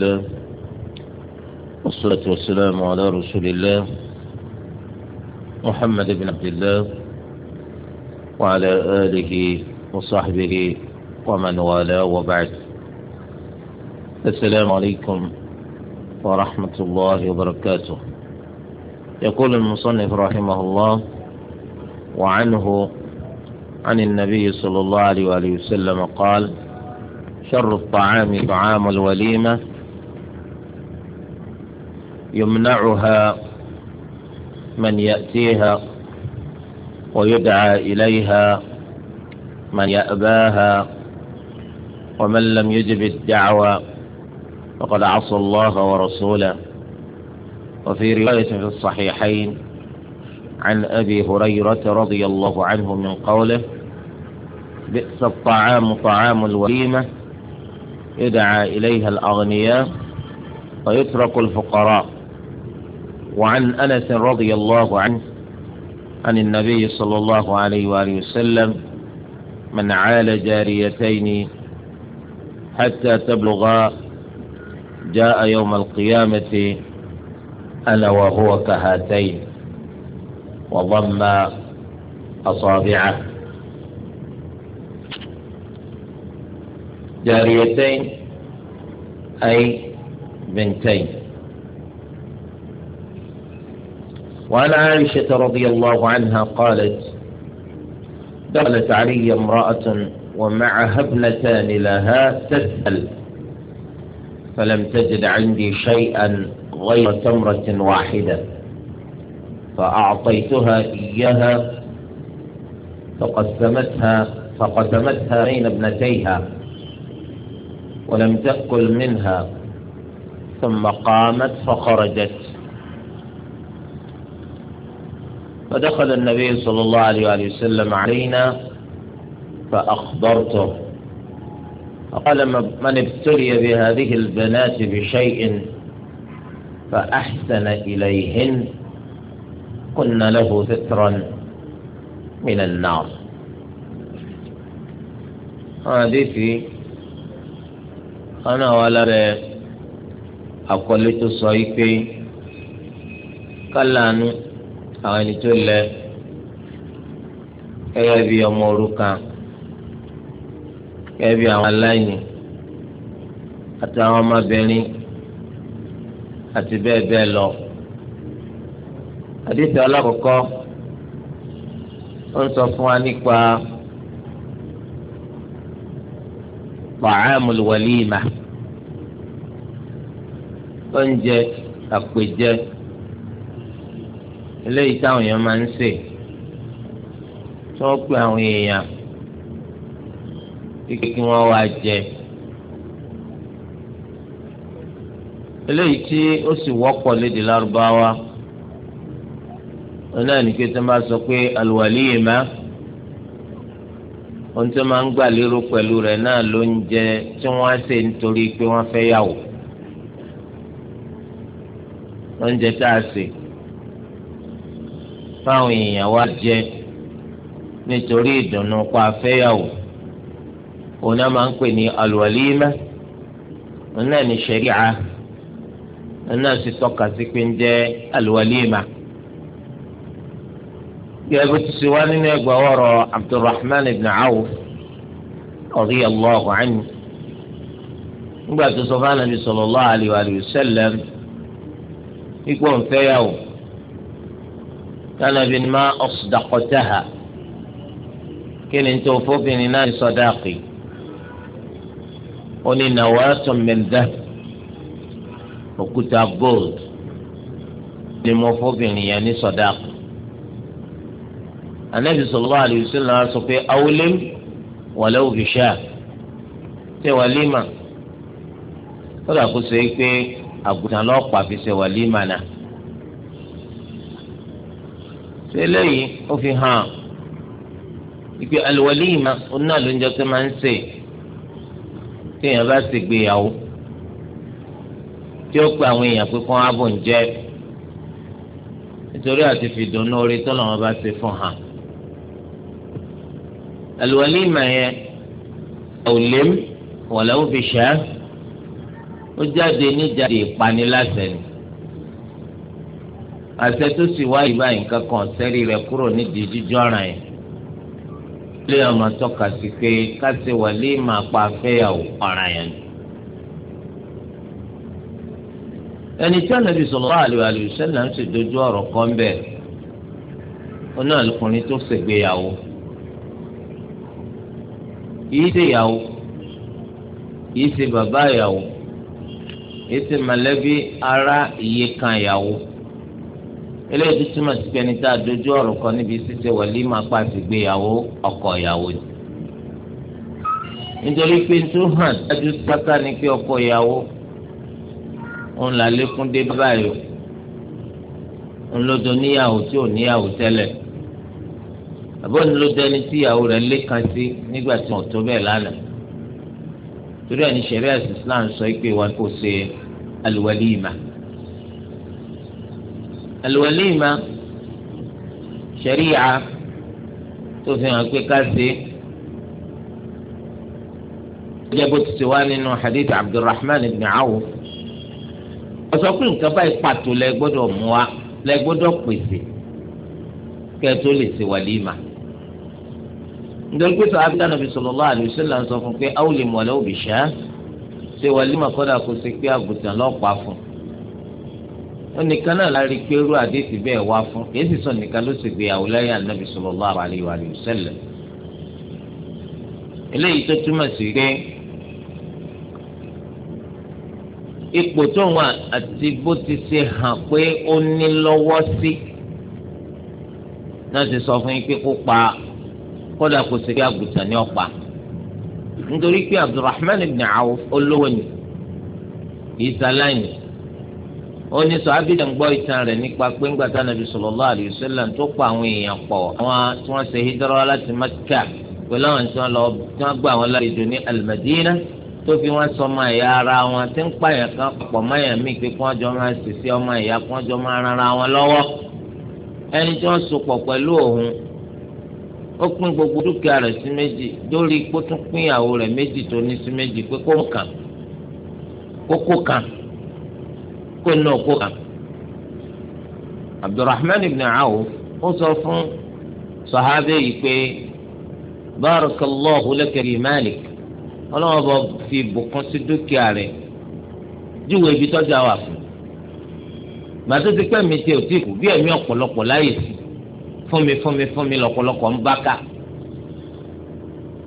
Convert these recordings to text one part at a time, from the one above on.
الله والصلاة والسلام على رسول الله محمد بن عبد الله وعلى آله وصحبه ومن والاه وبعد السلام عليكم ورحمة الله وبركاته يقول المصنف رحمه الله وعنه عن النبي صلى الله عليه وآله وسلم قال شر الطعام طعام الوليمه يمنعها من يأتيها ويدعى إليها من يأباها ومن لم يجب الدعوة فقد عصى الله ورسوله وفي رواية في الصحيحين عن أبي هريرة رضي الله عنه من قوله بئس الطعام طعام الوليمة يدعى إليها الأغنياء ويترك الفقراء وعن أنس رضي الله عنه عن النبي صلى الله عليه وآله وسلم من عال جاريتين حتى تبلغا جاء يوم القيامة أنا وهو كهاتين وضم أصابعه جاريتين أي بنتين وعن عائشة رضي الله عنها قالت دخلت علي امرأة ومعها ابنتان لها تسأل فلم تجد عندي شيئا غير تمرة واحدة فأعطيتها إياها فقسمتها فقسمتها بين ابنتيها ولم تأكل منها ثم قامت فخرجت فدخل النبي صلى الله عليه وآله وسلم علينا فأخبرته فقال من ابتلي بهذه البنات بشيء فأحسن إليهن كن له سترا من النار في أنا ولا أقول كلا كلانو àwọn ẹni tó lẹ gẹ́gẹ́ bí ọmọ òrukàn gẹ́gẹ́ bí àwọn aláìní àtàwọn ọmọbìnrin àti bẹ́ẹ̀ bẹ́ẹ̀ lọ. àdìsí ọlọ́kọ̀ọ́kọ́ ó ń sọ fún wa nípa ta'amul walima oúnjẹ àpèjẹ eléyìí táwọn èèyàn máa ń sè tí wọ́n pe àwọn èèyàn kíkẹ́ kí wọ́n wá jẹ eléyìí tí ó sì wọ́pọ̀ lédè lárúbáwá náà ní pé tí wọ́n bá sọ pé al-walima ohun tí wọ́n máa ń gbà lérò pẹ̀lú rẹ̀ náà ló ń jẹ tí wọ́n á sè nítorí pé wọ́n fẹ́ yàwó oúnjẹ tá a sè. fáwọn èèyàn wa jẹ nítorí ìdùnnú pa afẹ́yàwó òun náà máa ń pè ní alwalima òun náà ní ṣẹ̀ríà òun náà sì tọ́ka sí pé ń jẹ́ alwalima. gẹ́gẹ́ bó ti ṣe wá nínú ẹgbẹ́ ọ̀rọ̀ ibn Awf sallallahu tánàbí ni máa ọ̀sùdàkọ̀tàhà kí ni tó fóbìnrin náà ní sọdáàkì ó ní nàwáàtò mẹ́ńdà gold ni mo fóbìnrin yẹn ní sọdáàkì anabi sallallahu alayhi wa sallam sọ pé awolem wàlẹ́ òbíṣà ṣe wàlímà ó dà kó sọ yìí pé àgùntàn lọ́ọ́ eléyìí ó fi hàn ìpè àlùwálímà oná ló ń jẹ pé máa ń sè téèyàn bá sì gbéyàwó tí ó pe àwọn èèyàn pé kán ábò ń jẹ nítorí àti fìdùnnú orí tó làwọn bá ṣe fún hàn àlùwálímà yẹn awlim walau bi shah ó jáde níjáde ìpaniláṣẹ ni àṣẹ tó sì wá ìbá nǹkan kan sẹ́rí rẹ̀ kúrò nídìí jíjọ́ ara yẹn. ilé ọmọ tọ́ka sí pé káṣí wọlé máa pa fẹ́yàwó ara yẹn. ẹni tí Ànábì sallallahu alaihi wasallam ń ṣèdojú ọ̀rọ̀ kan bẹ́ẹ̀ oná ọkùnrin tó ṣègbéyàwó kìí ṣe ìyàwó kìí ṣe bàbá ìyàwó kìí ṣe mọ̀lẹ́bí ará iye ìyàwó eléyìí tó túmọ̀ sí pé tá a dojú ọ̀rọ̀ kan níbi ṣíṣe wọlé máa pa àtìgbéyàwó ọkọ ìyàwó ni. nítorí pé tó hàn dájú sáká ni pé ọkọ ìyàwó òun là lékún dé báyìí òun ló do níyàwó tí ò níyàwó tẹ́lẹ̀ àbọ̀ òun ló dẹni tí ìyàwó rẹ̀ lékan sí nígbà tí wọ́n tó bẹ́ẹ̀ lánàá. torí ẹni ṣẹ̀ríà Islam sọ pé wọn kò ṣe alwalima àlùwàlímà ṣẹ̀ríyà tó fi hàn pé ká ṣe jẹ́ bó ti ṣe wá nínú hadith abdulrahman ibn awf ọ̀sọ́ pé nǹkan báyìí pàtó lẹ gbọ́dọ̀ mú wa lẹ gbọ́dọ̀ pèsè kẹ́ ẹ tó lè ṣe wàlímà nítorí pé sọ abdul nabi sallallahu alaihi wasallam sọ fún pé awlim walau bi shah ṣe wàlímà kọ́dà kó ṣe pé àgùntàn lọ́pàá fún un onìkan náà la rí pé irú àdéhùn bẹ́ẹ̀ wá fún kìí sì sọ nìkan ló sì gbéyàwó lẹ́yìn anábì sallallahu alaihi wa sallam. eléyìí tó túmọ̀ sí pé ipò tó wà àti bó ti ṣe hàn pé ó ní lọ́wọ́ sí náà ti sọ fún yín pé kó pa kódà kò sí pé àgùntàn ni ó pa nítorí pé Abdurrahman ibn Awf olówó ni kìí sáláyìn. ó ní sọ abidà ń gbọ́ ìtàn rẹ̀ nípa pé ńgbà nàbí sallallahu alaihi tó pa àwọn èèyàn pọ̀ àwọn tí wọ́n ṣe hijira láti Mẹ́kà pẹ̀lú àwọn tí wọ́n lọ tí wọ́n fi wọ́n sọ ọmọ ẹ̀yà ara wọn tí ń pààyàn kan pọ̀ mọ́yàn míì pé kí jọ máa ṣèṣe ọmọ ẹ̀yà kí jọ máa wọn lọ́wọ́ ẹni tí wọ́n so pọ̀ pẹ̀lú òun ó pín gbogbo dúkìá rẹ̀ sí méjì lórí kó nínú òkú kan abdulrahman ibn awf ó sọ fún sahabe yìí barakallahu laka malik ọlọ́wọ́ bọ̀ fi bùkún sí dúkìá rẹ̀ júwèé ibi tọ́jà wà fún gbàtó ti pẹ́ mi ti ò tí kù bí ẹ̀mí ọ̀pọ̀lọpọ̀ láyè sí fún mi fún mi fún mi lọ́pọ̀lọpọ̀ ń bá ká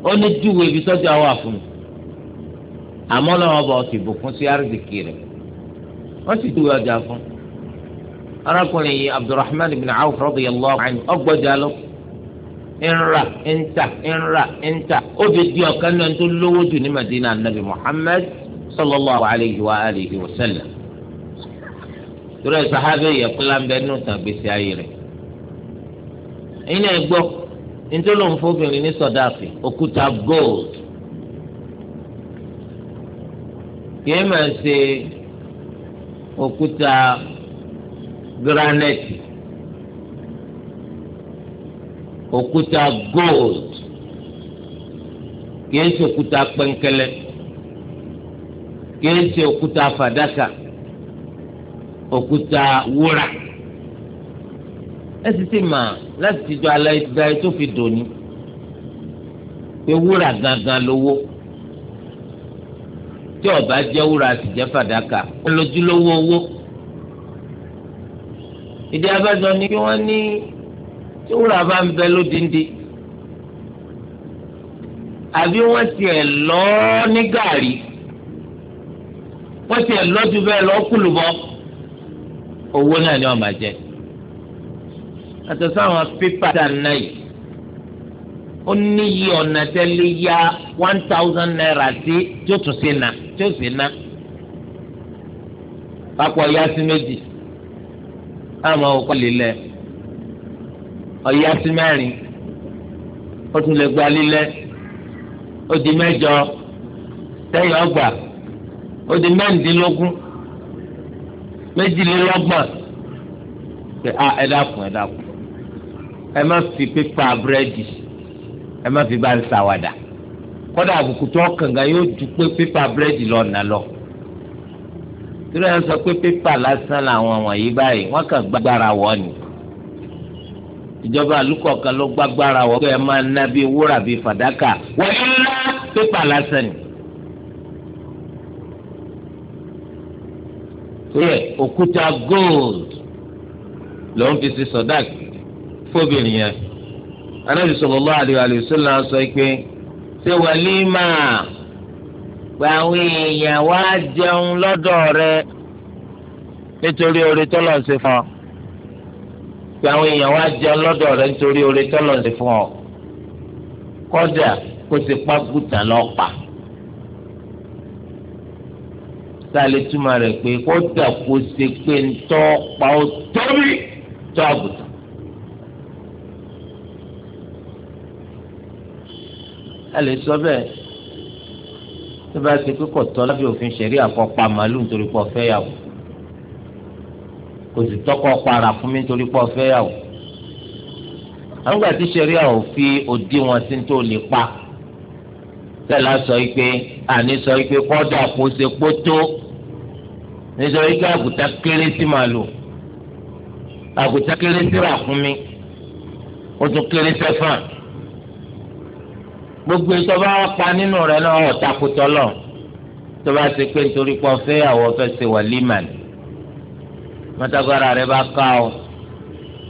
ó ní ibi tọ́jà wà fun àmọ́ ti bukun si wọ́n sì dúró ọjà fún arákùnrin yìí abdulrahman ibn awf radiyallahu anhu ọgbọ́jà lọ ńra ńta ńra ńta ó fi di ọ̀kan náà tó lówó jù ní madina anabi muhammad sallallahu alayhi wa alihi wa sallam torí ẹ sàhábẹ́ yẹ kó lámbẹ́ nù tàn gbèsè ayé rẹ̀ ẹ̀yin náà gbọ́ nítorí ní sọdáàfì òkúta gold kìí máa ṣe òkúta granite òkúta gold kìí ṣe òkúta pẹ́ńkẹ́lẹ́ kìí ṣe òkúta fàdákà òkúta wúrà ẹ sì ti mà láti ti jọ alẹ́ ìgbà tó fi dòní pé wúrà gangan lówó tí ọba jẹ́ wúrà sì jẹ́ fàdákà wọ́n lójúlówó owó. ìdí abájọ ni kí wọ́n ní tí wúrà bá ń bẹ lódìndín àbí wọ́n tiẹ̀ lọ ní gàrí wọ́n tiẹ̀ lọ ju lọ kùlùbọ́ owó náà ni wọ́n máa jẹ. àtọ̀sọ́ àwọn pépà tá a ná yìí ó níyì ọ̀nà tẹ́lẹ̀ ya one thousand naira sí tó tún sí náà tí ó sì ná pápọ̀ ya sí méjì àmọ́ òkú lílẹ̀ ọ̀ya sí mẹ́rin ó tún lè gba lílẹ̀ ó di mẹ́jọ tẹ́yìn ọgbà ó di mẹ́rìndínlógún méjìlélọ́gbọ̀n ah, ẹ dákun ẹ dákun ẹ má fi pépà búrẹ́dì ẹ má fi bá ń ṣàwàdà kọ́dà àbùkù tó kànga yóò ju pé pépà búrẹ́dì lọ nà lọ. tí wọ́n sọ pé pépà lásán làwọn wọ̀nyí báyìí wọ́n kàn gbàgbára wọ̀ ni. ìjọba àlùkò kan ló gbàgbára wọ̀ pé ẹ máa ná bíi wúrà bíi fàdákà wọ́n yín ná pépà lásán ni. sóyè òkúta gold ló ń fi sí sọdáàkì fóbìnrin yẹn. anábìsọ̀lọ́lá àdìwálé sọ́lá sọ pé ṣe wàlímà pé àwọn èèyàn wá jẹun lọ́dọ̀ rẹ nítorí oore tọ́lọ̀ ń ṣe fún ọ pé àwọn èèyàn wá jẹun lọ́dọ̀ rẹ nítorí oore tọ́lọ̀ ń ṣe fún ọ kọ́dà kó ṣe pàgùtà lọ́pàá tá a túmọ̀ rẹ̀ pé kọ́dà kó ṣe pé ń tọ́ pa ó tóbi tó àgùtà. ẹ lè sọ bẹ́ẹ̀ tó bá ti kíkọ̀ tọ́ lábẹ́ òfin ṣẹ̀rí àkọ́pá màálù nítorí pọ̀ fẹ́yàwó kò sì tọ́kọ̀ para fún mi nítorí pọ̀ fẹ́yàwó àwọn tí ṣẹ̀rí à ò fi òdi wọn sí tó lè pa tẹ́lá sọ pé àní sọ pé kọ́dà kò ṣe pótó nítorí pé àgùtà kéré sí màálù àgùtà kéré sí ràkúnmí ó tún kéré sẹ́fàn gbogbo ètò ọba wọn pa nínú rẹ náà ọ̀tá kutọ lọ tó bá ti pé nítorí pọ́ fẹ́ àwọ̀ fẹ́ ṣe wà líman mọ́tàgbára rẹ bá ká o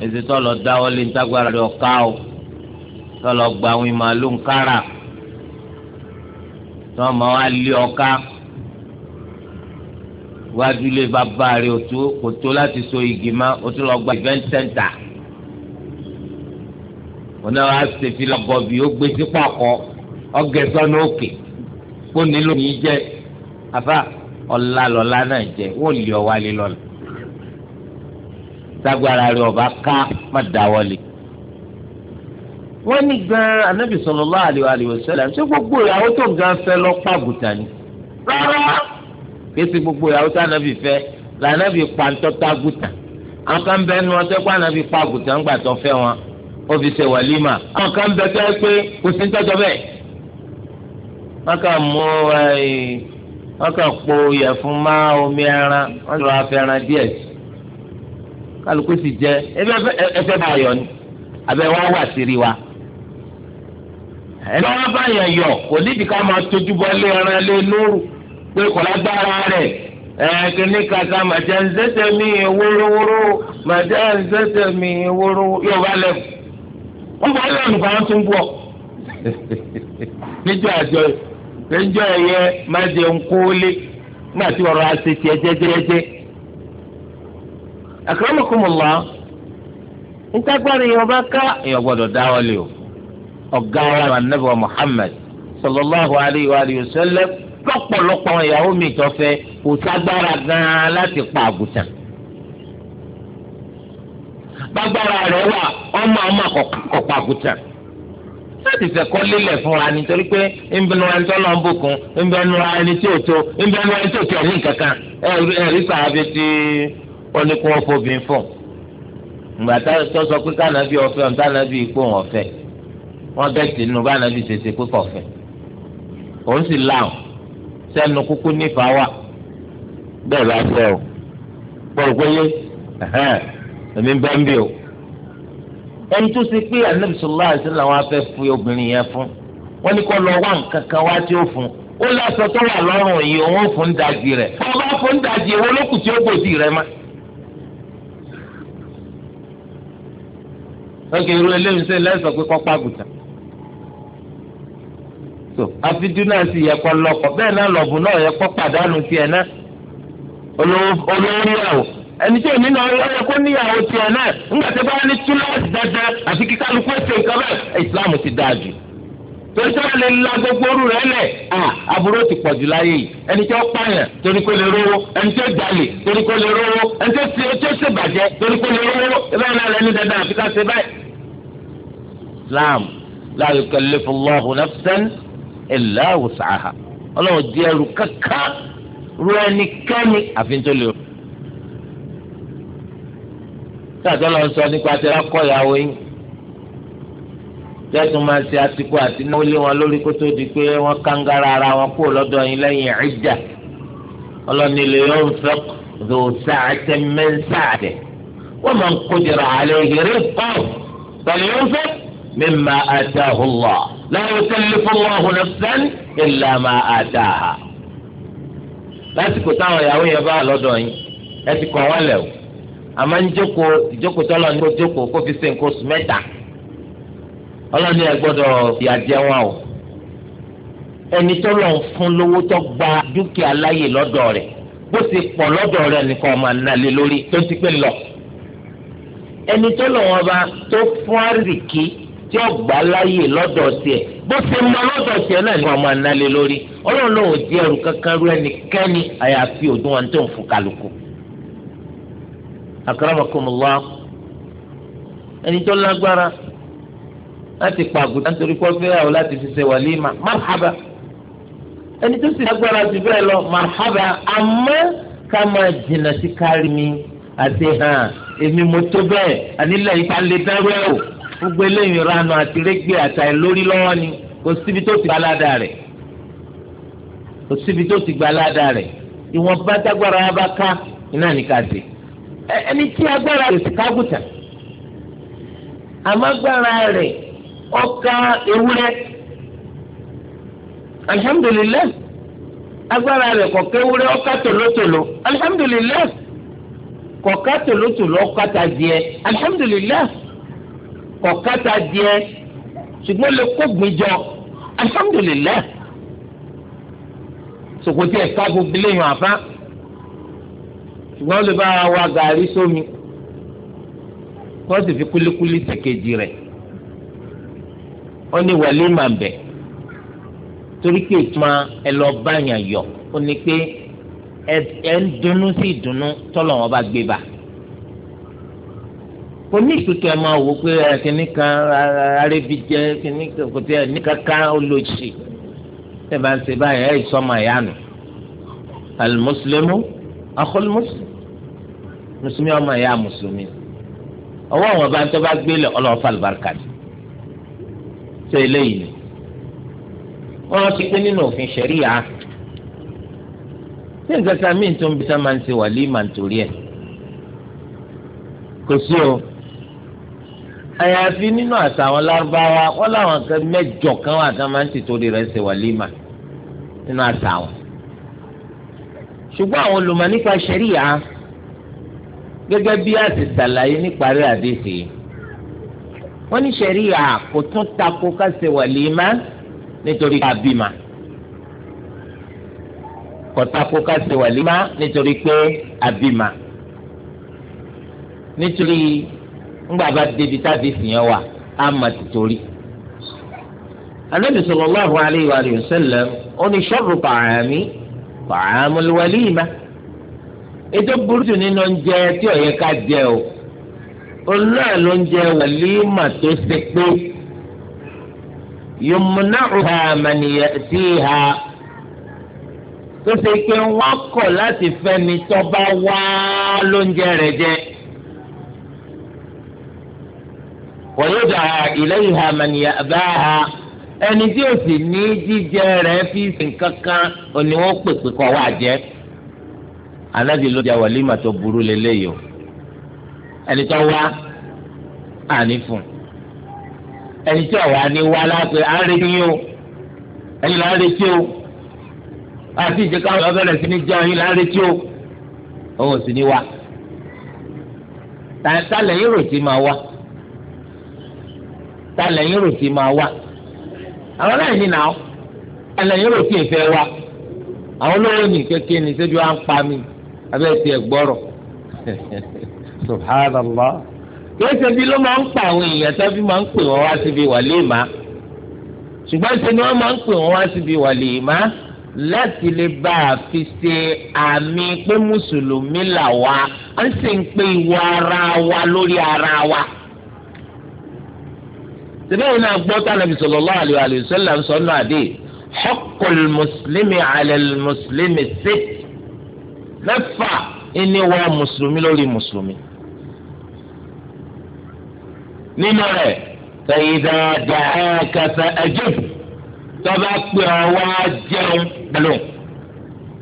èsì tó lọ dáwọ́ lé nítàgbára rẹ ká o tó lọ gba àwọn ìmàlú ńkára tó ọmọ wa lé ọká wájú lé bàbá rẹ kò tó láti so igi má o tó lọ gba event center wọn náà wá ṣe fi lọ ó gbé sí pàkọ́ ọgẹsọnù òkè kó nílò yìí jẹ Afa, ọlá lọlá náà jẹ wọn lè ọ wálé lọlá sagbara rẹ ọba ká má dáwọlé wọn ní gan anabi sallallahu alaihi wasallam ṣé gbogbo ìyàwó tó gan fẹ́ lọ pàgùtà ni rárá kéésì gbogbo ìyàwó tó anabi fẹ́ lànàbì pàǹtọ́ tágùtà àwọn kan bẹ nu ọtẹ kó anabi pàgùtà ńgbà tó fẹ́ wọn ó fi ṣe wàlímà àwọn kan bẹ tẹ́ pé kò sí ń tọ́jọ́ bẹ́ẹ̀. wọn kàn mú eh, wọ́n kàn po ìyẹ̀fun má omi ẹran wọ́n lọ́ọ́ afẹ́ràn díẹ̀ sí kálukú sì jẹ́ ẹfẹ́ bá yọ ni abẹ́ wá wà síri wa ẹni wọ́n bá yọ kò ká máa tójú lé ẹran lé lóru pé kò lágbára eh, kàkà wórówóró wórówóró yóò bá bá tún lẹ́jọ́ ẹ̀yẹ má jẹun kólé nígbà tí ọ̀rọ̀ àṣẹ tiẹ̀ jẹ́jẹ́jẹ́. akramakumullah ntagbara yẹn ọba ká èèyàn gbọ́dọ̀ dáwọ́lé o wa anabi Muhammad sallallahu alayhi wa alihi wa sallam lọ́pọ̀lọpọ̀ ìyàwó mi tọ́fẹ́ kò ságbára gan-an láti pa àgùtàn. bágbára rẹ̀ wà ọmọ tẹ̀sẹ̀ kọ́ lílẹ̀ fún wa nítorí pé ńbẹ́nu wa ń tọ́lọ̀ ń bùkún ńbẹ́nu wa ẹni tí ò tó ńbẹ́nu wa ẹni tí ò tẹ̀ ní kankan ẹ̀rí sàábí tí wọ́n ní kó wọ́n fobìn fún. ìgbà tó sọ pé kànábì ọ̀fẹ́ ọ̀n tànábì ipò ọ̀fẹ́ wọ́n bẹ́ẹ̀ tì nù bànábì ṣèṣe pé kọ̀fẹ́. òun sì láwọn sẹ́nu kúkú nífà wà bẹ́ẹ̀ bá fẹ́ o pọ̀rọ̀ pé yé ẹ̀hẹ́n bẹ́ẹ̀ ń ẹni tó ṣe pé anabi sallallahu alaihi wasallam wá fẹ́ fún obìnrin yẹn fún wọn ni kó lọ wá nǹkan kan wá tí ó fún ó lọ́sọ tó wà lọ́rùn yìí òun ò fún dajì rẹ̀ ọba fún dajì ìwọ ló kù tí ó gbòdì rẹ̀ má. lọ́kẹ́ irú eléyìí ṣe lẹ́sọ̀ pé kọ́pá àgùntàn. tó àfidú náà sì yẹ kọ́ lọ́kọ̀ bẹ́ẹ̀ náà lọ́bù náà yẹ kọ́ pàdánù tiẹ̀ náà olówó olówó yàwó ẹni tí òní náà lọ́yẹ kó níyàwó tiẹ̀ náà nígbà tí bá ní túláàsì dandan àti kí ẹsẹ̀ nǹkan bẹ́ẹ̀ ìsìláàmù ti dáa jù. torí sábà lè la gbogbo orú à aburú ti láyé yìí ẹni tí ó pààyàn torí kó lè rówó ẹni tí ó jalè torí kó lè rówó ẹni tí ó ti ṣe bàjẹ́ torí lè rówó náà sàtọ́ lọ sọ nípa tẹ lọ́kọ́ ìyàwó yín tẹ́tù máa ṣe àtìkú àti náwó lé wọn lórí kó tó di pé wọ́n kángára ara wọn kó lọ́dọ̀ yín lẹ́yìn ìjà ọlọ́ni lè yọ nfẹ́ zò sàátẹ́ mẹ́sàátẹ́ wọ́n máa ń kójọra àlẹ́ ìrírí pọ́n pẹ̀lú yọ mímà àtàhù lọ láwọn tẹ́lẹ̀ fún wọn ọ̀hún ẹ̀fẹ́n ìlà máa àtàhà lásìkò táwọn ìyàwó yẹn bá lọ́dọ̀ yín ẹ ti kọ̀ wọ́n lẹ̀ àmọ́ ń joko ìjókòó tó lọ́ọ́ ní kó jókòó kó fi ṣe nǹkan oṣù mẹ́ta ọlọ́ni ẹ gbọ́dọ̀ fìyà jẹ wọn o ẹni tó lọ́ọ́ fún lówó tó gba dúkìá láyè lọ́dọ̀ rẹ̀ bó ti pọ̀ lọ́dọ̀ rẹ̀ nìkan máa nà lé lórí tó ti pé lọ ẹni tó lọ́ọ́ wọn bá tó fún àríkì tí ó gbà láyè lọ́dọ̀ tiẹ̀ bó ṣe mọ lọ́dọ̀ tiẹ̀ náà ni wọ́n máa ná lé lórí ọlọ́run náà ò di ẹrù kankan rú ẹnikẹ́ni àyàfi òdiwọ̀n tó ń fún kálukú akramakumullah ẹni tó lágbára láti pa àgùntàn torí kó fẹ́yàwó láti fi ṣe wàlímà marhaba ẹni tó sì lágbára jù bẹ́ẹ̀ lọ marhaba àmọ́ ká máa jìnnà sí kárí mi àti hàn èmi mo tó bẹ́ẹ̀ ànílẹ̀ yìí ká lè dárú ẹ̀ o gbogbo eléyìí ranu àti régbè àtàì lórí lọ́wọ́ ni kò síbi tó ti gba aládàá rẹ̀ kò síbi tó ti gba aládàá rẹ̀ ìwọ̀n bá dágbára wa bá ká iná ní dé ẹni tí agbára rẹ̀ sì kágùtà àmàgbára rẹ̀ ọkà ewúrẹ́ alihamudulilayi agbára rẹ̀ kọkà ewúrẹ́ ọkà tòlótòló alihamudulilayi kọkà tòlótòló ọkà tàdìẹ alihamudulilayi kọkà tàdìẹ ṣùgbọ́n lè kó gbìjọ alihamudulilayi sòkòtì ẹ̀ka gbogbo lẹ́yìn àfa ṣùgbọ́n ó lè bá wa gàrí sómi wọ́n sì fi kúlíkúlí ti kejì rẹ̀ ó ní wàlé màá bẹ̀ torí pé ìtumọ̀ ẹ lọ báyàn yọ ó ní pé ẹ ń dunnú sí ìdùnnú tọ́lọ̀ wọn bá gbé bá kò ní ìpìkẹ́ máa wò pé kìnnì kan arẹ́bí jẹ́ kìnnì kan kò tẹ́ ẹ̀ ní kankan olóòṣì tẹ́ bá ń ṣe báyìí ẹ̀ sọ́mọ ìyá nù alimusilimu akọlimusilimu mùsùlùmí ọmọ ẹ̀yà mùsùlùmí ọwọ́ àwọn ọba tó bá gbélé ọlọ́ọ̀fà àlùbáríkà ni ṣe eléyìí ni wọ́n ti pé nínú òfin ṣẹ̀ríyà ṣé nǹkan kan míì tó ń bí sáà máa ń ṣe wàlímà nítorí ẹ̀ kò sí o àyàfi nínú àṣà àwọn lárúbáwá wọn láwọn kan mẹ́jọ kan wà tán máa ń tìtorí rẹ̀ ṣe wàlímà nínú àṣà wọn ṣùgbọ́n àwọn olùmọ̀ nípa ṣẹ̀ríyà gẹ́gẹ́ bí a sì ṣàlàyé níparí àdìsí wọ́n ní ṣẹ̀ríà kò tún tako ká ṣe wàlímà nítorí ká bímà kò tako ká ṣe wàlímà nítorí pé àbímà nítorí ńgbà bá débi tábìsì yẹn wà á mà tìtorí. Ànábì sallallahu alayhi wa sallam ó ní sharru ta'ami ta'amul walima. ètò burúkú nínú oúnjẹ tí ò ká jẹ o òun náà ló ń jẹ tó ṣe pé sí ha tó ṣe pé wọ́n kọ̀ láti fẹ́ni tó wá lóúnjẹ rẹ̀ jẹ. ويدعى إليها من ha ẹni tí ó sì ní jíjẹ rẹ̀ fi nǹkan kan òní kọ wá anabi ló di awàlímà tó burú lélẹ́yìí o ẹni tó wá àní fún ẹni tó wá ní wá láti àárẹ̀yìn o ẹni là ń retí o àti ìjẹká ọbẹ̀rẹ̀ sí ní jẹun ẹni là ń o òun sì ní wá tàlẹ̀ yín rò tí máa wá tàlẹ̀ yín rò tí máa wá àwọn náà ní nà ó tàlẹ̀ yín rò tí èfẹ́ wá àwọn olówó ní kékeré ní sẹ́jú à ń pa mí abẹ́ tiẹ̀ gbọ́rọ̀ subhanallah kìí ṣe bí ló máa ń pa àwọn èèyàn tó fi máa ń pè wọ́n wá síbi wàlíìmá ṣùgbọ́n ṣe ni wọ́n máa ń pè wọ́n wá síbi wàlíìmá láti lè bá a fi ṣe àmì pé mùsùlùmí là wá à ń sì ń pe ìwọ ara wa lórí ara wa. sìbẹ́yìn náà gbọ́ tá nàbì sallallahu alaihi wa sallam ń sọ náà dé haqqul muslimi mẹ́fà ẹni wọ mùsùlùmí lórí mùsùlùmí nínú rẹ̀ sẹyìndà dàá kẹsà ẹjọ tọba pé ọ wá jẹun pẹ̀lú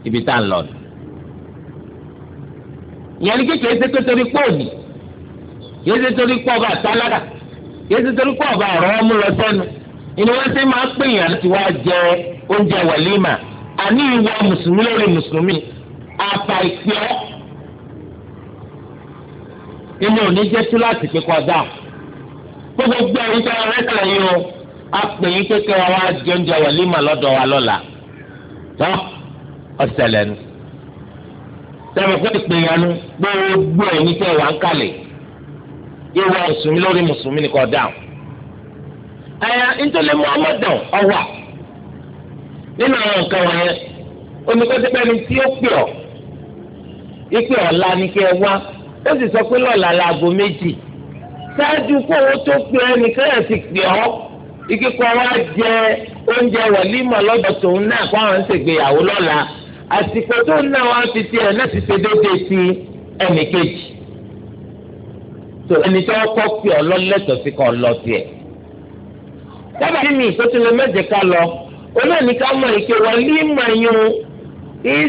ibi tá a lọ ìyẹn ní kékeré ṣètò torí pọ́ọ̀nì yéé ṣe torí pọ́ ọba àtàlára yéé torí pọ́ ọba ọ̀rọ̀ ọmú lọ sẹ́nu ìní wọ́n ṣe máa ń pè yàn láti wá jẹ oúnjẹ wẹ̀límà àní ìwọ mùsùlùmí lórí mùsùlùmí àtà ìpíọ́ inú òní jẹ́ tú láti pé kọjá gbogbo gbé tó rẹ́ o a pè yín pé kẹwàá wá jẹ oúnjẹ lọ́dọ̀ wa lọ́la tọ́ ọ̀sẹ̀lẹ̀ nu tẹ́lẹ̀ fún ìpèyànú gbogbo ẹ̀yin tẹ́ wà ń kalẹ̀ ìwà mùsùlùmí lórí mùsùlùmí ni kò ẹ̀yà nítorí muhammadu ọwà nínú àwọn nǹkan tí ó pè ọ́ ipe ọ̀la ni kí ẹ wá ó sì sọ pé lọ́la laago méjì ṣáájú kówó tó pe ẹnìkan ẹ̀ sì pè ọ́ ike kọ́ wá jẹ oúnjẹ wàlímọ̀ lọ́dọ̀ tòun náà kó àwọn ń ṣègbéyàwó lọ́la àsìkò tó náà wá fi tiẹ̀ náà ti ṣe déédéé sí ẹnìkejì tó ẹni tó kọ́ pè ọ́ lọ́lẹ́tọ̀ọ́ sí kan lọ tiẹ̀ dábàá nínú ìsọtúnlẹ̀ mẹ́jẹ̀ ká lọ olóòní mọ̀ ike wàlímọ̀ yún kì í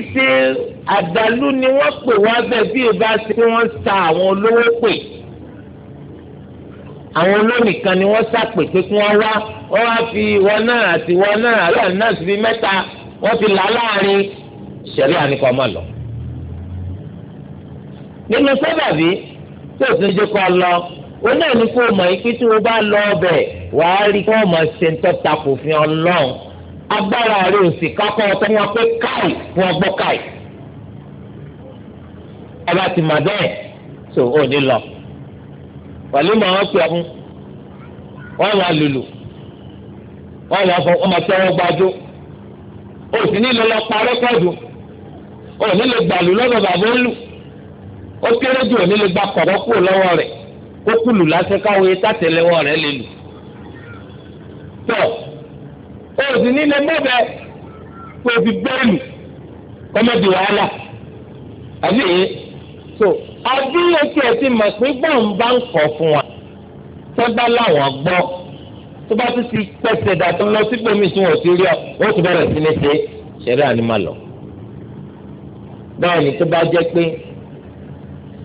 àdàlú ni wọ́n pè wá bẹ́ẹ̀ bí ìbá ṣe kí wọ́n sa àwọn olówó pè àwọn olónìkan ni wọ́n sàpè pé kí wọ́n wá wọ́n wá fi ìwọ náà àti ìwọ náà àlọ́ náà sì fi mẹ́ta wọ́n fi là láàrin ṣẹ̀rí àníkọ́ mọ́ lọ. nínú sábàbí tí ò tún jẹ́ kọ́ lọ ó náà ní kó o mọ̀ ikú tí o bá lọ ọbẹ̀ wàá rí kó o mọ̀ ṣe ń tọ́ta kò fi ọ lọ́hùn agbára rẹ̀ ò sì kákọ́ ọ wọn pé káì fún ọgbọ́ káì ọba ti mà bẹ́ẹ̀ tó o ní lọ wàlí mà wọn pè ọkùn wọn máa lùlù wọn máa fọ wọn máa tẹ́wọ́ gbájú o sì ní lọlọ pa rẹkọọdù o ní lè gbàlù lọ́dọ̀ bàbá olù ó kéré jù o ní lè gba kọ̀rọ̀ kúrò lọ́wọ́ rẹ̀ kó kùlù lásán káwé tàtẹ́lẹwọ́ rẹ̀ lè lù tọ o sì ní lè mọbẹ kó o fi bẹ́ẹ̀ lù kọmọdé wàhálà àbí èyí so àdúgbò tí ẹ ti mọ̀ pé bọ́ọ̀n bá ń kọ̀ fún wa tó bá láwọn gbọ́ tó bá tún ti pẹ̀sẹ̀ dàtọ́ lọ sípò mi sún òsì rí ọ wọ́n ti bẹ̀rẹ̀ sí ní ṣe ṣẹ̀rí ànímà lọ. báwo ni tó bá jẹ́ pé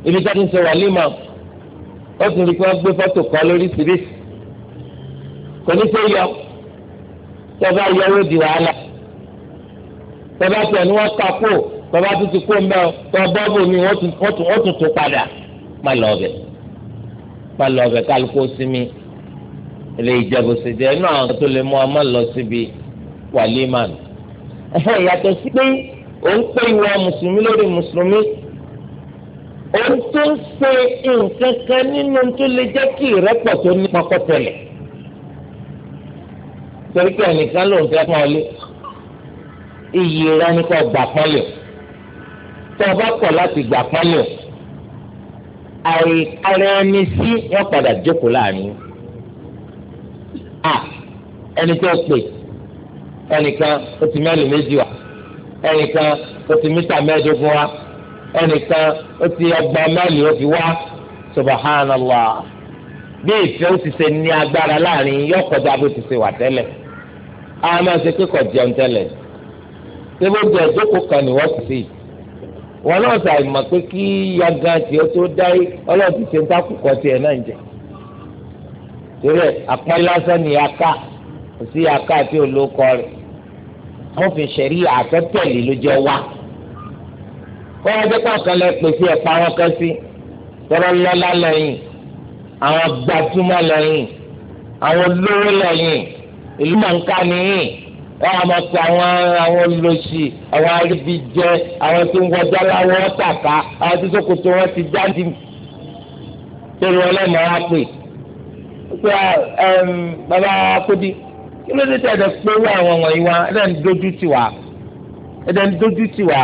ibi tí a ti ń ṣe wàlímà ó sì rí i pé wọ́n gbé fọ́tò kan lóríṣiríṣi kò ní fẹ́ yọ tó bá yọ ó di wàhálà tó bá tẹ̀ ni wọ́n kakó bàbá tó ti kó mbẹ́ tó bọ́ọ̀bù mi wọ́n tún tún padà má lọ ọbẹ̀ má lọ ọbẹ̀ kálukú sinmi ilé ìjẹ́bù sì jẹ́ inú àwọn tó lè mú ọ má lọ síbi wàlímàn. yàtọ̀ sí pé òun pé ìwọ mùsùlùmí lórí mùsùlùmí òun tó ń ṣe nǹkan kan nínú tó lè jẹ́ kí ìrẹ́pọ̀ tó ní pọkọ torí pé ẹnìkan ló ń fẹ́ pọ́n lé iyì rẹ gbà pọ́n tẹ ọ bá kọ̀ láti gbà pánlẹ àìkára ẹni sí wọn padà jókòó láàrin a ẹni tó pè ẹnìkan ó ti mẹ́lì méjì wá ẹnìkan ó ti mítà mẹ́ẹ̀ẹ́dógún wá ẹnìkan ó ti ọgbà mẹ́lì ó fi wá subahánàlá bí ìfẹ́ ó ti ṣe ní agbára láàrin yóò kọjá bó ti ṣe wà tẹ́lẹ̀ a máa ṣe kíkọ̀ jẹun tẹ́lẹ̀ ṣé bó jẹ kan ni wọ́n ti ṣe yìí wọn náà sà ìmọ̀ pé kí yaga tiẹ̀ tó dáyé ọlọ́run ti ṣe ń takùkọ tiẹ̀ náà jẹ torí àpá lásán ni yaka kò sí yaka tí ò ló kọ rẹ̀ wọn fi ṣẹ̀rí àtọ́tẹ̀lì ló jẹ́ wá wọn wá dẹ́pọ̀ kan lẹ pè sí ẹ̀pá wọn kan sí tọrọ lọ́lá lẹ́yìn àwọn gbajúmọ̀ lẹ́yìn àwọn olówó lẹ́yìn ìlú mọ̀nká nìyí wọn a máa pe àwọn àwọn olóṣì àwọn arìbìjẹ àwọn tó ń wọjá láwọn ọtàkà àwọn tó sókòtò wọn ti jáde torí wọn lẹ́nu ara pè pé bàbá akódi kí ló dé tẹ̀ ẹ̀dẹ̀ pẹ̀lú àwọn wọ̀nyí wa ẹ̀dẹ̀ ń dojú tì wá ẹ̀dẹ̀ ń dojú tì wá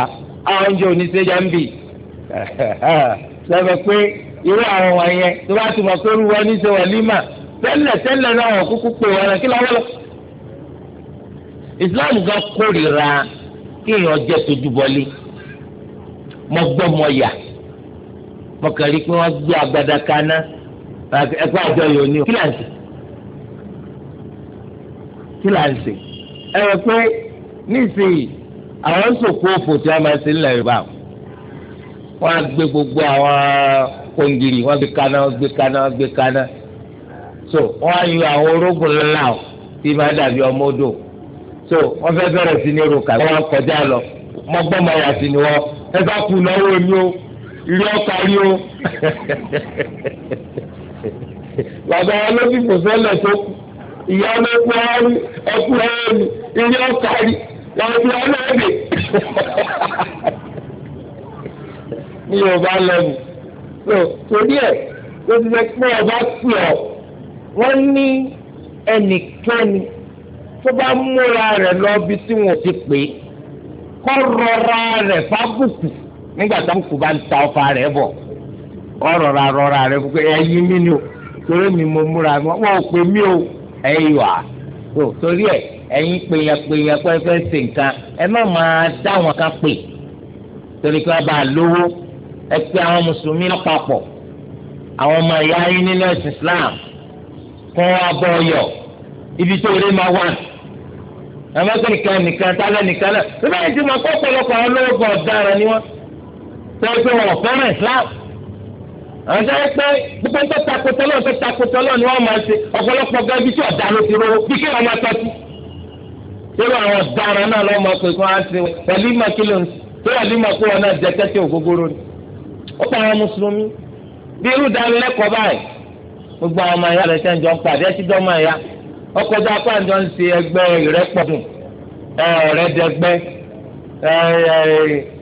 àwọn oúnjẹ oníṣẹ́jà ń bì lọ́bẹ̀ pé irú àwọn wọ̀nyẹn tó bá ti mọ̀ pé irú wọn ní í ṣe wọ̀límà tẹ́lẹ̀ tẹ́lẹ̀ náà wọ́n kúkú pè wọn kí lọ́wọ́ lọ́wọ́ islam gan kórìíra kéèyàn jẹ́ tójúbọlé mọ gbọ́ mọ yà mọ kàn rí pé wọ́n gbé agbada kaná ẹgbẹ́ àjọyọ̀ ni o kí là ń sè kí là ń sè ẹ rẹ pé nísìnyí àwọn ń sòkò òfò tí wọ́n máa ṣe nílẹ̀ Yorùbá wọ́n gbé gbogbo àwọn kòǹgìrì wọ́n gbé kaná wọ́n gbé kaná wọ́n gbé kaná so wọ́n á yọ àwọn orógùn ńlá o tí máa dàbí ọmọ odò so wọ́n fẹ́ bẹ̀rẹ̀ sí ní roka wọ́n kọjá lọ mọ́gbọ́mọ́ yà sí ni wọ́n ẹ bá kú náwó mi o ilé ọkọ rí o bàbá wọn ló fi fòsọ́lẹ̀ tó kù ìyá ọlọ́kú ọ̀rí ẹkú ọ̀rí ilé ọkọ rí wọn fi ọlọ́ọ̀dẹ ní yorùbá lẹ́nu so torí ẹ̀ ló ti fẹ́ pé ọba pè ọ́ wọ́n ní ẹnikẹ́ni. tó bá múra rẹ̀ lọ bí tí wọn ti pè é kọ́ rọra rẹ̀ fábùkù nígbà tí àbùkù bá ń ta ọfà rẹ bọ̀ kọ́ rọra rọra rẹ fún pé ẹyin mi ni o torí mi mo múra wọn ò pè mí o ẹ̀yin wà tó torí ẹ̀ ẹ̀yin pèyàpèyà pẹ́ẹ́fẹ́ ṣe nǹkan ẹ má máa dá wọn kan pè torí kí wọ́n bá lówó ẹ pé àwọn mùsùlùmí lápapọ̀ àwọn ọmọ ìyá yín nínú ẹ̀sìn Islam kún abọ́ ọyọ̀ ibi tó lè máa wà àmọ́ pé nìkan nìkan tálẹ̀ nìkan náà bí báyìí ti mọ kó ọ̀pọ̀lọpọ̀ àwọn olówó ọ̀daràn ni wọ́n tẹ́lẹ̀ pé wọ́n fẹ́ràn Islam àwọn tẹ́lẹ̀ pé gbogbo tó takotọ́ lọ́wọ́ tó takotọ́ lọ́wọ́ ni wọ́n máa ṣe ọ̀pọ̀lọpọ̀ gan ibi tí ọ̀dà ló ti rówó bí kí wọ́n máa tọ́jú. tẹ́lẹ̀ àwọn ọ̀daràn náà lọ́ máa pè fún wa ṣe pẹ̀lú ìmọ̀ kí ló ń tẹ́lẹ̀ ní ìmọ̀ kó wọn náà jẹ tẹ́tẹ́ ògógóró ni. ó pa àwọn mùsùlùmí bí irú ìdánilẹ́kọ̀ọ́ báyìí gbogbo àwọn ọmọ ìyá rẹ̀ ṣẹ́ ń jọ ń pàdé ẹ ọkọjá pàǹjọ ń ṣe ẹgbẹ́ ìrẹ́pọ̀dùn ọ̀rẹ́dẹgbẹ́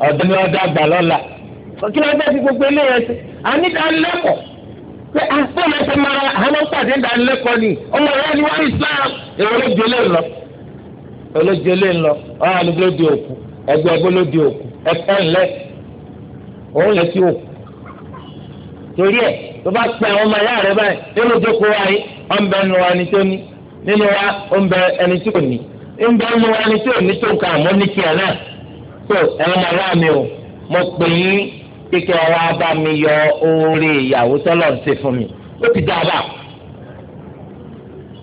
ọ̀dọ́ ni ọ̀dọ́ àgbà lọ́la kí ló dé ti gbogbo eléyẹn ṣe ànídàálẹ́kọ̀ọ́ pé ah, máa àwọn pàdé ni ọmọ ìwé ni òkú ẹgbẹ́ ẹgbẹ́ lóde òkú ẹ̀fọ́ ńlẹ̀ òun lè ti òkú torí ẹ̀ tó bá pẹ́ àwọn ọmọ ìyá rẹ báyìí jókòó wáyé wa ni tó ní nínú wa ó ń bẹ ẹni tí kò ní ń bẹ nínú wa ẹni tí ò ní tó nǹkan àmọ́ ní tiẹ̀ náà tó ẹ̀rọ máa wá mi o mo pè yín kíkẹ́ wa bá mi yọ oore ìyàwó tọ́lọ̀ ń ṣe fún mi ó ti dábàá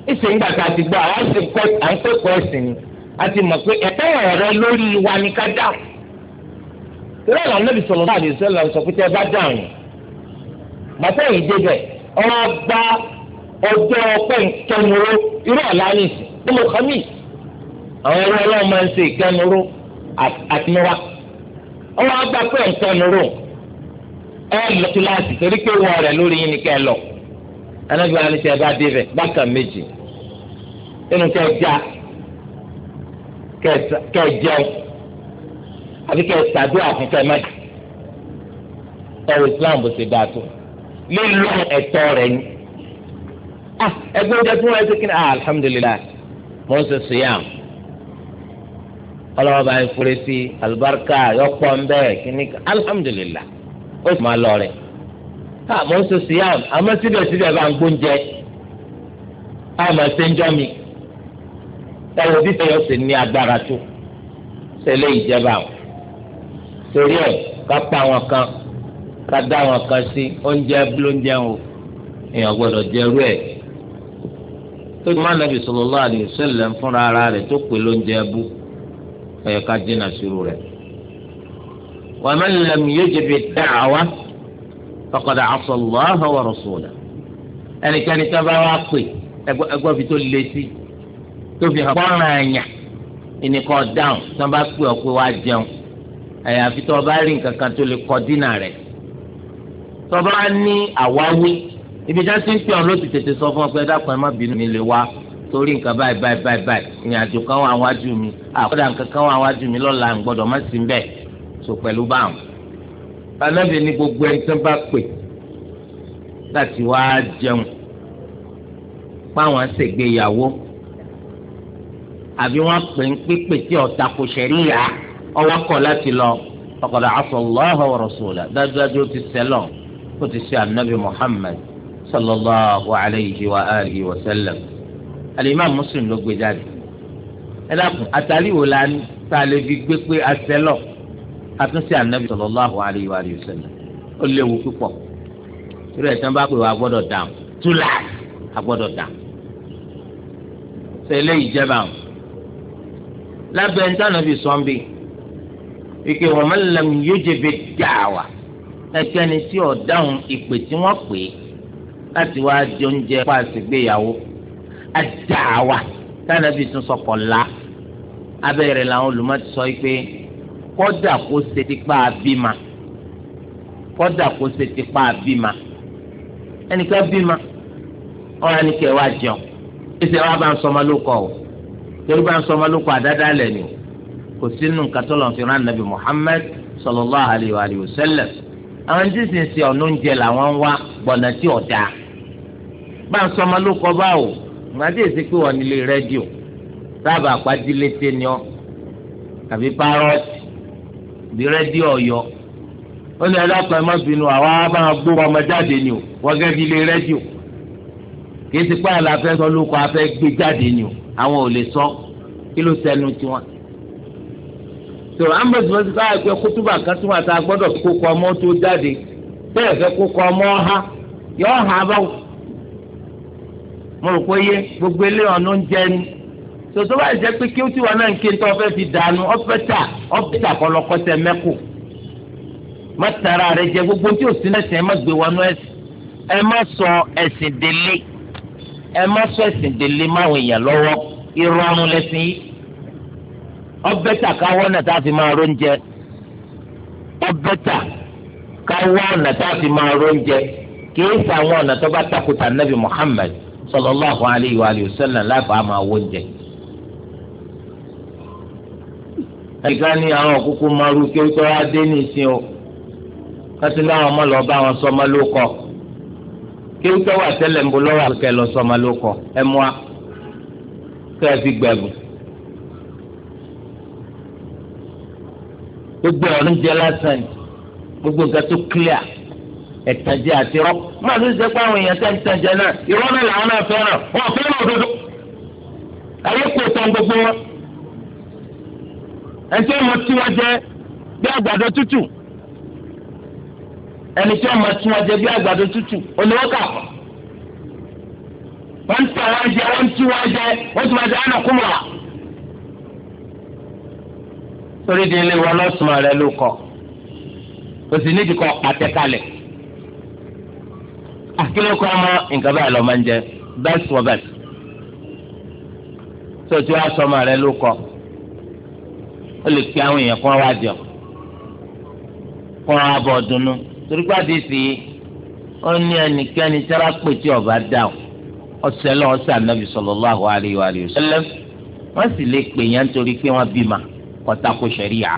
ìsèǹgbà tá a ti gbọ́ àwọn sì pẹ́ à ń pẹ́kọ̀ọ́ ẹ̀sìn ni a ti mọ̀ pé ẹ̀tọ́ ọ̀rẹ́ lórí wa ni ká dáhùn. torí àwọn anábì sọ̀rọ̀ náà lè sọ̀rọ̀ sọ pé tẹ́ ẹ bá dáhùn màtẹ́yìn débẹ̀ ọ̀rọ̀ gba ọjọ́ ọpẹ́ nkẹ́nuró irú ọ̀la ní ìsìn nínú kọ́mí àwọn ẹ̀rọ ọlọ́run máa ń ṣe ìkẹnuró àtìmíwá ọwọ́ agbá pé ìkẹnuró ẹ lọ kíláàsì torí pé wọ rẹ lórí yín ni kẹ lọ anábì wa ni tí ẹ bá dé bẹ bákan méjì nínú kẹ já kẹ jẹun àbí kẹ ṣàdúrà fún kẹ mẹ́jì ẹ̀rọ Islam bó ṣe dáa tó lílo ẹ̀tọ́ rẹ ni ah ẹgbẹ́ oúnjẹ tí wọ́n ẹ ti kí ni ah alhamdulilayi mo ń ṣe siyam ọlọ́wọ́ bá ń fure sí alibarika yọpọ̀ ń bẹ́ẹ̀ kí ni alhamdulilayi ó sì máa lọ rẹ̀ ah mo ń ṣe siyam àmọ́ síbẹ̀síbẹ̀ bá ń gbóúnjẹ ah mà ṣe ń jọ́ mi ẹ wo bí fẹ́ yọ ní agbára tó ṣẹlẹ̀ ìjẹba àwọn torí ẹ̀ ká pa àwọn kan ká dá àwọn kan sí oúnjẹ blóúnjẹ o èèyàn gbọ́dọ̀ jẹ́rú ẹ̀. tó ti máa nàbì sallallahu alaihi wasallam fúnra ara rẹ̀ tó pè lóúnjẹ ẹbú ẹ̀yẹ ká dínà sírù rẹ̀. wa man lam yujib ad-da'wa faqad 'asa Allaha wa rasulahu. ẹnikẹ́ni tó bá wá pè ẹgbẹ́ fi tó le sí tó hàn pọ́nrán ẹ̀yà ìníkọ́ dáhùn tó bá pè ọ́ pé wá jẹun àyàfi tó bá rí nǹkan kan tó lè kọ́ ibi tí a ti ń pè ọ́n ló ti tètè sọ fún ọ pé dákun ẹ má bínú mi lè wá torí nǹkan báyìí báyìí báyìí báyìí ìrìn àjò kan wà wájú mi àkọ́dà nǹkan kan wà wájú mi lọ́la ń gbọ́dọ̀ má sí bẹ́ẹ̀ so pẹ̀lú báwọn. anábìyẹn ní gbogbo ẹni tó bá pè láti wá jẹun páwọn ṣègbéyàwó àbí wọn pè ń pípè tí ọ̀tà kò ṣẹ̀ríyà ọwọ́ kọ̀ láti lọ ọ̀kadà afọlọ́họ̀ rọ̀ṣọ̀lá dájúdájú ó ti sẹ́lọ̀ ó ti ṣe ànábì Muhammad صلى الله عليه وآله وسلم الإمام مسلم ló gbé jáde ẹ dákun àtàlí wo la ní tá a lè fi gbé pé asẹlọ àtúnṣe ànábì صلى الله عليه وآله وسلم ó léwu púpọ̀ irú ẹ̀sán bá pè wá gbọ́dọ̀ dáhùn túlá àgbọ́dọ̀ dáhùn sẹ́lẹ̀ ìjẹba hàn lábẹ́ ntànàbì sọ́nbì ike wọ́n mẹ́lẹ̀ yóò jẹ́ bẹ́ẹ̀ dáa wa ẹ̀kẹ́ni tí ọ̀ dáhùn ìpè tí wọ́n pè é láti wá di oúnjẹ pa àṣègbéyàwó àdáwà tánàbí tún sọkọ̀ la abẹ́rẹ́ làwọn olùmọ̀tì sọ pé kọ́dà kó ṣe tipa bímà kọ́dà kó ṣe tipa bímà ẹnìkan bímà ọ̀rọ̀ ẹnìkan wá jẹun ẹsẹ̀ wa bá ń sọmọ ló kọ o torí bá ń sọmọ ló àdáda lẹ̀ ni kò sínú nǹkan lọ́n fi rán nàbì Muhammad sallallahu alayhi wa sallam àwọn tí sì ń ṣe ọ̀nà oúnjẹ làwọn ń wá gbọ̀nà tí ọ̀dà bá ń sọmọ ló kọ báwo ìgbàdí èsì pé wọ́n nílé rẹ́díò sábà àpàdílé tẹ́ni ọ́ àbí párọ́ọ̀tì bí rẹ́díò ọ̀yọ́ ó ní ẹlẹ́pàá ẹ̀ má bínú àwa máa gbó ọmọ jáde ni o wọ́n gẹ́gẹ́ bí ilé rẹ́díò kì í ti pẹ́ àlà fẹ́ sọ lóko afẹ́ gbé jáde ni o àwọn ò lè sọ kí ló sẹnu tiwọn. tó ambos bó ti ká ẹgbẹ́ kútúbà kan tó wà tá ọmọ tó jáde bẹ́ẹ̀ fẹ́ kó ọmọ ọ̀há yọ ọ̀há báwo mo rò pé yé gbogbo ilé ọ̀nà ń jẹ ni tòtò báyìí jẹ́ pé kí ti wà náà nké tó ọfẹ́ fi kọlọkọ tẹ má tara rẹ jẹ gbogbo tí o sí lẹ́sìn ẹ má gbé wọnú ẹ má sọ ẹ̀sìn délé ẹ má sọ ẹ̀sìn délé máwọn èèyàn yìí tà fi máa róúnjẹ tà Muhammad صلى الله عليه sallam وسلم لا wọ oúnjẹ. ẹ̀ka ní àwọn kúkú maru kí ó tọ́ adé ní ìsìn o kátó láwọn ọmọ lọ bá wọn sọmọ ló kọ kí ó tọ́ wà tẹ́lẹ̀ ń bọ̀ lọ́wọ́ àkẹ́kẹ́ lọ sọmọ ló kọ ẹ mú wa kẹ́ ẹ fi gbẹ̀gùn. gbogbo ọ̀rọ̀ ń jẹ lásán gbogbo nǹkan tó clear. ẹ̀tànjẹ àti rọ máa ló ṣe pé àwọn èèyàn tẹ̀ ń tẹ̀jẹ̀ náà irọ́ náà làwọn náà fẹ́ràn wọn fẹ́ràn òdodo ayé kò tán gbogbo wọn ẹni tí wọn tí wọn jẹ bí àgbàdo tútù ẹni tí wọn tí wọn jẹ bí àgbàdo tútù olówó kà fún wọn tẹ wọn jẹ wọn tí wọn jẹ kọ kò kọ kí ló kọ́ ọmọ nǹkan báyìí lọ́ọ́ ń jẹ best for best tó tí wàá sọmọ rẹ ló kọ ó lè pe àwọn èèyàn kó wá jọ kó wá bọ̀ dunu torí pàdé sí i ó ní ẹnikẹ́ni tára pè tí ọba dà ó ọsẹ lọ ọsẹ anabi sallallahu alaihi wa alihi wasallam wọ́n sì lè pè yẹn nítorí pé wọ́n bímọ kọta kó ṣẹ̀ríyà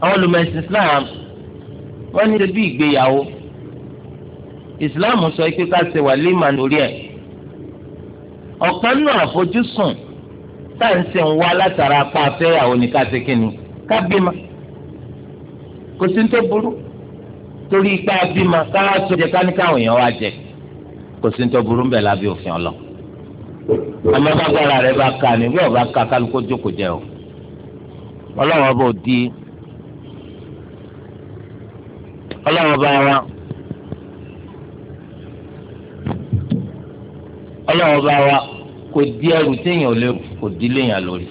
àwọn olùmọ̀ẹ́sì Islam wọ́n ní ṣe bí ìgbéyàwó islam sọ pé ká ṣe wàlímà lórí ẹ̀ ọ̀kan náà àfojúsùn tá à ń ṣe ń wá látara apá afẹ́yàwó ni ká ṣe kíni ká bímọ kò sí ní tó burú torí ipá bímọ ká tó jẹ ká ní káwọn èèyàn wá jẹ kò sí ní tó burú ń bẹ̀ lábẹ́ òfin ọlọ àmọ́ bàgbára rẹ bá ka ni bí ọba ka kálukó jókòó jẹ o ọlọ́run ọba di ọlọ́run ọba wa. ọlọ́run bá wa kò di ẹrù téèyàn lè kò di léèyàn lórí.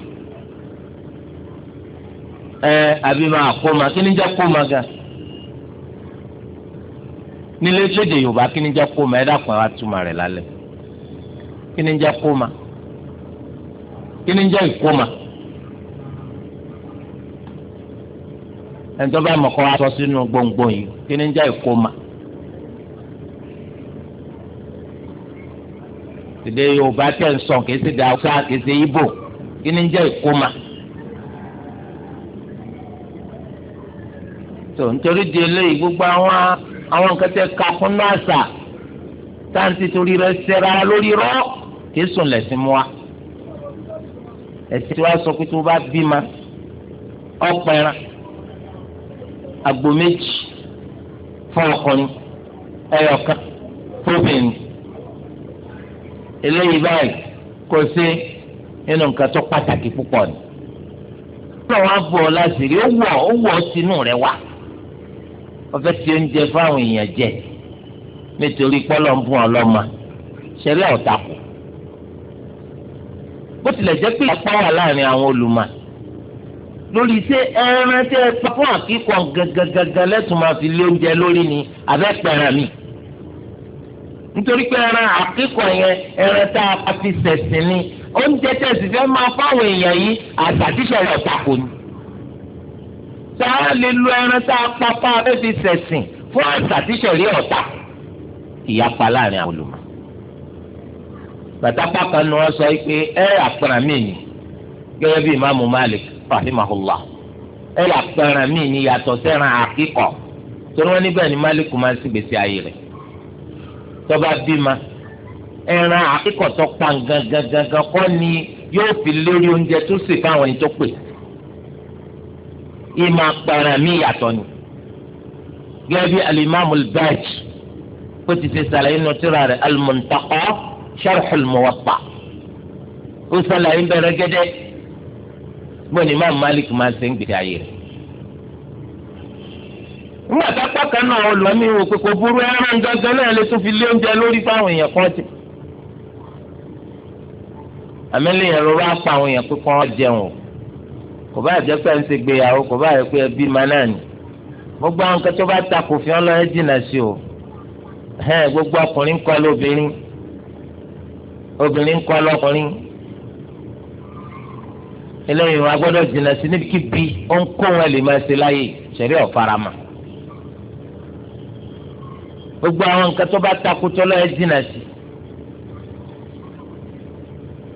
ẹ àbí máa kó ma kí ni jẹ́ kó ma gan. nílé lédè yorùbá kí ni jẹ́ kó ma ẹ dákun àwa túmọ̀ rẹ̀ lálẹ́. kí ni jẹ́ kó ma kí ni jẹ́ ìkó ma. ẹ̀ńtọ́ bá mọ̀ kọ́ wa sọ sínú gbòǹgbò yìí kí ni jẹ́ ìkó ma. èdè yorùbá tẹ̀ ń sọ kìí ṣe dà ọ́sà kìí ṣe ibo kí ni jẹ́ ìkómà. tó nítorí di eléyìí gbogbo àwọn àwọn nǹkan tẹ ká fún náàsà táǹtì torí rẹ ṣẹra lórí rọ kìí sùn lẹ́sìn mu wa. ẹ̀sìn tí wàá sọ pé tó bá bímọ ọ̀pẹ̀rẹ̀ àgbò méjì fún ọkùnrin ẹyọ̀kan fún obìnrin eléyìí báyìí kò sí nínú nǹkan tó pàtàkì púpọ̀ ni. wọ́n wá bọ̀ ọ́ láti rí ó wọ̀ ó wọ̀ sínú rẹ̀ wá. wọ́n fẹ́ ti oúnjẹ fáwọn èèyàn jẹ nítorí pọ́lọ́ ń fún ọlọ́mọ ṣẹlẹ̀ ọ̀tàkù. bó tilẹ̀ jẹ́ pé apá wà láàrin àwọn olùmọ̀ lórí iṣẹ́ ẹran tẹ́ ẹ pa fún àkíkọ̀ gangan gangan fi lé oúnjẹ lórí ni abẹ́ mi nítorí pé ẹran àkíkọ̀ yẹn ẹran tá a fi sẹ̀sìn ni oúnjẹ tẹ̀sí fẹ́ máa fáwọn èèyàn yìí àtàkìṣọ̀rọ̀ ọ̀tàkù ni. tá a lè lo ẹran tá a papá fẹ́ fi sẹ̀sìn fún àtàkìṣọ̀rí ọ̀tà ìyapa láàrin àwọn bàtàpá kan ni wọ́n sọ pé ẹ àpẹẹrẹ mi ni gẹ́gẹ́ bí ìmáàmù Malik rahimahullah ẹ àpẹẹrẹ mi ni yàtọ̀ sẹ́ran àkíkọ̀ torí wọ́n níbẹ̀ ni Malik máa ń sì gbèsè ayé rẹ̀ tọ́ba bímọ ẹran akíkọ̀tọ́ pangangangangan kọ́ ni yóò fi lórí oúnjẹ tó sì fáwọn ẹni tó pè ìmọ̀ àpẹẹrẹ mi yàtọ̀ ni gẹ́gẹ́ bí alimami bẹ́ẹ̀j kó ti ṣe sàlàyé nínú tírà rẹ̀ al-Muntaqa ó sàlàyé bẹ̀rẹ̀ gẹ́dẹ́ gbọ́n Imam Malik máa ń ṣe ń gbèdé ayé rẹ̀ nígbà tá pàkà náà olùwàmí wò pé kò burú ẹran gángan náà lè tún fi lé oúnjẹ lórí fáwọn èèyàn kan jẹ àmẹ́lẹ́ yẹn rọra pa àwọn èèyàn pé kàn jẹun o kò bá jẹ́ pé ń ṣe gbéyàwó kò bá jẹ́ pé ẹbí máa náà ni gbogbo àwọn kẹtọ bá ta kò fi ọ́n lọ ẹ́ jìnnà sí o gbogbo ọkùnrin kọ́ lóbìnrin obìnrin kọ́ lọ́kùnrin eléyìí wọn a gbọ́dọ̀ sí níbi kíbi ó ń kó wọn lè máa gbogbo àwọn nǹkan tó bá takutọ́ lọ ẹ dínà sí.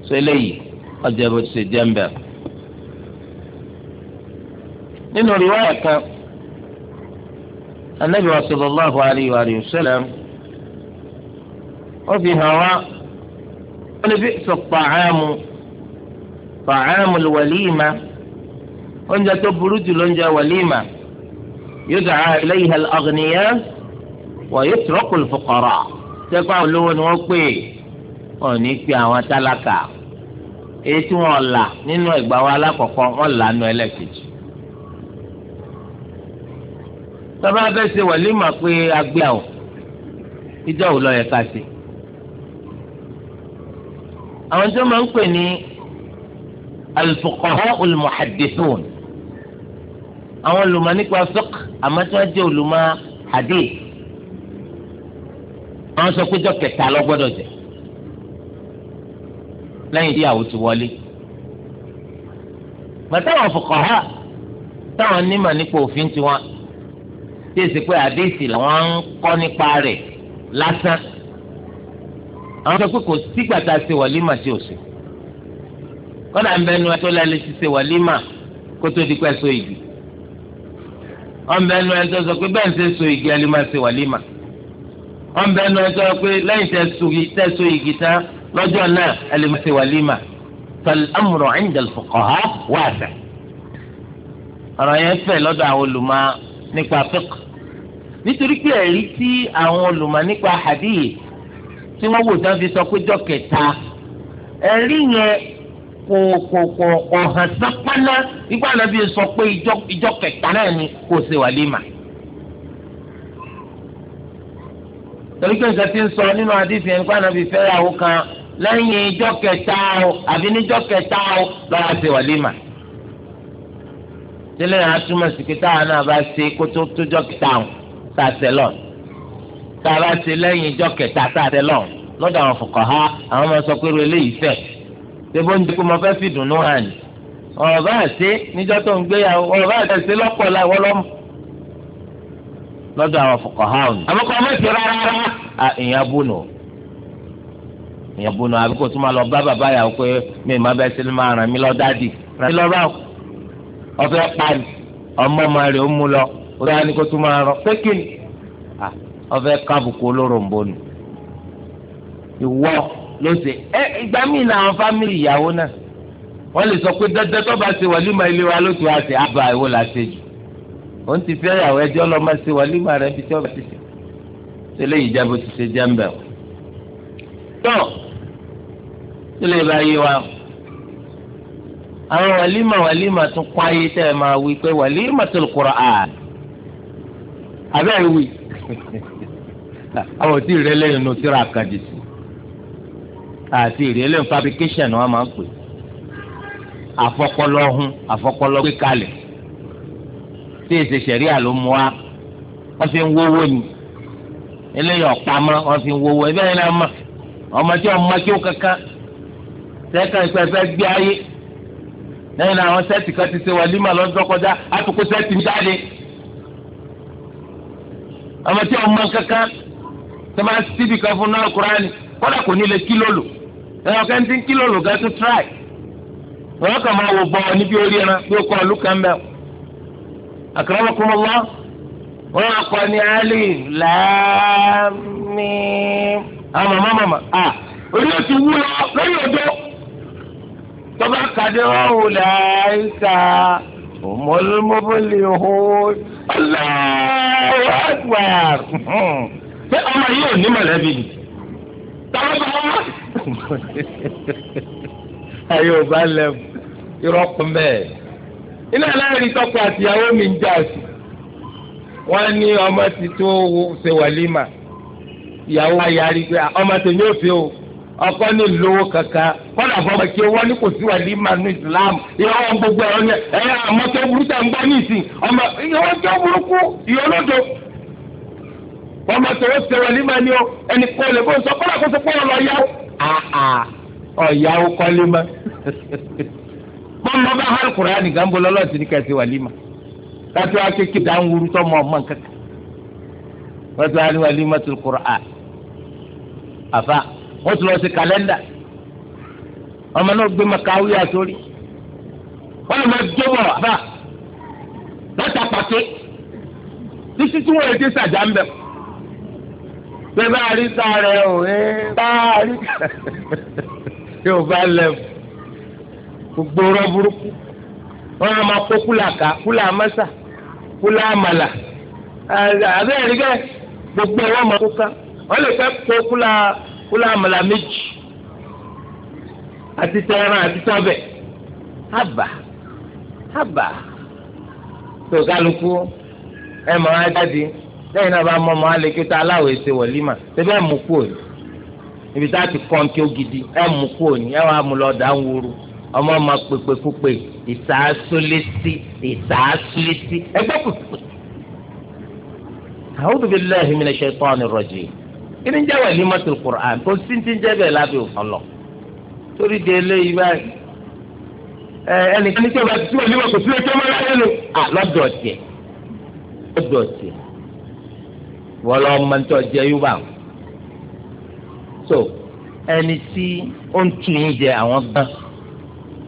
sọ eléyìí ọjọ́ ìbò ti ṣe jẹ́ ń jẹ́ńbẹ̀. nínú riwaya kan anabi wa sallallahu alayhi wa sallam ó fi hàn wá ó ní bí sọ pàcámu pàcámu wàlíìmà oúnjẹ tó burú jù lóúnjẹ wàlíìmà yóò dàá ilayha hàn aghniya wa yutrakul fuqara tẹ́gbà olówó ni wọ́n pè wọ́n ní pé àwọn tálákà èyí tí wọ́n là nínú ẹ̀gbà wa alákọ̀ọ́kọ́ wọ́n là nù ẹlẹ́kejì. tọ́ba bẹ́ẹ̀ ṣe wàlímà pé agbẹ́ ọ̀ ìjọ ò lọ yẹ ká ṣe. àwọn tí máa ń pè ní al-fuqaha àwọn olùmọ̀ nípa fiqh àmọ́ tí wọ́n jẹ́ olùmọ̀ hadith wọ́n sọ pé jọ́ kẹta ló gbọ́dọ̀ jẹ lẹ́yìn tí ìyàwó ti wọlé gbàtàwọn fuqaha táwọn onímọ̀ nípa òfin tiwọn tí èsì pé àdéhìsì làwọn ń kọ́ nípa rẹ̀ lásán àwọn sọ pé kò sígbà tá a ṣe wàlímà tí ò sí kọ́dà ń bẹnu ẹtọ́ lẹ́lẹ́ ti ṣe wàlímà kó tó di pẹ́ so igi ọ̀n ẹtọ́ sọ pé bẹ́ẹ̀ ń ṣe so igi ẹlẹ́mà ṣe wàlímà wọn bẹ nu ẹjọ pé lẹ́yìn tẹsọ igi tán lọ́jọ́ náà ẹlẹmọsẹ wàlímà fal-amru 'inda al-fuqaha wasi'. ọ̀rọ̀ yẹn fẹ̀ lọ́dọ̀ àwọn olùmọ̀ nípa fiqh nítorí pé ẹ̀rí tí àwọn olùmọ̀ nípa hadith tí wọ́n wò tán fi sọ pé jọ́ kẹta ẹ̀rí yẹn kò ọ̀hàn sápánná nígbà náà bí sọ pé ìjọ kẹta náà ni kò ṣe wàlímà. torí pé nǹkan ti ń sọ nínú àdìsí ẹni pàánà fi fẹ́ yàwó kan lẹ́yìn ijọ́ kẹta o àbí níjọ́ kẹta o lọ́wọ́ ṣe wàlímà tẹ́lẹ̀ náà túmọ̀ sí pé táwa náà bá ṣe kó tó tójọ́ kẹta o tá a tẹ̀ lọ tá a bá ṣe lẹ́yìn ijọ́ kẹta tá a tẹ̀ lọ́dọ̀ àwọn fòkàn ha àwọn máa sọ pé eléyìí fẹ̀ ṣébó ń dikú mo fẹ́ fìdùnnú hàn ọ̀rọ̀ bá ṣe níjọ́ tó ń gbéyàwó ọ̀rọ̀ bá ṣe lọ́pọ̀ lọ́dọ̀ àwọn fuqaha ni. àbúkọ ọmọ ìṣe rárá ìyẹn bùnú ìyẹn bùnú àbíkó tó máa lọ bá bàbá yàwó pé mi ìmọ̀ bẹ́ẹ̀ sí ni máa ràn mí lọ dáàdì ràn mí lọ bá ọfẹ́ pani ọmọ ọmọ rẹ̀ ó mú lọ orí wa ni kó tó máa rọ pékin ọfẹ́ kábùkù olóròǹbó ni ìwọ ló ṣe ẹ ìgbà míì làwọn fámìlì ìyàwó náà wọ́n lè sọ pé dandan tó bá ṣe wàlímà ilé wa ló ti wá ṣe àbá ìwọ là jù ó ń ti fẹ́ ìyàwó ẹjọ́ lọ́mọ sí wa límà rẹ̀ fi tí ọba ti ṣe ṣe lè yìí jábọ̀ ti ṣe jẹ́ńbẹ̀ o. tó tó lè bá yé wa àwọn wàlímà wàlímà tún kọ́ ayé tẹ́ ẹ máa wí pé wàlímà tó lùkùrọ̀ à abẹ́ ẹ wí àwọn ò tí ì rẹ́lẹ́ inú síra àkàdì sí àti ìrẹ́lẹ́ fabrication wọn máa ń pè àfọkọlọ́hún àfọkọlọ́ kalẹ̀ tí èsì sẹ̀ríà ló mú wa wọ́n fi ń wówó ni eléyìí ọ̀pamọ́ wọ́n fi ń wówó ẹ bẹ́ẹ̀ náà ọmọ tí ó kankan sẹ́kàn ìpẹ́fẹ́ gbé ayé lẹ́yìn náà àwọn sẹ́ẹ̀tì kan ti ṣe wàlímà lọ́dún kọjá àtúkò sẹ́ẹ̀tì ń jáde ọmọ tí kankan kan fún náà kọ́dà kò ní lè kí kí gẹ́tù tíráì wọ́n kàn máa wò akramakumullah wọn akọ ní alif lam mim àmọ́ màmá à orí o ti wú lọ lórí odò tọ́ba kàdé wọn wò láìka mọlẹmọbìlì hó Allahu akbar ṣé ọmọ yìí ò ní mọ̀lẹ́bí ni tọ́ba bá wà. ayé ò bá lẹ́mu irọ́ kún bẹ́ẹ̀ iná aláàrin tọkọ àtìyàwó mi ń jà sí wọn ní ọmọ ti tó ṣe wàlímà ìyàwó ayarí pé ah, ọmọ tèmi ò fi o ọkọ ní lówó kankan kọ́nà fọmọ kí wọ́n ní kò sí wàlímà ní Islam ìyàwó gbogbo ẹ̀rọ ni ẹ̀yà ọmọ tó burú tẹ̀ ń gbọ́ ní ìsìn ọmọ ìyàwó tó burúkú ìyọlódò ọmọ ni ó ẹnì kọ́ lè bó sọ kọ́nà kó sọ pé ọlọ́yàwó ọ̀yàwó ah, ah, kọ́lé mọ́. bọ́mọ bá hàn kúrẹ́ nìkan ń bọ́ lọ́lọ́ ti ní kẹsì wàlímà kátó akéèké dá ń wúru tọ́mọ ọmọ nǹkan kan wọ́n ti wá ní wàlímà tó kúrẹ́ à àfa wọ́n ti lọ sí kàlẹ́ndà ọmọ náà gbé makawi àsórí wọ́n lè máa jó bọ̀ àfa lọ́tà pàtó títí tí wọ́n lè dé sàjà ń bẹ̀ pé bá a rí sáré o ẹ bá a rí yóò bá lẹ̀ fún gbogbo rọ burúkú wọn a máa kó kúlà ká kúlà amásà kúlà àmàlà àbẹ́rẹ́ rí bẹ́ẹ̀ gbogbo wọn máa kó ká wọn lè fẹ́ kó kúlà kúlà àmàlà méjì àti tẹran àti tọbẹ̀ haba haba tó kálukú ẹ máa jáde lẹ́yìn náà bá mọ ọmọ alẹ́kẹ́tà aláwọ̀ ẹsẹ̀ wọ̀límà tẹ́fẹ́ mú kú òní ibi tá a ti kọ́ ń kí ó gidi ẹ mú kú òní ẹ wàá mú lọ́ọ́ dá wúru ọmọ ọmọ pèpè púpè ìsàásúlẹsí ìsàásúlẹsí ẹgbẹ pèpè. a'udhu billahi minash shaitani rrajim kí ni jẹ́ walimatul Qur'an kò sí ti jẹ́ bẹ́ẹ̀ lábẹ́ òfọlọ́ torí de eléyìí báyìí ẹnìkan ní tí o bá tí o ní wọn kò sí ojú ọmọ láyé lò à lọ́dọ̀ tiẹ̀ lọ́dọ̀ tiẹ̀ wọ́n lọ ọmọ nítorí ọjọ́ yóò bá ẹni tí ó ń tún yín jẹ àwọn gan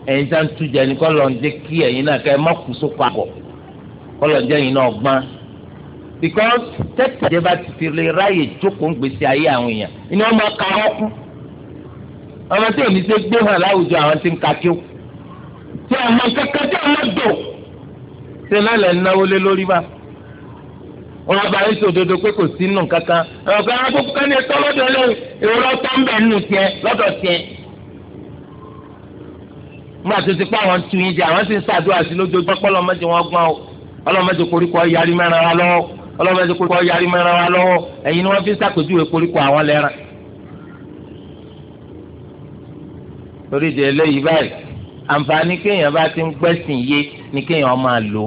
ẹ̀yin tá ń tujà ní kọ́lọ̀ ń jẹ́ kí ẹ̀yin náà kẹ́ ẹ má kú sóko àgọ̀ kọ́lọ̀ ń jẹ́ ẹ̀yin náà gbọ́n because tẹ́tẹ̀dé bá ti fi lè ráyè jókòó ń gbèsè ayé àwọn èèyàn ni wọ́n máa ka wọ́n kú ọmọ tí òní ṣe gbé hàn láwùjọ àwọn tí ń ka kí ó tí ọmọ kankan tí ọmọ dò ṣe náà lẹ̀ ń náwó lé lórí bá wọn bá yín sòdodo pé kò sínú kankan ọ̀gá akókó kan ní ẹ̀tọ́ nígbà tó ti pa àwọn tu yín jẹ àwọn sì ń ṣàdúrà sí lójoojúmọ́ pé ọlọ́mọdé wọn gbọ́n o ọlọ́mọdé koríko yarí mẹ́ran wa lọ́wọ́ ọlọ́mọdé koríko yarí mẹ́ran wa lọ́wọ́ ẹ̀yin ni wọ́n fi ń ṣàpèjúwe koríko àwọn lẹ́ran. torí ìdè eléyìí báyìí àǹfààní kéèyàn bá ti ń gbẹ́sìn yé ni kéèyàn máa lò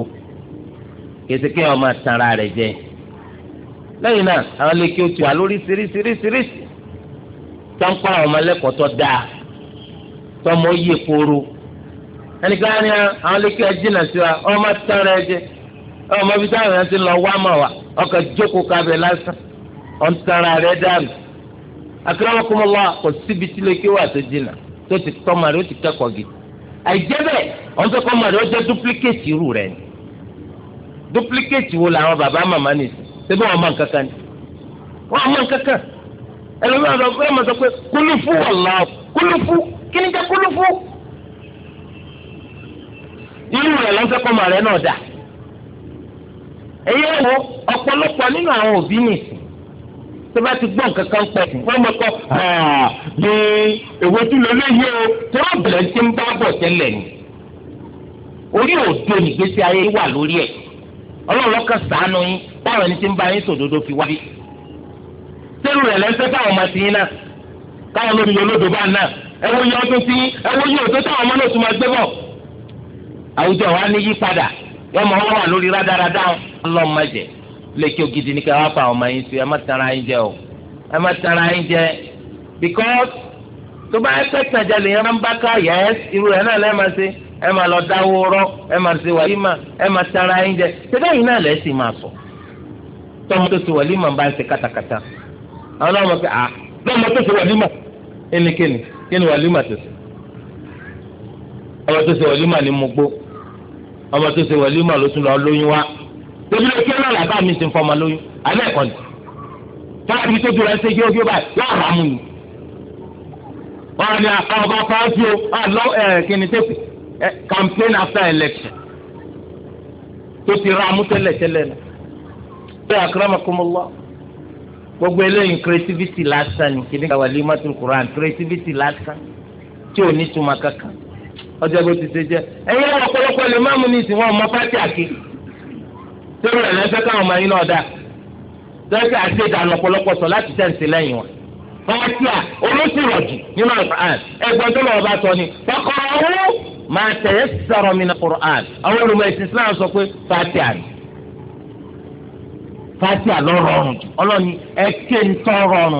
kéèsì kéèyàn máa tanra rẹ̀ jẹ lẹ́yìn náà àwọn lè kí o tù wá lórí sírísírísírísì tó ń kọ́ àwọn ọmọ ẹlẹ́kọ̀ọ́ tó dáa tó mọ iye kóró ẹnìkan ni àwọn lè kí ẹ jìnnà sí wa ọmọ tán rẹ jẹ ọmọ bíi táwọn yẹn ti lọ wá mà wá ọkọ̀ jókòó kábẹ̀ lásán ọ̀ntara rẹ dànù akérèmọkùnmọ́lá kò síbi tí lè kí wà tó jìnnà tó ti tọ́mọ rẹ ó ti kẹ́kọ̀ọ́ gidi àìjẹ́ bẹ́ẹ̀ wọ́n fẹ́ kọ́mọ rẹ ó jẹ́ dúplíkéètì irú rẹ ni dúplíkéètì wo làwọn bàbá màmá ni síbi wọn mọ nǹkan kan ni wọn mọ nǹkan kan ẹlòmíràn lọ fẹ́ mọ̀ irú rẹ̀ lọ́sẹ̀ kọ́ màrẹ́ náà dà ẹ̀yẹ́ wo ọ̀pọ̀lọpọ̀ nínú àwọn òbí tó bá ti gbọ́ nǹkan kan pẹ̀ kọ́ ní èwo tún lọ léyìí o tó rọ̀ bẹ̀rẹ̀ ti ń bá bọ̀ tẹ́lẹ̀ ni orí òdo nìgbésí ayé wà lórí ẹ̀ ọlọ́run lọ́kàn yín báwọn ẹni tí ń bá yín sòdodo fi wá bí. sẹ́rù rẹ̀ táwọn ọmọ ti yín náà káwọn olódò bá náà ọdún sí táwọn ọmọ náà àwùjọ wa ní yípadà yọmọ wọn wà lórí rádaràdà ọlọmọdé lẹkẹ ní káwá ọmọ yín sí ẹ má tara yín jẹ o ẹ má tara yín jẹ because tó bá ẹsẹ tẹjẹ bá ká irú ẹ náà lẹ máa ṣe ẹ lọ ẹ ẹ tara yín jẹ náà sì sọ tọmọ tó bá ń àwọn pé tó kí ni tó ni mo gbó ọmọ tó ṣe wọlé mọ̀ ló tún lọ lóyún wá tóbi lè kéré ọ̀la bá mi sì ń fọmọ lóyún alẹ́ ẹ̀kọ́ ni táàbí tó dúró ẹsẹ̀ yóò yóò báyìí yóò rà mú mi. wọ́n ní àká ọba fáájú àlọ́ kìnìún tó campaign after election tó ti ra mú tẹ́lẹ̀ tẹ́lẹ̀ náà. ṣé akramakumullah gbogbo eléyìí creativity lásán ni kìnìún kàwálé mọ́tò Quran creativity lásán tí ò ní túmọ̀ kankan. ọjọ́ bó ti ṣe jẹ́ ẹ̀yin àwọn ọ̀pọ̀lọpọ̀ lè má mú ní ìsìn wọn mọ pátí àké torí rẹ̀ káwọn ọmọ yín náà dọ́kítà ọ̀pọ̀lọpọ̀ sọ láti tẹ̀sí lẹ́yìn wọn. nínú àlùfáàn tó lọ́wọ́ bá ni kọ́kọ́rọ́ máa sọ̀rọ̀ mi náà àwọn olùmọ̀ Islam sọ pé pátí ẹ rọrùn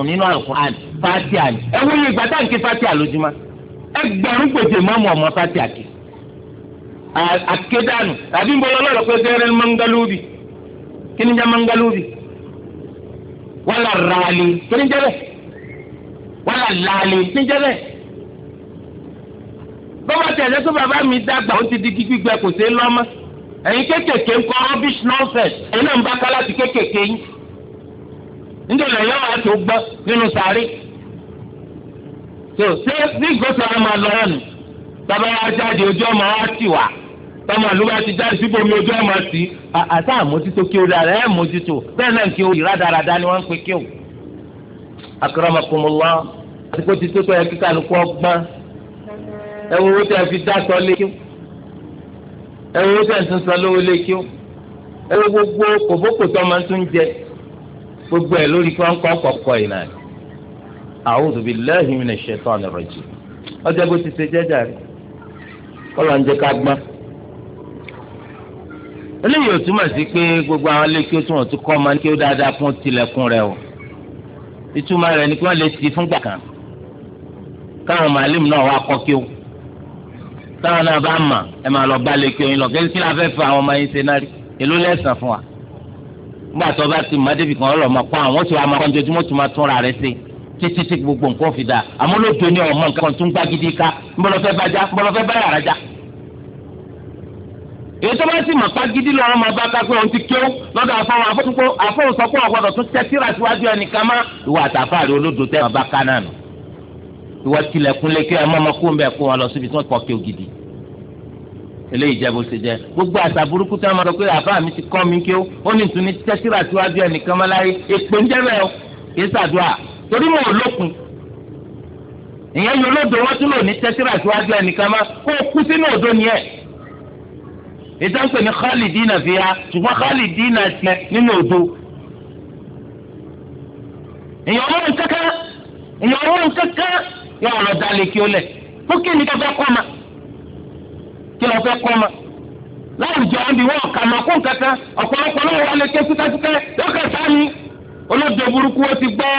nínú ẹ wúlò ìgbà ẹgbẹ̀rún pèsè mọ́mọ́ ọmọ pátí àti àkédànù àbí ń bọ́lọ́ lọ́rọ̀ pé sẹ́rẹ́ mangalúbi kí ni jẹ́ wàlà ràlì kí wàlà làlì tẹ̀lé tó bàbá mi dàgbà ó ti di kò sí lọ́mọ ẹ̀yin kékèké ń kọ́ rubbish nonsense ẹ̀yin náà ń bá kálá ti kékèké yín nítorí ẹ̀yọ́ wa tó gbọ́ nínú tó ṣé ní ìgbésọ àwọn máa lọ ọ̀nù bàbá wa jáde ojú ọmọ wa ti wà tọmọ àlùbá ti jáde síbi omi ojú ọmọ sí àtà àmójútó kí o dára ẹ mójútó bẹ́ẹ̀ náà kí o yìí rádaràda ni wọ́n ń pe kí o. akramakumullah àtikó ti tó tó yẹ kíkà ló kó ọgbọ́n ẹ wo owó tẹ fi dá sọ lé kí o ẹ wo owó tẹ tún sọ lówó lé kí o ẹ wo gbogbo kòbókòtò ọmọ tún jẹ gbogbo ẹ lórí kí wọn ọkọ ìlànà a'udhu billahi minash shaitanir rajim ọjọ́ bó ti ṣe jẹ́jà rẹ̀ kọ́lá ń jẹ́ ká gbọ́n. eléyìí ò túmọ̀ sí pé gbogbo àwọn ilé kí ó túmọ̀ tó kọ́ ọmọ ní kí ó dáadáa fún tilẹ̀kùn rẹ̀ o ìtumọ̀ rẹ̀ ni kí wọ́n lè ti fúngbà kan káwọn màálìm náà wá kọ́ kí o táwọn náà bá mà ẹ máa lọ bá kí oyin lọ kí kí la fẹ́ àwọn ọmọ yín ṣe náà rí èló lẹ́sàn fún wa nígbà tó bá ti má débi kan ọlọ́ọ̀ máa kọ́ àwọn tó wá máa kọ́ títí tí gbogbo nǹkan fi da àmọ́ lóde ní ọmọ nǹkan tó ń gbá gidi ká ńbọlọfẹ bàjá ńbọlọfẹ báyà rájà. èyí tó bá sì mọ̀ pa gidi lọ ọmọ bá ká pé òun ti kéwọ́ lọ́dọ̀ àfọwọ́ àfọ́túnkọ́ àfọwọ́sọpọ̀ ọ̀gbọ́dọ̀ tó tẹ́ síra síwájú ẹnìkan má ìwà àtàfàrí olódò tẹ́ ọba ká náà nù. ìwọ tilẹ̀kùn lé kí ọmọ ọmọ kó ń bẹ̀ kó wọn lọ síbi tí wọ́n kọ́ kí ògidì eléyìí jẹ bó ṣe jẹ gbogbo àṣà burúkú tí wọn máa sọ pé àbá mi ti kọ́ mi kí ó ó ní ìtúni tẹ́síra síwájú ẹnìkan máa láyé èpè ń jẹ́ bẹ́ẹ̀ o kì í ṣàdúrà torí wọn ò lókun ìyẹn ni lódò wọn tún lò ní tẹsíra síwájú ẹnìkan má kó o kú sínú òdo ni ẹ ìdáǹpẹ ní khalidina fiha ṣùgbọ́n khalidina tiẹ nínú òdo ìyẹn ọlọ́run kankan ìyẹn ọlọ́run kankan yọ ọ̀rọ̀ dalẹ̀ kí o lẹ̀ fún kí ni kí o fẹ́ kọ́ ma kí o fẹ́ kọ́ ma láwùjọ wọn bí wọn kà máa kó nǹkan kan ọ̀pọ̀lọpọ̀ náà wọlé ké súkẹ́súkẹ́ lọ́kẹ́ olóde burúkú ó ti gbọ́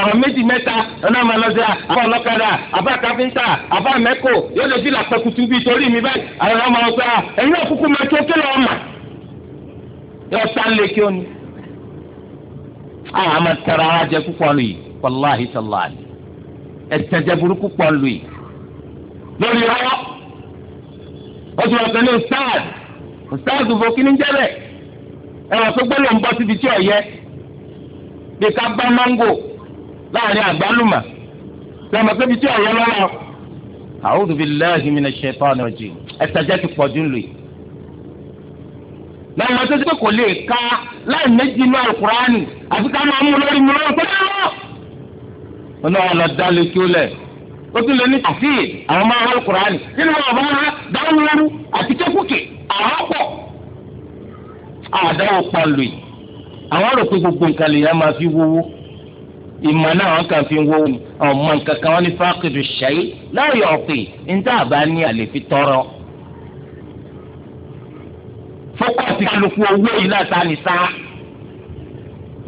ọ̀rọ̀ méjì mẹ́ta ọ̀nà àmàlọ́sẹ̀ àbá ọlọ́kadà àbá káfíńtà àbá mẹ́kò yóò lè fi làpẹ̀kùtù bíi torí mi báyìí àwọn ọmọ ọgbà ẹ̀yin òkúkú máa tó kí lọ́ọ́ mà yóò sá lè kí ó ní. àwọn máa tẹ̀ra púpọ̀ yìí wàláhi burúkú pọ̀ yìí lórí ti pẹ̀lú ustaz ustaz bí ká bá máńgò láàrin àgbálùmọ̀ lọ́mọ pé bí tí ọ̀yọ́ lọ́wọ́ a'udhu billahi minash shaitani rajim ẹ̀tàjẹ́ ti pọ̀jù ń lò yìí. lọ́mọ tó ti pé kò lè ka láì méjì inú àlùkùránì àfi ká máa mú lórí mi lọ́wọ́ pé lọ́wọ́. ó náà wọn lọ dá lé kí ó lẹ̀ ó tún lè ní àfíì àwọn máa wọ́n àlùkùránì nínú wọn bá wọn dáwọ́ lóru àti kékùkè àwọn pọ̀ àdáwọ̀ pọ̀ lò yìí àwọn rò pé gbogbo nǹkan lèèyàn máa fi wówó ìmọ̀ náà wọn kàn fi wówó ni ọmọ nǹkan kan wọn ní fáàkìdù ṣẹ́yí láàyò ọ̀pẹ̀ níta àbá ní àlè fi tọrọ. fọ́kọ̀sì kálukú owó yìí náà ta ni sá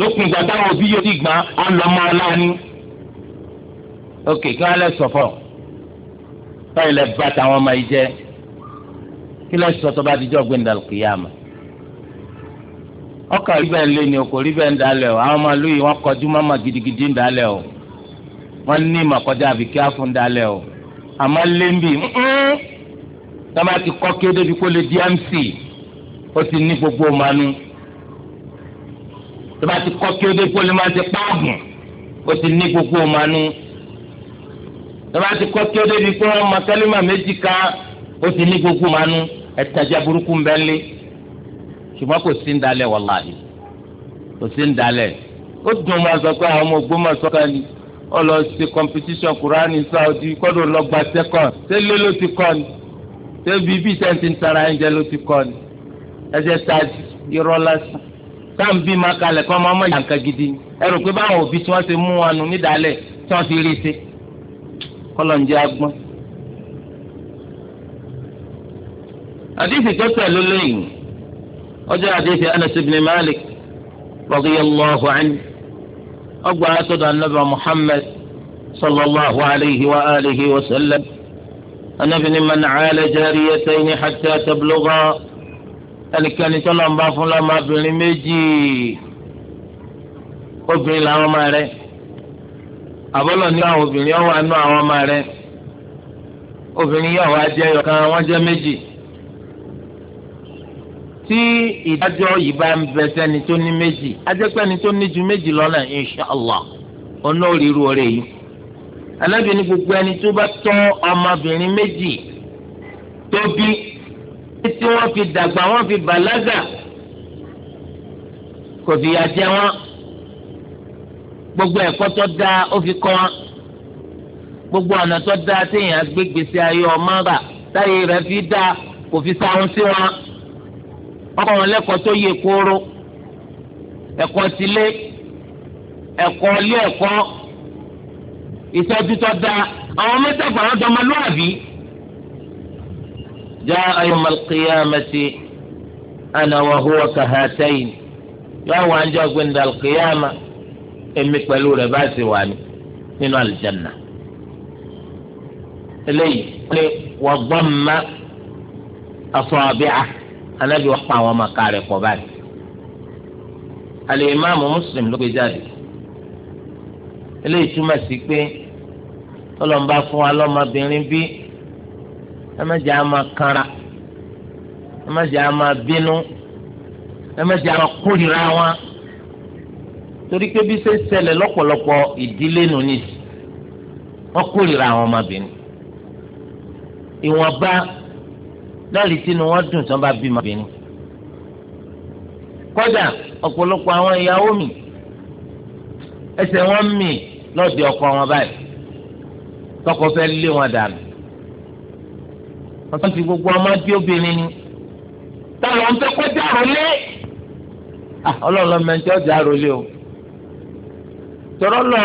lópin ìgbà táwọn òbí yóò dìgbà ọlọmọ ọlá ni. ok kí wọn lè sọfọ báyìí lè bá tàwọn ọmọ yìí jẹ kí lè sọ tó bá dijọ́ gbẹ̀ndàlùkìyàmù ọkàn rí bẹ́ẹ̀ lé ni o kò rí bẹ́ẹ̀ ń dalẹ̀ o àwọn ọmọ lóye wọn kọjú mọ́mọ́ gidigidi ń dalẹ̀ o wọ́n ní ìmọ̀ kọjá àbí kí á fún un dalẹ̀ o àmọ́ lé ń bì tọ́mọ ti kọ́ kí ó débi kó lè di mc ó ti ní gbogbo manú tọ́mọ ti kọ́ kí ó débi kó lè máa ti páàgùn ó ti ní gbogbo manú tọ́mọ ti kọ́ kí ó débi kó lè máa kẹ́lí mà méjì ká ó ti ní gbogbo manú ẹ̀tàjà burúkú ń bẹ́ẹ̀ lé ṣùgbọ́n kò sí ń dalẹ̀ wàláhì kò sí ń dalẹ̀ ó dùn máa sọ pé àwọn ọmọ ogun máa sọ kan ni ó lọ ṣe competition kurani saudi kọ́dọ̀ lọ́gba second ṣé lé ló ti kọ́ ni ṣé bíbí sẹ́ńtì ń tara ẹ̀jẹ̀ ló ti kọ́ ni ẹ̀jẹ̀ tají irọ́ lásán táwọn bí máa kalẹ̀ kọ́ máa mọ̀ yàǹkà gidi ẹ rò pé báwọn òbí tí wọ́n ti mú wọn nù nídàálẹ̀ tí wọ́n fi rí i ṣe kọ́lọ̀ ń jẹ́ agbọ́n. àdìsí tó tẹ̀ ló lóyún وجاء حديث انس بن مالك رضي الله عنه ابو اسد النبي محمد صلى الله عليه واله وسلم ان ابن من عال جاريتين حتى تبلغا أن كان يتلى ما فلا ما ابن مجي ابن لا وما ري أبلا نياه ابن يوه أنه وما ري ابن يوه أجي وكان وجه مجي tí ìdájọ́ yìí bá ń bẹ sẹ́ni tó ní méjì ajẹ́pẹ́ni tó ní ju méjì lọ́nà inṣàlá onóòrí irú ọ̀rẹ́ yìí alábìnrin gbogbo ẹni tó bá tọ́ ọmọbìnrin méjì tó bí tí wọ́n fi dàgbà wọ́n fi bàlágà kò fìyà jẹ wọ́n gbogbo ẹ̀kọ́ tó dáa ó fi kọ́ wọn gbogbo ọ̀nà tó dáa téèyàn gbégbèsè ayé ọmọ rà táyé rẹ̀ fi dáa kò fi sáwọn sí wọn wọn kọ́ wọn lẹ́kọ̀ọ́ tó yẹ kóró ẹ̀kọ́ tilé ẹ̀kọ́ ilé ẹ̀kọ́ ìtọ́jú tó dáa àwọn mẹ́tẹ̀ẹ̀fà wọn dọ́ ọmọlúwàbí. جاء يوم القيامة أنا وهو كهاتين yóò wá ń jọ gbẹndé alkiyama èmi pẹ̀lú rẹ̀ bá sì wà ní nínú alìjẹ́nà. eléyìí wọ́n gbọ́n mọ́ afọ́ abíyá anabi wa pa àwọn ọmọ ká rẹ̀ pọ̀ báyìí alimami muslim ló gbé jáde eléyìí túmọ̀ sí pé ọlọ́mọba fún wa lọ́mọbìnrin bí ẹ má jẹ́ àmà kanra ẹ má jẹ́ àmà bínú ẹ má jẹ́ àmà wọn torí pé bí ṣe ń ṣẹlẹ̀ lọ́pọ̀lọpọ̀ ìdílé nù nìyí wọ́n kórìíra àwọn ọmọbìnrin ìwọ̀nba náà lè tinú wọn dùn tí wọn bá bímọ obìnrin kódà ọ̀pọ̀lọpọ̀ àwọn ìyàwó mi ẹsẹ̀ wọn mì lọ́ọ̀dì ọkọ wọn báyìí tọkọ fẹ́ lé wọn dànù wọ́n ti gbogbo ọmọ bí obìnrin ni táwọn ń fẹ́ kó dàrú lé ah, ọlọ́run mẹ́tẹ́ ọjà rọlé o tọ́rọ́ lọ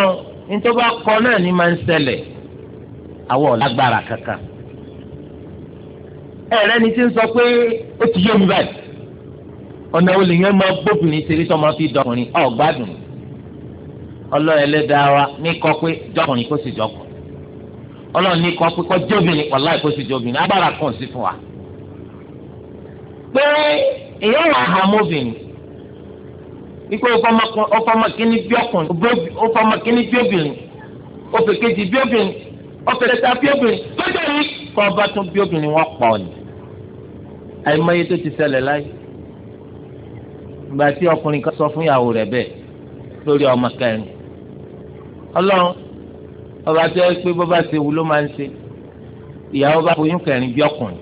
nítorí bá kọ náà ni máa ń ṣẹlẹ̀ àwọn ọ̀lágbára kankan. ẹ̀rẹ́ ni ti ń sọ pé ó ti yé mi báyìí ọ̀nà olè yẹn máa máa fi dọkùnrin ọ̀gbádùn ọlọ́run ẹlẹ́dàá wa ní kọ́ pé jọkùnrin kó sì jọkùnrin ọlọ́run ní kọ́ pé kọ́ jóbìnrin wàláì kó sì jóbìnrin agbára kan sí fún wa pé èyí wà hà mọ́bìnrin ikú ọfọmọkíní bí ọkùnrin ọfọmọkíní bí obìnrin ọfẹ bí obìnrin ọfẹ bí obìnrin lọ́jọ́ yìí kọ́ ọba àìmọye tó ti ṣẹlẹ̀ láyé ìgbà tí ọkùnrin kan sọ fún ìyàwó rẹ̀ bẹ́ẹ̀ lórí ọmọ kẹrin ọlọ́run ọba tó yẹ pé bọ́ba ṣe wù ló máa ń ṣe ìyàwó bá foyún kẹrin bí ọkùnrin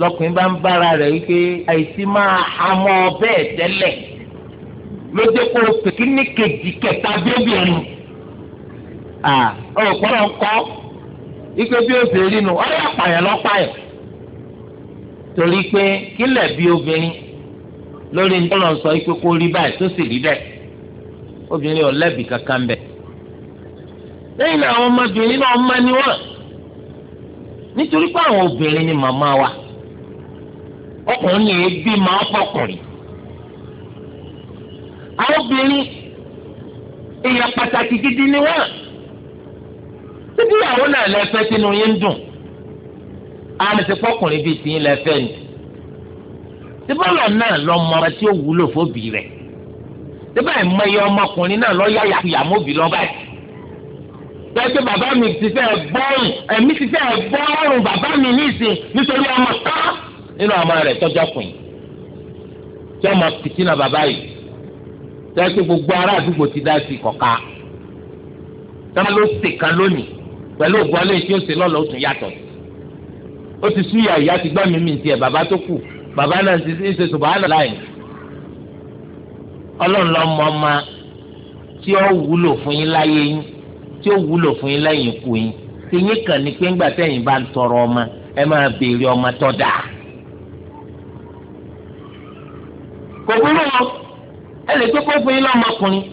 lọkùnrin bá ń bára rẹ̀ wípé àìsí máa hamọ́ bẹ́ẹ̀ tẹ́lẹ̀ ló dé kó pèkínní kejì kẹta bíbélì ọ̀pọ̀lọpọ̀ ikú bí ó ṣe rí nu ọ̀rẹ́ àpàyàn lọ́pàyàn. torí pé kílẹ̀ bí obìnrin lórí ńlọ sọ pé kó rí báyìí tó sì rí bẹ́ẹ̀ obìnrin ò kankan bẹ̀. lẹ́yìn náà àwọn ọmọbìnrin náà ni wọ́n nítorí pé àwọn obìnrin ni màmá wa ọkùnrin yìí ebi máa fọkùnrin àwọn obìnrin pàtàkì gidi ni wọ́n náà lẹ́fẹ́ sínú àrùnsepọ̀kùnrin bíi tìyín lẹ́fẹ̀ẹ́ ni tìbọ̀lọ̀ náà lọ́mọ tí ó wúlò fóbi rẹ̀ tìbọ̀ ẹ̀mọ iye ọmọkùnrin náà lọ́ yá yàmóbi lọ́ba ẹ̀ tẹ́tẹ́ bàbá mi ti fẹ́ gbọ́rùn ẹ̀mí ti fẹ́ gbọ́rùn bàbá mi nísìn nítorí ọmọ tán nínú ọmọ rẹ̀ tọ́jọ́kùn tí ọmọ fìtínà bàbá yìí tẹ́tẹ́ gbogbo ará àdúgbò ti dá sí kọ̀ka tọ́lá ló sèkán lónìí pẹ̀lú ògbọ́lé tí ó sè lọ́lọ́ ó tún yàtọ̀ sí ó ti sú ìyá ìyá ti gbá mi mì tiẹ̀ bàbá tó kù bàbá náà ti ń ṣe subahana láì ọlọ́run lọ mọ ọmọ tí ó wúlò fún yín láyé yín tí ó wúlò fún yín lẹ́yìn ikú yín tí yín kàn ní pé ńgbà tẹ̀yìn bá ń tọrọ ọmọ ẹ máa béèrè ọmọ tó kò burú o ẹ lè kókó fún yín lọ́mọkùnrin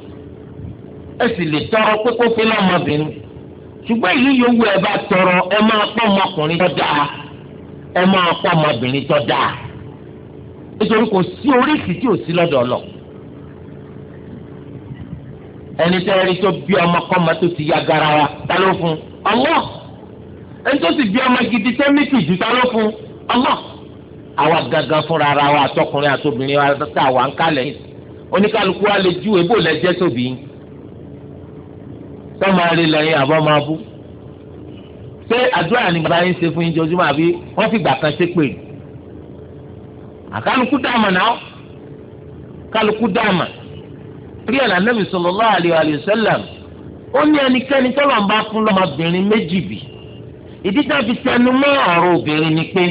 ẹ sì lè tọrọ kókó fún yín lọ́mọbìnrin ṣùgbọ́n ìlú yòówù ẹ bá tọrọ ẹ máa pọ́ ọmọkùnrin tó ẹ máa pọ ọmọbìnrin tó dáa nítorí kò sí oríṣi tí ò sí lọ́dọ̀ lọ ẹni tẹ́ ẹni tó bí ọmọ kọ́mọ tó ti ya garawa ta ló fún Allah ẹni tó ti bí ọmọ gidi tẹ́ mí ta ló fún Allah àwa gangan fúnra ara wa àtọkùnrin àtobìnrin wa tá a wà ń kalẹ̀ oníkálukú wa lè ju èbó lẹ́jẹ́ tóbi tọ́ máa rí lẹ́yìn àbọ̀ máa bú. pé àdúrà ni bàbá yín ṣe fún yín jọjúmọ́ àbí wọ́n fi gbà kan ṣe pé àkàlùkù na náà kálukú dààmà rí ẹ̀ lànàbì sallallahu alaihi wasallam ó ní ẹnikẹ́ni tọ́lọ̀ ń bá fún lọ́mọbìnrin méjì bì fi tẹnu mọ́ ọ̀rọ̀ obìnrin ni pé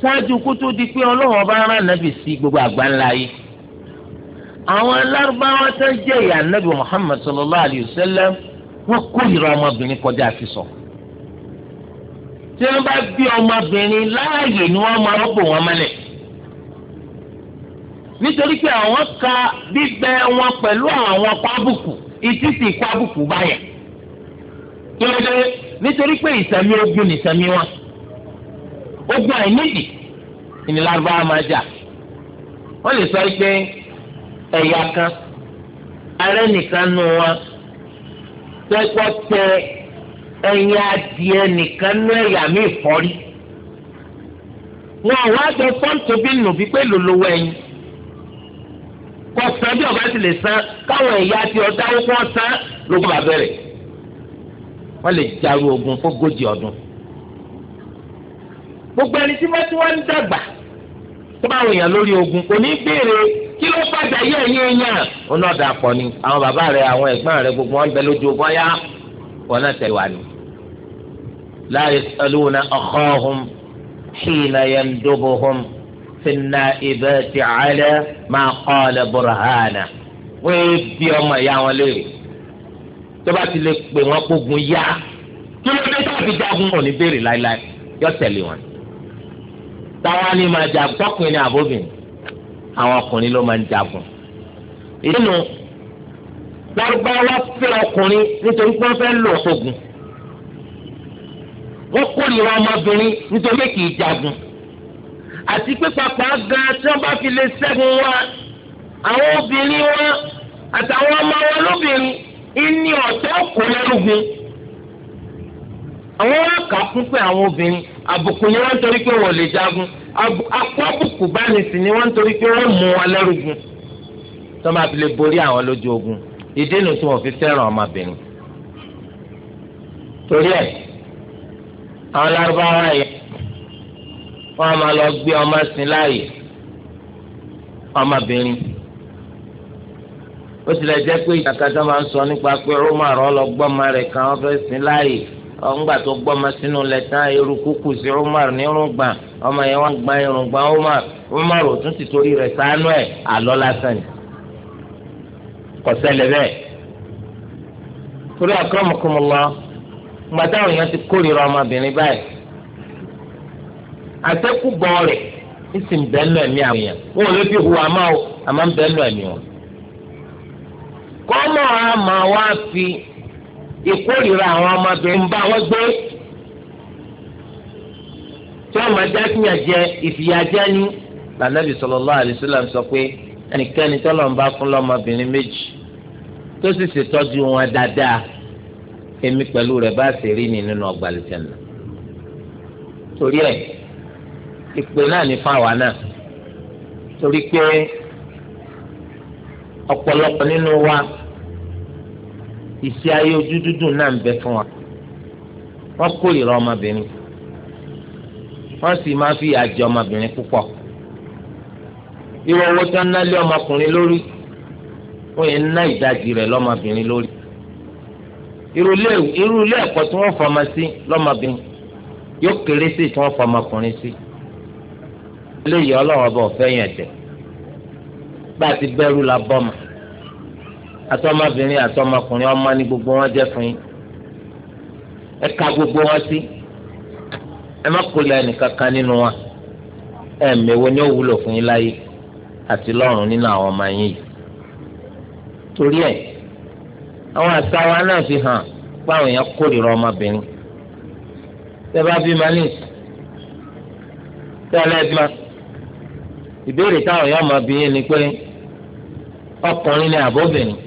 ṣáájú di pé ọlọ́wọ́ bá rán gbogbo àgbáńlá yìí àwọn alárúbáwá tó jẹ́ ìyá Muhammad sallallahu alaihi wasallam wọ́n kórìíra ọmọbìnrin kọjá àti sọ. tí wọ́n bá bí ọmọbìnrin láàyè ni wọ́n máa bò wọ́n mọ́lẹ̀. nítorí pé àwọn ka bíbẹ wọn pẹ̀lú àwọn pábùkù pábùkù báyà. nítorí pé ìsẹ̀mí ogun wọn. ogun máa jà. lè sọ pé ẹ̀yà tẹ́kọ̀ tẹ ẹyin adìẹ nìkan ní ẹ̀yà mi fọ́rí. wọn wá jọ pọ́ǹtò bí nù bí pé lòlówó ẹyin kọ san bí ọba ti lè san káwọn ẹ̀yà àti ọ̀dà owó san ló bá bẹ̀rẹ̀ lè jaru ogun fógójì ọdún. gbogbo ẹni tí wọ́n ti wá ń dàgbà tó bá wọ̀nyàn lórí ogun kò ní í béèrè kí ló padà yẹ ẹ̀yin èèyàn òun náà dà pọ̀ ni àwọn bàbá rẹ àwọn ẹ̀gbọ́n rẹ gbogbo wọn bẹ lójú ogun ọ̀yá wọn náà tẹ̀wá ni. la yasaluna akhahum hina yandubuhum fi naibati ala ma qala burhana wọ́n yé bí ọmọ ìyá wọn léèrè tó bá ti lè pè wọ́n kógun yá kí ló dé tàbí jagun òní béèrè láéláé yọ àwọn ọkùnrin ló máa ń jagun. ìdínú lárúbáwá fẹ́ ọkùnrin nítorí pé wọ́n fẹ́ lò ọ̀ṣọ́gun. wọ́n kórìíra ọmọbìnrin nítorí kì í jagun. àti pé pàpà gan tí wọ́n bá fi lè ṣẹ́gun wa àwọn obìnrin wa àtàwọn ọmọ wa lóbìnrin ìní ọ̀tẹ́ kò lẹ́rùgùn. àwọn wọn kà á kún pé àwọn obìnrin àbùkù ni wọ́n ń torí pé wọ́n lè jagun akọ́bùkù bá ní sí ni wọ́n ń torí pé wọ́n mú wọn lẹ́rùgùn tó máa fi lè borí àwọn lójú ogun ìdí nu tí wọ́n fi fẹ́ràn ọmọbìnrin torí ẹ̀ àwọn lárúbáwá yẹn wọ́n máa lọ gbé ọmọ sí láàyè ọmọbìnrin ó tilẹ̀ jẹ́ pé ìjàkadà máa ń sọ nípa pé ó máa rọ́ lọ gbọ́mọ rẹ̀ kan wọ́n fẹ́ sí láàyè ọ̀ngbà tó gbọ́mọ sínú lẹ́tàn eruku kù sí Umar nírùngbà ọmọ yẹn wọ́n gba irùngbà Umar Umar ò tún ti torí rẹ̀ sánú ẹ̀ àlọ́ lásán ni kọ̀sẹ́lẹ̀ bẹ́ẹ̀ torí akramakumullah gbàdáwò yẹn ti kórìíra ọmọbìnrin báyìí àtẹkùbọ rẹ̀ ìsìn bẹ́ẹ̀ lọ ẹ̀mí àwọn èèyàn wọn ò lè fi hùwà máa àmọ́ bẹ́ẹ̀ lọ ẹ̀mí wọn kọ́mọ́ àmọ́ wá fi ìkórìíra àwọn ọmọbìnrin bá wọn gbé tí wọn máa dákìyà jẹ ìfìyàjẹ ní lànàbì sallallahu alaihi wasallam sọ pé ẹnikẹ́ni tọ́lọ̀ ń bá fún lọ́mọbìnrin méjì tó sì ṣètọ́jú wọn dáadáa èmi pẹ̀lú rẹ̀ bá ṣe rí ni nínú ọgbà àlùjànnà torí ẹ̀ ìpè náà ní fáwa náà torí pé ọ̀pọ̀lọpọ̀ nínú wa ìṣe ayé ojú dúdú náà ń bẹ fún wa wọ́n kórìíra ọmọbìnrin wọ́n sì máa fi àjẹ ọmọbìnrin púpọ̀ ìwọ owó tó ń nálé ọmọkùnrin lórí wọ́n yẹn ná ìdajì rẹ̀ lọ́mọbìnrin lórí irú ilé ẹ̀kọ́ tí wọ́n fọmọ sí lọ́mọbìnrin yóò kéré sí tí wọ́n fọmọkùnrin sí eléyìí ọlọ́wọ́ bọ̀ fẹ́ yẹn tẹ̀ bá a ti bẹ́rù la bọ́ àtọmọbìnrin àtọmọkùnrin ọmọ ni gbogbo wọn jẹ́ fún yín ẹ ka gbogbo wọn sí ẹ má kó lẹ́nu kankan nínú wọn ẹ mẹ́wo ni ó wúlò fún yín láyé àti lọ́run nínú àwọn ọmọ yín yìí torí ẹ̀ àwọn àtàwọn náà fi hàn báwọn èèyàn kórìíra ọmọbìnrin tẹ́ bá bí manis tẹ́ ẹlẹgbẹ́ ìbéèrè táwọn èèyàn ọmọbìnrin ni pé ọkùnrin ni àbóbìnrin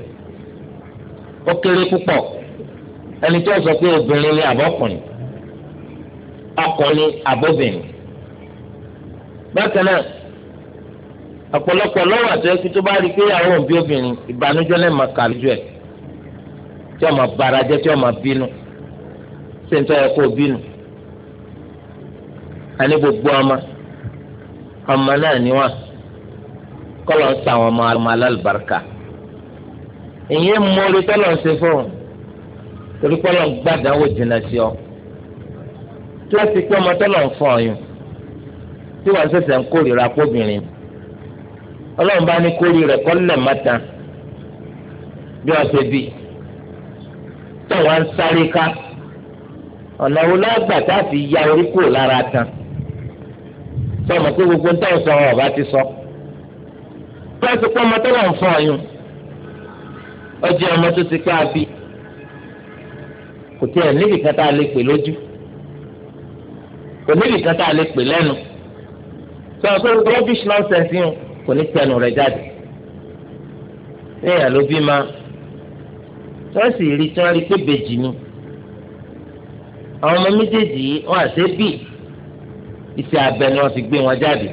ó kéré púpọ̀ ẹni tí ó sọ pé obìnrin ni àbọ̀kùnrin ọkùnrin àbọ̀bìnrin bákan náà ọ̀pọ̀lọpọ̀ lọ́wọ́ àti ẹkú tó bá rí i pé àwọn òbí obìnrin ìbànújẹ́ lẹ́ẹ̀ máa kà lójú ẹ̀ tí ọmọ bara jẹ́ tí ọmọ bínú ṣé ń tọ́ ẹ kó bínú àní gbogbo ọmọ ọmọ náà níwọ̀n kọ́ lọ́ọ́ sàwọn ọmọ alálùbáríkà ìyẹn mórí tọ́lọ̀ ń ṣe fún torí pọ́lọ̀ ń gbàdánwò jìnnà sí ọ tí wọ́n ti pé ọmọ tọ́lọ̀ ń fọ ọyún tí wọ́n ṣẹ̀ṣẹ̀ ń kórìíra kóbìnrin ọlọ́run bá ní kórìí rẹ̀ kọ́ lẹ̀ mọ́ta bí wọ́n ṣe bí tí wọ́n ń sáré ká ọ̀nà wo lọ́gbà tá a fi ya orí kúrò lára tán sọ ma pé gbogbo ń tẹ̀ sọ ọ̀bá ti sọ tí wọ́n ti pé ọmọ tọ́lọ̀ ń fọ ọyún ọjọ́ ọmọ tó ti pé àbí kò tí ẹ̀ níbi kan tá a lè pè lójú kò níbi kan tá a lè pè lẹ́nu sọ pé rubbish nonsense yìí kò ní tẹnu rẹ̀ jáde èèyàn ló bí ma wọ́n sì rí tí wọ́n rí pé bèjì ni àwọn ọmọ méjèèjì yìí wọ́n àṣẹ bí iṣẹ́ abẹ ni wọ́n fi gbé wọn jáde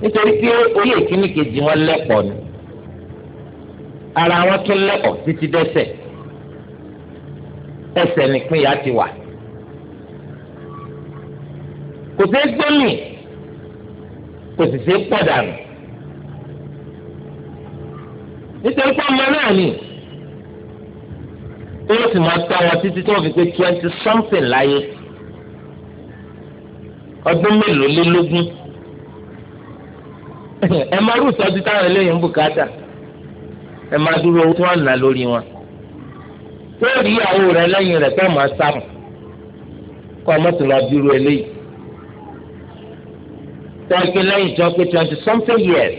nítorí pé orí èkíní kejì wọn lẹ́pọ̀ ni ara wọn tún lẹ́kọ̀ọ́ títí dẹ́sẹ̀ ẹsẹ̀ nìpínyà ti wà kò sí gbẹ́mì kò sì sí pọ̀dànù nítorí pé ọmọ náà ni ó sì máa tọ́ wọn títí tó fi pé twenty something láyé ọdún mélòó lé lógún ẹ máa rú ìtọ́jú táwọn eléyìí ń bùkátà ẹ máa dúró owó tí wọ́n nà lórí wọn tó rí ìyàwó rẹ lẹ́yìn rẹ̀ tó máa sáfù kọ́ mọ́tò lọ dúró eléyìí tọ́jú lẹ́yìn tó pé twenty something years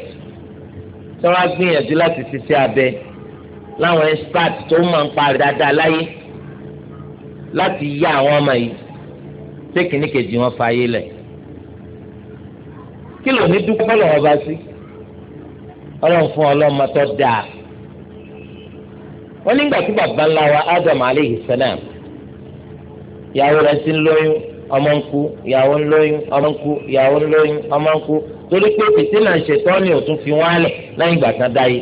tó wá gbìyànjú láti ṣiṣẹ́ abẹ láwọn expert tó máa ń parí dáadáa láyé láti yá àwọn ọmọ yìí tẹkíní kejì wọn fààyè lẹ̀ kí ló ní dúpọ́ lọ́wọ́ bá sí ọlọ́run fún ọlọ́mọ tó dáa wọ́n nígbà tí bàbá ńlá wa Adam aleyhi salam ìyàwó rẹ̀ ti ń lóyún ọmọ ń kú ìyàwó ń lóyún ọmọ ń kú ìyàwó ń lóyún ọmọ ń kú torí pé fi wọ́n á lẹ̀ lẹ́yìn ìgbà kan dáyé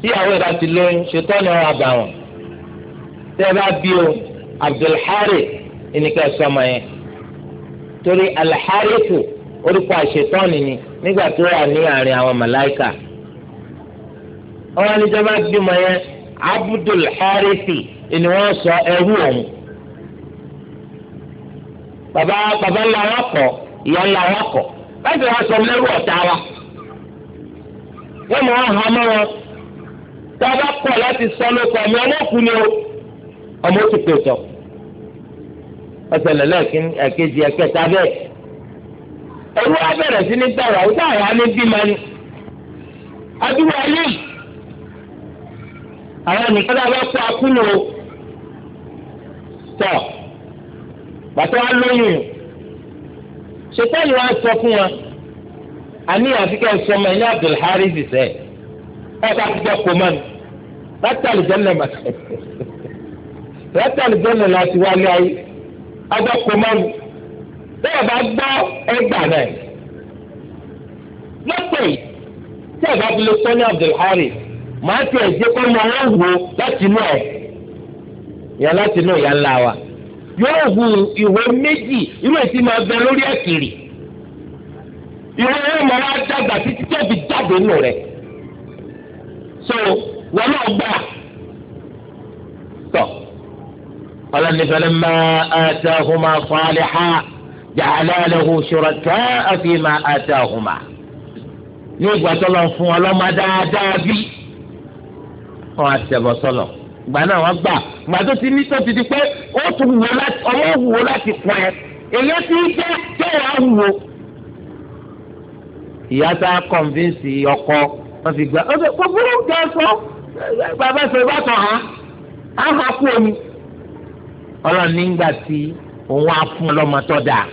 tíyàwó ìbá ti lóyún ṣètọ́ni ọ̀rọ̀ àbà wọn tẹ́ ẹ bá bí o Abdulhari ìníkà yẹn torí orúkọ ni nígbà tó wà ọ̀rọ̀ níjọba gbìmọ̀ yẹn Abdul Harithi ni wọ́n sọ ẹrú òun bàbá bàbá ńlá wa kọ ìyá ńlá wa kọ láti wá sọ lẹ́rú ọ̀tá wa wọ́n mọ̀ wọ́n hàn mọ́ wọn tá a bá kọ̀ láti sọ lóko ọmọ ọlọ́kùn ni o ọmọ ti pè tọ̀ ọ̀sẹ̀ lẹ́lẹ́kìn ẹ̀kejì ẹ̀kẹta bẹ́ẹ̀ ẹrú wa sí ní gbàrà ó ní bímọ ni adúlọ̀ ayé yìí àwọn nìkan náà bá kó akúlò tọ̀ bàtà wà lóyún ṣètọ́ni wa sọ fún wa àní àfikẹ́ sọmọ ẹni Abdulharis sẹ́ ọ̀tá àfikẹ́ kò mọ́ mi látàlì jẹ́nà mà látàlì jẹ́nà láti wálé ayé ọjọ́ kò mọ́ mi bẹ́ẹ̀ bá gbọ́ ẹgbàá náà lọ́pọ̀ yìí tí ẹ̀ bá fi lè sọ ní Abdulharis màá tẹ ẹ̀jẹ̀ kọ́ mọ wọn wò láti inú ẹ̀ yẹn láti inú ìyá ńlá wa yóò hu ìwé méjì irú èsì máa bẹ lórí ẹ̀kìrì ìwé yóò máa wá dàgbà títí tó jáde nù rẹ̀ so wọn náà gbà tọ ọlọ́nìfẹ́lẹ́ máa àtàhùnmá fàálìhà jàdálẹ́hùn ṣùrọ̀tà àfihàn àtàhùnmá ní ìgbà tó lọ fún ọlọ́mọ dáadáa bíi wọn á ṣẹbọ sọlọ gbà náà wọn gbà gbà tó ti ní tó ti di pé ó tún wò láti ọwọ́ wò láti pọ̀ ẹ́ èlé tí ń jẹ́ tó wàá wò. ìyá tá a kọ̀ǹfíǹsì ọkọ wọn fi gbà ọdún gbogbo ń jẹ sọ bàbá sọ bá tọ̀ hàn á hà kú omi. ọlọ́run nígbà tí òun á fún ọlọ́mọ tó dáa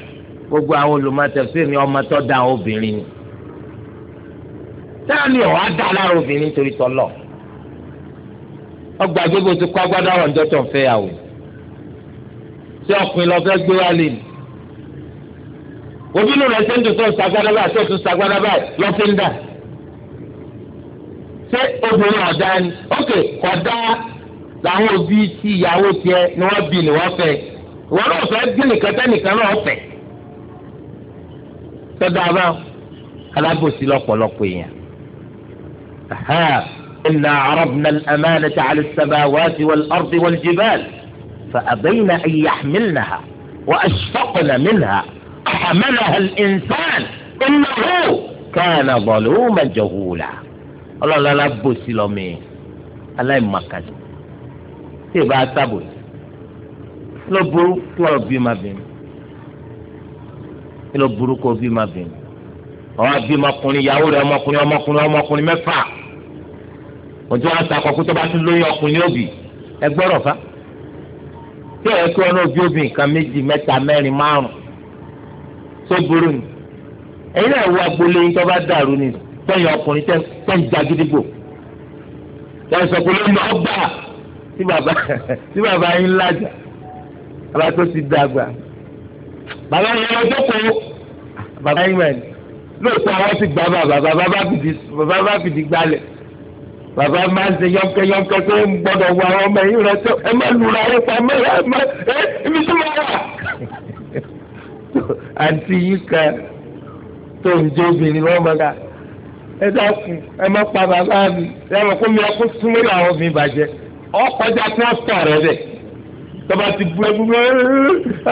gbogbo àwọn olùmọ̀tẹ̀sí ni ọmọ obìnrin ni. táà ni ọ̀ á dá lára obìnrin torí tọ́lọ̀ ọgbà gbogbo ti kọ́ agbádá wọn dọ́tọ̀ fẹ́ yàwó tí ọkùnrin lọ fẹ́ gbé wá lé ní. òbí nù rẹ̀ sẹ́ńtò tó ń sagbádá báyìí tó ń sagbádá báyìí lọ́ fi ń dà. ṣé obìnrin ọ̀dá ni ókè ọ̀dá làwọn òbí sí ìyàwó tiẹ̀ ni wọ́n bí ni wọ́n fẹ́ ìwọ náà fẹ́ bí nìkan tẹ́nìkan náà fẹ́. sọ́dọ̀ àbá alábòsí lọ́pọ̀lọpọ̀ èèyàn إنا عرضنا الأمانة على السماوات والأرض والجبال فأبين أن يحملنها وأشفقن منها حملها الإنسان إنه كان ظلوما جهولا الله لا لبو سلومي الله ما كان تبا تبو لبو ما بين لو لبو كو ما بين أو بي ما كوني يا ولد ما كوني ما كوني ما كوني wọ́n ti wọ́n sakọ kó tó bá tún lóyún ọkùnrin òbí ẹ gbọ́dọ̀ fa tí ẹ kí wọn òbí òbí nǹkan méjì mẹ́ta mẹ́rin márùn tó burú ni ẹ̀yin náà wọ agboolé yín tó bá dàrú ni tẹ̀yìn ọkùnrin tẹ̀ ń jagidigbò tẹ̀ ń sọ pé lónìí ọgbà tí bàbá tí bàbá yín lájà bàbá tó ti dàgbà bàbá yẹn lọ jókòó bàbá yín mẹ́rin lóòótọ́ àwọn ti gbà bàbá bàbá bá fìdí gbalẹ̀ bàbá máa ń se yọ̀ǹkẹ́ yọ̀ǹkẹ́ pé ń gbọ́dọ̀ wọ àwọn ọmọ yìí rẹ tó ẹ má lura ẹ pa mọ́ ẹ má ẹ ibi tí mo wà. àǹtí yìí kan tó ń jó obìnrin wọn mọ ká ẹ dákun ẹ má pa bàbá mi ẹ mọ̀ kó mi ọkọ súnmọ́ ìlú àwọn obìnrin bàjẹ́ ọkọjá tí wọ́n tọ̀ rẹ bẹ̀ tọba ti bu ẹbu bẹ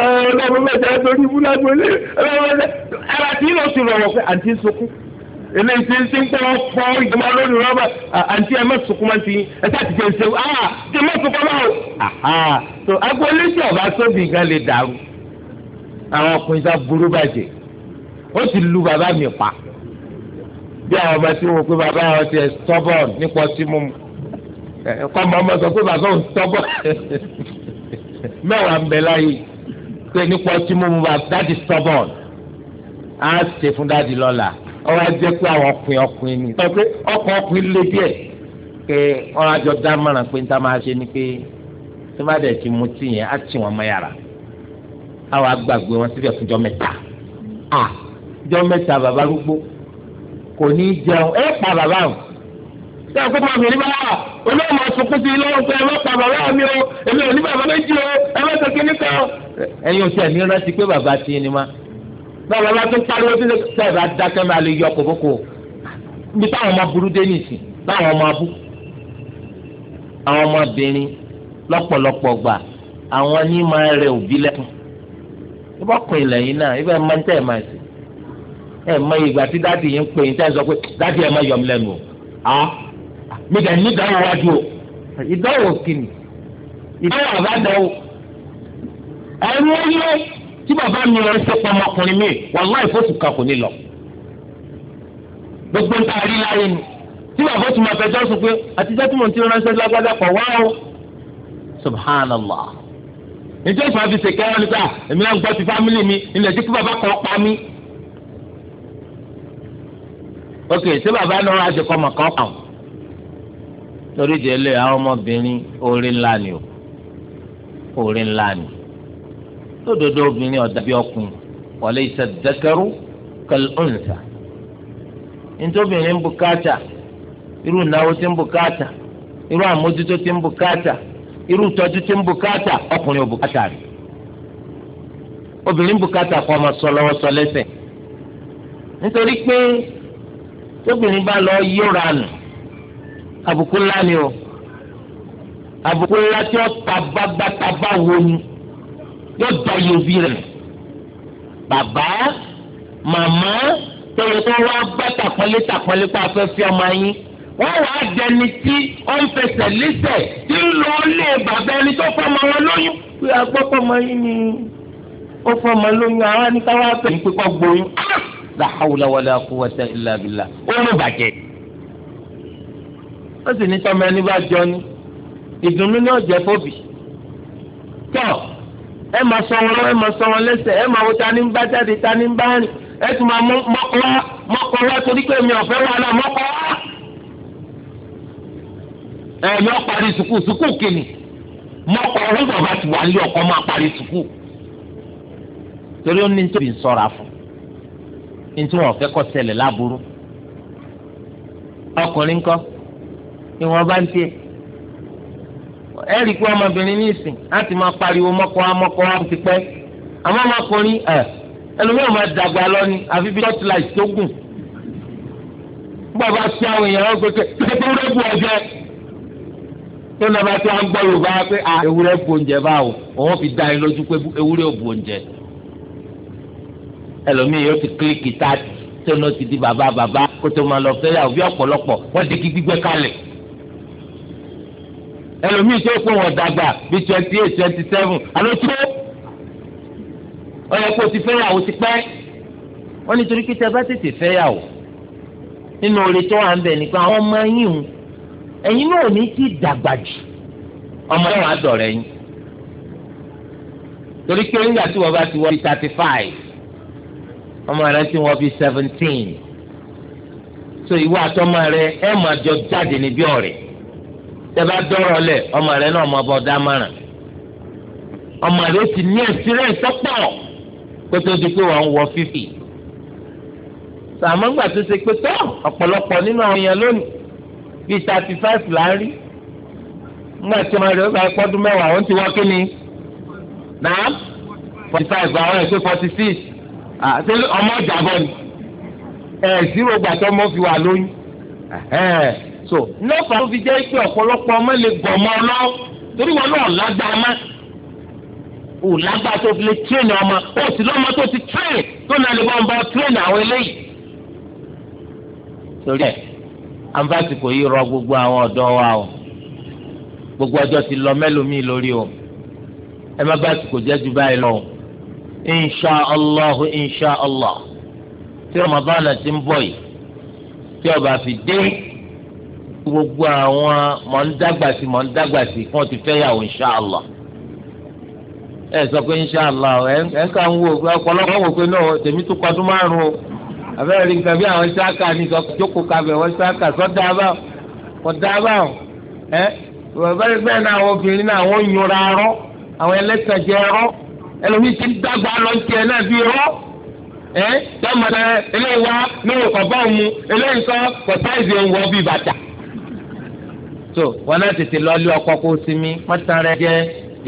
ẹ ọlọmọ bẹ jẹ ẹ torí ibú lágbo ilé ẹ bẹ ẹ bẹ ẹ bá ti ń lọ sí ìrọ̀rọ̀ pé àǹtí ń sọkún eléyìí tí ń tí ń pọ́ pọ́ ìgbìmọ̀ lónìí rọ́bà àǹtí ẹ má sunkún máa ti yín ti jẹ́ ṣe ah kí má sunkún máa o. so agboolé tí ọba sóbì gan lè dàrú àwọn ọkùnrin sá burú bàjẹ́ ó ti lu bàbá mi pa bí àwọn ọmọ tí wọn pé bàbá wọn ti ẹ tọ́bọ̀ nípa ọtí mímu kọ́ ọmọ ọmọ sọ pé bàbá òun tọ́bọ̀ mẹ́wàá ń bẹ láyé pé nípa ọtí mímu bàbá dáàdi tọ́bọ̀ á ṣe fún dáàdi lọ́la ọwọ́ ajẹ́ pé àwọn ọkùnrin ọkùnrin ni sọ pé ọkọ̀ ọkùnrin lé díẹ̀ pé wọ́n á jọ dá mọ̀ràn pé níta máa ṣe ni pé tí wọ́n bá dẹ̀ ti mu tí yẹn á tì wọ́n mọ́ yàrá àwọn agbàgbé wọn síbẹ̀ fún jọ mẹ́ta à jọ mẹ́ta bàbá arúgbó kò ní í jẹun ẹ pa bàbá o ṣé ẹ kó pa mi ní bàbá olóòmọ sunkún sí ilé oúnjẹ ẹ má pa bàbá mi o èmi ò ní bàbá méjì o ẹ má tẹ kíní kan. ẹ̀yin ò sí ẹ̀ ní rántí pé bàbá ti ni ma bàbá bá tó pariwo sí ṣe tẹ̀ bá dákẹ́ máa lè yọ kòbókò níbi táwọn ọmọ burú dé nìsín báwọn ọmọ abú àwọn ọmọbìnrin lọ́pọ̀lọpọ̀ gbà àwọn ní máa rẹ òbí lẹ́kùn ibà kọ ilẹ̀ yìí náà ibà máa ń tẹ̀ máa sí ẹ mọ ìgbà tí dáàdì yìí ń pè yín tẹ́ sọ pé dáàdì ẹ máa yọ̀ mí lẹ́nu o mi dẹ̀ ní ìdánwò wájú o ìdánwò kìnnì ìdánwò àbádọ́wò ẹ̀rú ẹ̀yẹ tí bàbá mi lọ sí ọmọkùnrin mi wàláì fóṣù kan kò ní lọ gbogbo nǹkan àrí láyé ni tí bàbá tó máa fẹjọ́ sùn pé àtijọ́ tí mo ti ránṣẹ́ lágbádá pọ̀ wá o subhanallah níjẹ́ ìfọ̀ àfi ṣèké wọn níta èmi náà ń gbọ́ ti fámìlì mi ilẹ̀ tí kí bàbá kan pa mí. ok ṣé bàbá náà wá ṣe kọ́mọ kan kàn lórí ìjẹ́lẹ̀ àwọn ọmọbìnrin orí ńlá ni o orí ńlá ni lódodo obìnrin ọ̀dà ọkùnrin wọlé ìsẹ̀dẹ́kẹ́rú kẹlẹ́ọ̀nsà ntòbìnrin ń bùkátà irú ìnáwó tí ń bùkátà irú àmójútó tí ń bùkátà irú ìtọ́jú tí ń bùkátà ọkùnrin ò bùkátà rẹ̀ obìnrin bùkátà kọ́ ọmọ sọ lọ́wọ́ sọ lẹ́sẹ̀ nítorí pé tóbìnrin bá lọ yíra nù àbùkù ńlá ni o àbùkù ńlá tí ó wo yóò dọ yovi rẹ̀ bàbá màmá tẹ̀yẹ tó wá bá tàpọ́lé tàpọ́lé pa afẹ́fẹ́ ọmọ yín wọ́n wàá dẹni tí ó ń fẹsẹ̀ lẹ́sẹ̀ tí ń lọ lé bàbá ẹni tó fọmọ wọn lóyún pé agbọ́pọ̀ ọmọ yín ni ó fọmọ lóyún àwọn ẹni káwá fẹ́ ní pípọ́ gboyún ah! la hawla wala quwwata illa billah ó ń bàjẹ́ ó sì ní tọ́mọ ẹni bá jọ ni ìdùnnú ni ó jẹ́ fóbì tọ́. ẹ máa sọ wọn lọ́wọ́ ẹ máa sọ lẹ́sẹ̀ ẹ máa ta ni ń ta ni ń bá rìn ẹ tún máa mọ́kọ wá mọ́kọ wá torí pé mi ò fẹ́ wà náà mọ́kọ wá. ẹ parí sùkúù sùkúù kìnnì ti wà ọkọ máa parí sùkúù. torí ó ní sọ̀ra fún ní tí fẹ́ kọ́ láburú ọkùnrin ẹ rí i pé ọmọbìnrin ní ìsìn láti máa pariwo mọ́kọ́ amọ́kọ́ wa ti pẹ́ àmọ́ ọmọkùnrin ẹ ẹlòmíràn máa dàgbà lọ ni àfi bí torchlight tó gùn bàbá sí àwọn èèyàn wọn gbẹkẹ ewúrẹ́ bu ọjọ́ tó nàbà tí wọn gbọ́ yorùbá pé ewúrẹ́ bu oúnjẹ báwo òun fi dá yín lójú pé ewúrẹ́ ò bu oúnjẹ ẹlòmíì yóò ti kílíkì tá tó náà ti di bàbá bàbá kó tó máa lọ fẹ́ yà òbí ọ̀pọ̀lọpọ̀ wọ́n di kí gbígbẹ́ kalẹ̀ ẹlòmíì tó kó wọn dàgbà bíi twenty eight twenty seven àló tó ọyọ kó ti fẹ́yàwó ti pẹ́ wọ́n nítorí pé tẹ bá tètè fẹ́yàwó nínú oore tó wà ń bẹ̀ nípa àwọn ọmọ yín o ẹ̀yin náà ní kí dàgbà jù ọmọ yẹn wà á dọ̀rẹ́ yín torí pé nígbà tí wọ́n bá ti wọ́n bíi thirty five ọmọ rẹ ti wọ́n bíi seventeen so ìwọ àtọmọ rẹ ẹ máa jọ jáde níbí ọ̀rẹ́ tẹ́bá dọ́rọ̀ lẹ̀ ọmọ rẹ náà ọmọ bọ̀ dámọ̀ràn ọmọ rẹ ti ní ẹ̀sìrẹ́ ìtọ́pọ̀ kó tó di pé wọ́n ń wọ fífì sàmọ́gbà tó ṣe pé tọ́ ọ̀pọ̀lọpọ̀ nínú àwọn èèyàn lónìí bíi thirty five là ń rí ńgbà tí ọmọ rẹ ó bá pọ́dún mẹ́wàá ó ti wọ́ kí náà forty five àwọn ẹ̀ṣẹ́ forty six àti ọmọ ìjàbọ̀ ni ẹ̀ẹ́dì rògbà tó mọ́ fi wà lóyún so nọ́ọ̀fà ló fi jẹ́ pé ọ̀pọ̀lọpọ̀ ọmọ lè gbọ̀ ọmọ lọ torí wọn náà lágbára má ò lágbára tó fi lè tírèèni ọmọ ó sì lọ́mọ tó ti tírèè tó náà lè bá wọn bá tírèèni àwọn eléyìí. torí ẹ anfàtì kò yí rọ gbogbo àwọn ọ̀dọ́ wa o gbogbo ọjọ́ ti lọ mẹ́lòmíì lórí o ẹ má bá àsìkò jẹ́ ju báyìí lọ o insha allah insha allah tí Ramadan ti ń bọ̀ yìí tí ó bá fi dé gbogbo àwọn mọ̀ ń dàgbà sí mọ̀ ń dàgbà sí kí wọ́n ti fẹ́ yàwó inṣàlá ẹ sọ pé inṣàlá ẹ ń kà ń wò ọ̀pọ̀lọpọ̀ wò pé náà tèmi tó kọdún márùn o àbẹ́rẹ́ rí nǹkan bí àwọn sáàkà ní sọ jókòó kabẹ̀ wọ́n sáàkà sọ́dà bá ọ̀dà bá ẹ bẹ́ẹ̀ bẹ́ẹ̀ náà àwọn obìnrin náà wọ́n yunra rọ́ àwọn ẹlẹ́sẹ̀ jẹ́ rọ́ ẹlòmíì ti dàgbà lọ tiẹ̀ náà bí rọ́ ẹ tọ́mọdé eléyìí wá ní òkò bá òmu eléyìí sọ kò sáìsì ń wọ bí bàtà tó wọn náà tètè lọ ilé ọkọ kó sinmi mọ́tàn rẹ jẹ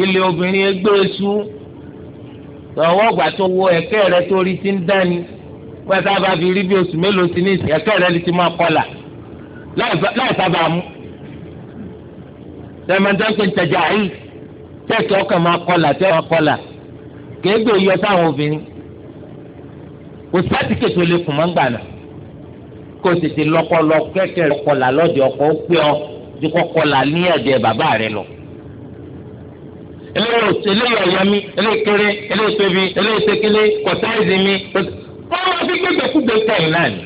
ilé obìnrin ẹgbẹ́ esu tọwọ́ ọgbà tó wọ ẹ̀kẹ́ rẹ tó rí ti ń dání wọ́n ti bá fi rí bí oṣù mélòó sí ní ìsìn ẹ̀kẹ́ rẹ ti máa kọlà láì sábà mú tẹ̀mẹ̀tẹ̀kẹ̀ ìtajà yìí tẹ̀kẹ́ ọkàn máa kọlà tẹ̀ máa kọlà kéègbè yọ sáwọn obìnrin kò sátìkè tó lè kùn mọ́ ń gbà náà kó tètè lọ́kọ́ lọ kẹ́kẹ́ kọlà lọ́dẹ ọkọ̀ ó pé ọ ju kọ́kọ́ la ní ẹ̀jẹ̀ bàbá rẹ lọ. eléyìí ọ̀sẹ̀ eléyìí ọ̀yọ́ mi eléyìí kéré eléyìí tóbi eléyìí sékélé kọ̀sáìsì mi wọ́n máa fi gbẹ́gbẹ́ kú gbé kẹ́yìn náà ni.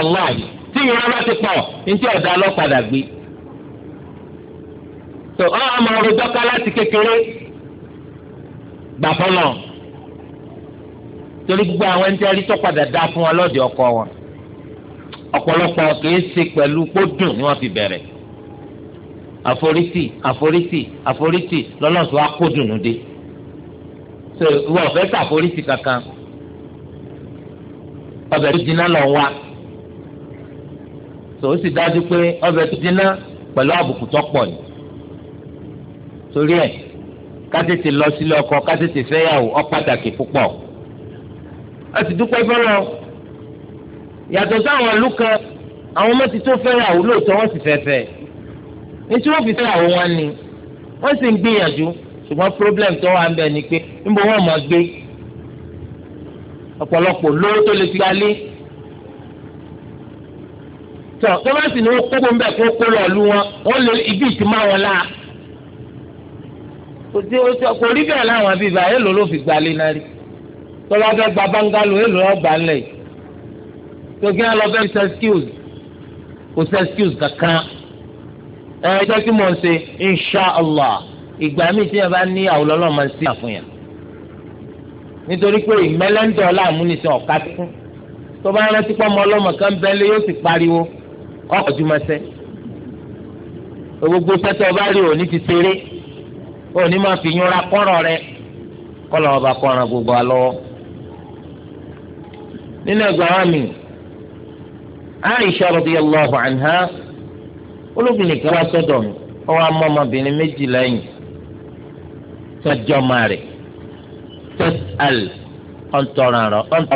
ọláàbí tí ìran bá ti pọ̀ ntí ọ̀dà ọlọ́padà gbé. tó ọ àmọ́ ọ̀rọ̀ dọ́ka láti kékeré gbà fọlọ́ torí gbogbo àwọn ẹni tí a rí tọ́padà dá fún wọn ọkọ wọn ọ̀pọ̀lọpọ̀ kìí ṣe pẹ̀lú kó dùn ni wọ́n fi bẹ̀rẹ̀ àforítì àforítì àforítì lọ́lọ́sùn wa kó dùnú dé so ìwọ ọ̀fẹ́ sàforítì kankan ọbẹ̀ tó jiná lọ wá so ó sì dájú pé ọbẹ̀ tó jiná pẹ̀lú àbùkù tó pọ̀ ni torí ẹ̀ kátètè lọ sílé ọkọ kátètè fẹ́yàwó ó pàtàkì púpọ̀ a sì dúpẹ́ fọlọ́ yàtọ̀ sáwọn ìlú kan àwọn ọmọ ti tó fẹ́yàwó lóòótọ́ wọ́n sì fẹ́ fẹ́ ẹ̀ nítorí wọ́n fi fẹ́yàwó wọn ni wọ́n sì ń gbìyànjú ṣùgbọ́n problem tó wà ń bẹ ni pé níbo wọ́n mọ̀ gbé ọ̀pọ̀lọpọ̀ lówó tó lè fi alé tọ tó bá sì ní wọ́n kókó ń bẹ̀ kó kó lọ lu wọn wọ́n lè ibi ìtìmọ́ wọn la kò rí bẹ́ẹ̀ láwọn bíbá èèlò ló fi gbalé náà rí tọ́lá fẹ́ gba báńgálò èèlò náà gbà ńlẹ̀ tó kí wọ́n lọ fẹ́ sẹ́ skills kò sẹ́ skills kankan ẹjọ́ tí mo ń ṣe inshàlá ìgbà míì tí yẹn bá ní àwòrán ọlọ́run máa ń sí àfún yẹn nítorí pé ìmẹ́lẹ́ńdọ̀ ọláàmúnisìn ọ̀ká tún tó bá rántí pọ́ ọmọ ọlọ́mọ kan bẹ́lẹ̀ yóò sì pariwo ọkọ̀ jùmọ̀sẹ́ gbogbo sẹ́tọ̀ ọba rí òní ti ṣeré òní máa fi yúnra kọ́rọ̀ rẹ kọ́lọ̀ ọba kọ́ran gbogbo alọ́ nínú ẹgbẹ́ wa mi Aisha radiyallahu anha olóbìnrin kan wá sọ́dọ̀ mi ó wá mọ́ ọmọbìnrin méjì lẹ́yìn tọ́jọ́ ọmọ rẹ̀ tẹ́sàl ọ̀ǹtọ̀rọ̀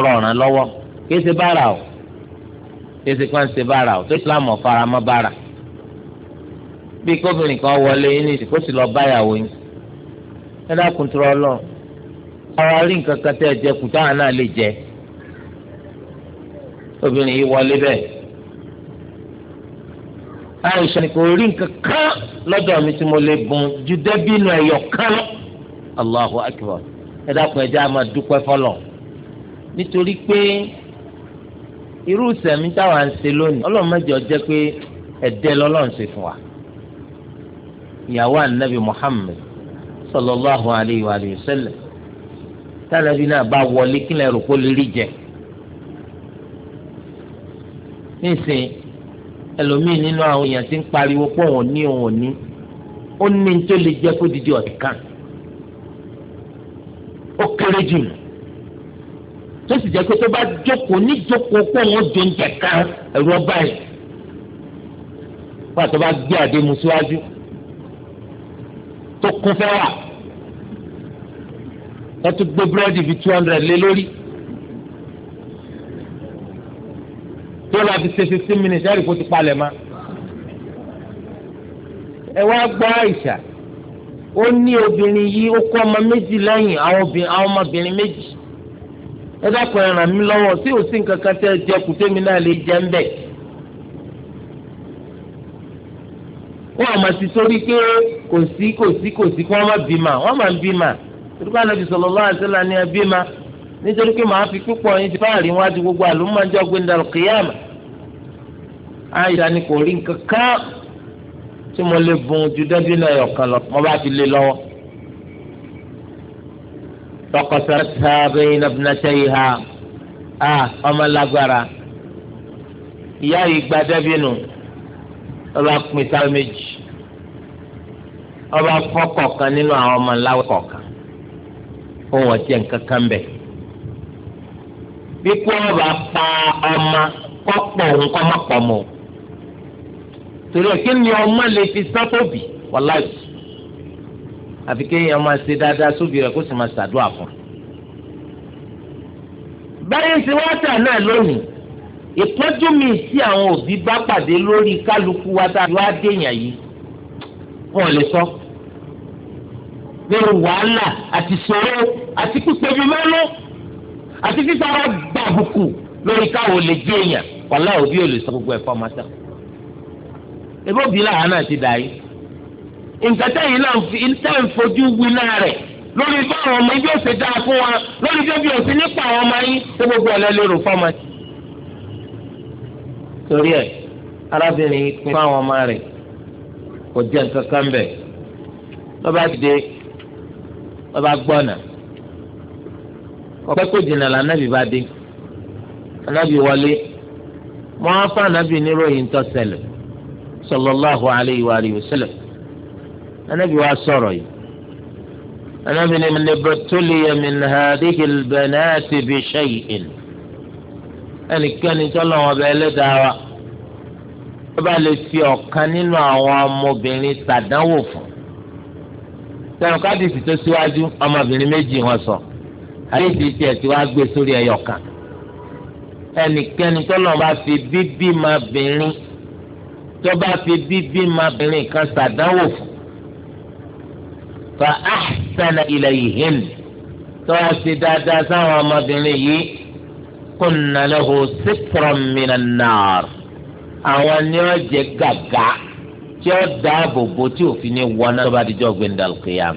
ọ̀ràn lọ́wọ́ kì í ṣe bára o kì í ṣe kí wọ́n ṣe bára o tó Islam ọ̀faramọ́ bára bí kóbìnrin kan wọlé yín ní ìsìnkú sì lọ báyàwó yín ẹ dákun tó lọ àwọn arí nǹkan kan tẹ́ ẹ jẹ kù náà lè jẹ obìnrin yìí wọlé bẹ́ẹ̀ Aisha ni kò rí nǹkan kan lọ́dọ̀ mi tí mo lè bùn ju dẹ́bìnú ẹ̀yọ̀ kan lọ. Allahu akbar ẹ dákun ẹ jẹ́ a máa dúpẹ́ fọlọ̀ nítorí pé irú sẹ̀mí táwa ń ṣe lónìí ọlọ́run mẹ́jọ jẹ́ pé ẹ̀dẹ́ lọ́lọ́run ṣe fún wa ìyàwó anabi Muhammad sallallahu alayhi wa sallam tálẹ́bí náà bá wọlé kí lẹ́rù jẹ nísìnyí ẹlòmíì nínú àwọn èèyàn ti ń pariwo pé òun ní òun ní ó ní tó lè jẹ́ kó didi ọ̀sẹ̀ kan ó kéré jù nù tó sì jẹ́ pé tó bá jókòó ní jókòó pé òun jò ń jẹ kan ẹ̀rù ọba yìí wọ́n àti bá gbé àdé mu síwájú tó kún fẹ́ wà ẹ tún gbé búrẹ́dì bíi two hundred lé lórí. tó lọ fi ṣe fifteen minutes ẹ̀rí kó ti palẹ̀ ma. ẹ wá gbọ́ àìsà ó ní obìnrin yìí ó kọ́ ọmọ méjì lẹ́yìn àwọn ọmọbìnrin méjì ẹ dákun ẹ ràn mí lọ́wọ́ tí ò sí nǹkan kan tẹ́ ẹ jẹ kùtẹ́mi náà lè jẹ́ ń bẹ̀. wọ́n àmọ́ ti sórí pé kò sí kò sí kò sí kí wọ́n má bímọ wọ́n má bímọ tìrúbà nàbì sallallahu alaihi wasallam ni ẹ bímọ nítorí pé màá fi púpọ̀ yín ti fáàrí wọn gbogbo àlùmọ́jọ́ gbẹ̀ndàlù kìyàmà àyíṣà ni kò rí nǹkan kan tí mo lè bùn ju dẹ́bí náà yọ̀kan lọ mo bá fi lé lọ́wọ́. فقصرتها بين ابنتيها ah ọmọ lágbára ìyá yìí gba dẹ́bìnù ọba pin sáré méjì ọba fọ́ kọ̀ọ̀kan nínú àwọn ọmọ ńláwẹ́ kọ̀ọ̀kan òun ọ̀tí ẹ̀ nǹkan kan bẹ̀. bí kú ọba pa ọmọ kọ́pọ̀ òun kọ́ mọ́pọ̀ mọ́ o torí ẹ̀ kí ni ọmọ lè fi sá tóbi wàláì àfi kéèyàn máa ṣe dáadáa sóbì rẹ̀ kó sì máa ṣàdúrà fún un. báyìí ti wá tà náà lónìí ìpọ́njú mi sí àwọn òbí bá pàdé lórí kálukú wa tá a wá déèyàn yìí wọn ò lè sọ lórí wàhálà àti ṣòro àti pípéjú mẹ́lú àti fífara gbàbùkù lórí káwọn ò lè déèyàn wàhálà òbí ò lè sọ gbogbo ẹ̀fọ́ máa tán ebó bí làwọn náà ti dà yìí nǹkan tẹ̀yìn náà tẹ̀ ń fojú wí náà rẹ̀ lórí báwọn ọmọ yóò ṣe dáa fún wa lórí débi òsì nípa àwọn ọmọ yín tó gbogbo ẹ̀ lérò fọ́mọ. torí ẹ arábìnrin pin fún àwọn ọmọ rẹ̀ kò jẹ nǹkan kan bẹ lọba dìde lọba gbọnà ọpẹ kò jìnnà lànàbì bá dé ànàbì wọlé mọ afọ ànàbì níròyìn tó ṣẹlẹ̀ sallallahu alayhi wa alihi wa sallam anabi wa sọ̀rọ̀ yìí anabi ni manibatoliya min hadihi albanati bi shay'in ẹnikẹ́ni tọ́lọ̀ wọn bẹ ẹlẹ́dàá wa ó bá lè fi ọ̀kan nínú àwọn ọmọbìnrin ṣàdánwò fún sẹ́nu kádìsì tó síwájú ọmọbìnrin méjì wọn sọ àyèsí tiẹ̀ tí wàá gbé sórí ẹyọ kan ẹnikẹ́ni tọ́lọ̀ wọn bá fi bíbí ọmọbìnrin tọ́ba fi bíbí mabìnrin kan ṣàdánwò fún fa ahsana ilayhin tọ́wọ́ ṣe dáadáa sáwọn ọmọbìnrin yìí kunna lahu sitran minan nar àwọn ni wọ́n jẹ gàgà tí ó dáàbò bò tí òfin ni wọná tọ́ba àdìjọ́ gbẹ̀ndàl qiyam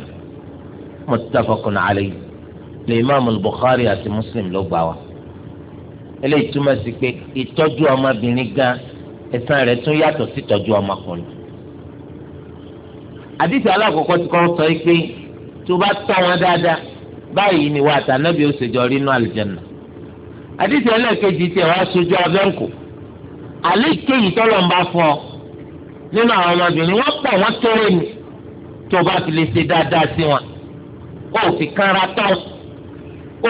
muttafaqun alayhi lè imáàmù Bukhari àti Muslim ló gbà wá eléyìí túmọ̀ sí pé ìtọ́jú ọmọbìnrin gan-an ẹ̀san rẹ̀ tún yàtọ̀ sí tọ́jú ọmọkùnrin. àdìsí alákọ̀ọ́kọ́ ti kọ́ sọ pé tí o bá tọ́ wọn dáadáa báyìí ni wà á tànábì ó ṣèjọ rí inú àlùjànnà. àdìsí ẹlẹ́ẹ̀kejì tiẹ̀ wá sojú abẹ́ǹkù àlẹ́ ìkéyìí tọ́lọ̀ ń bá fọ nínú àwọn ọmọbìnrin wọ́n pọ̀ wọ́n kéré ni tí o bá fi lè ṣe dáadáa sí wọn ó fi kánra tán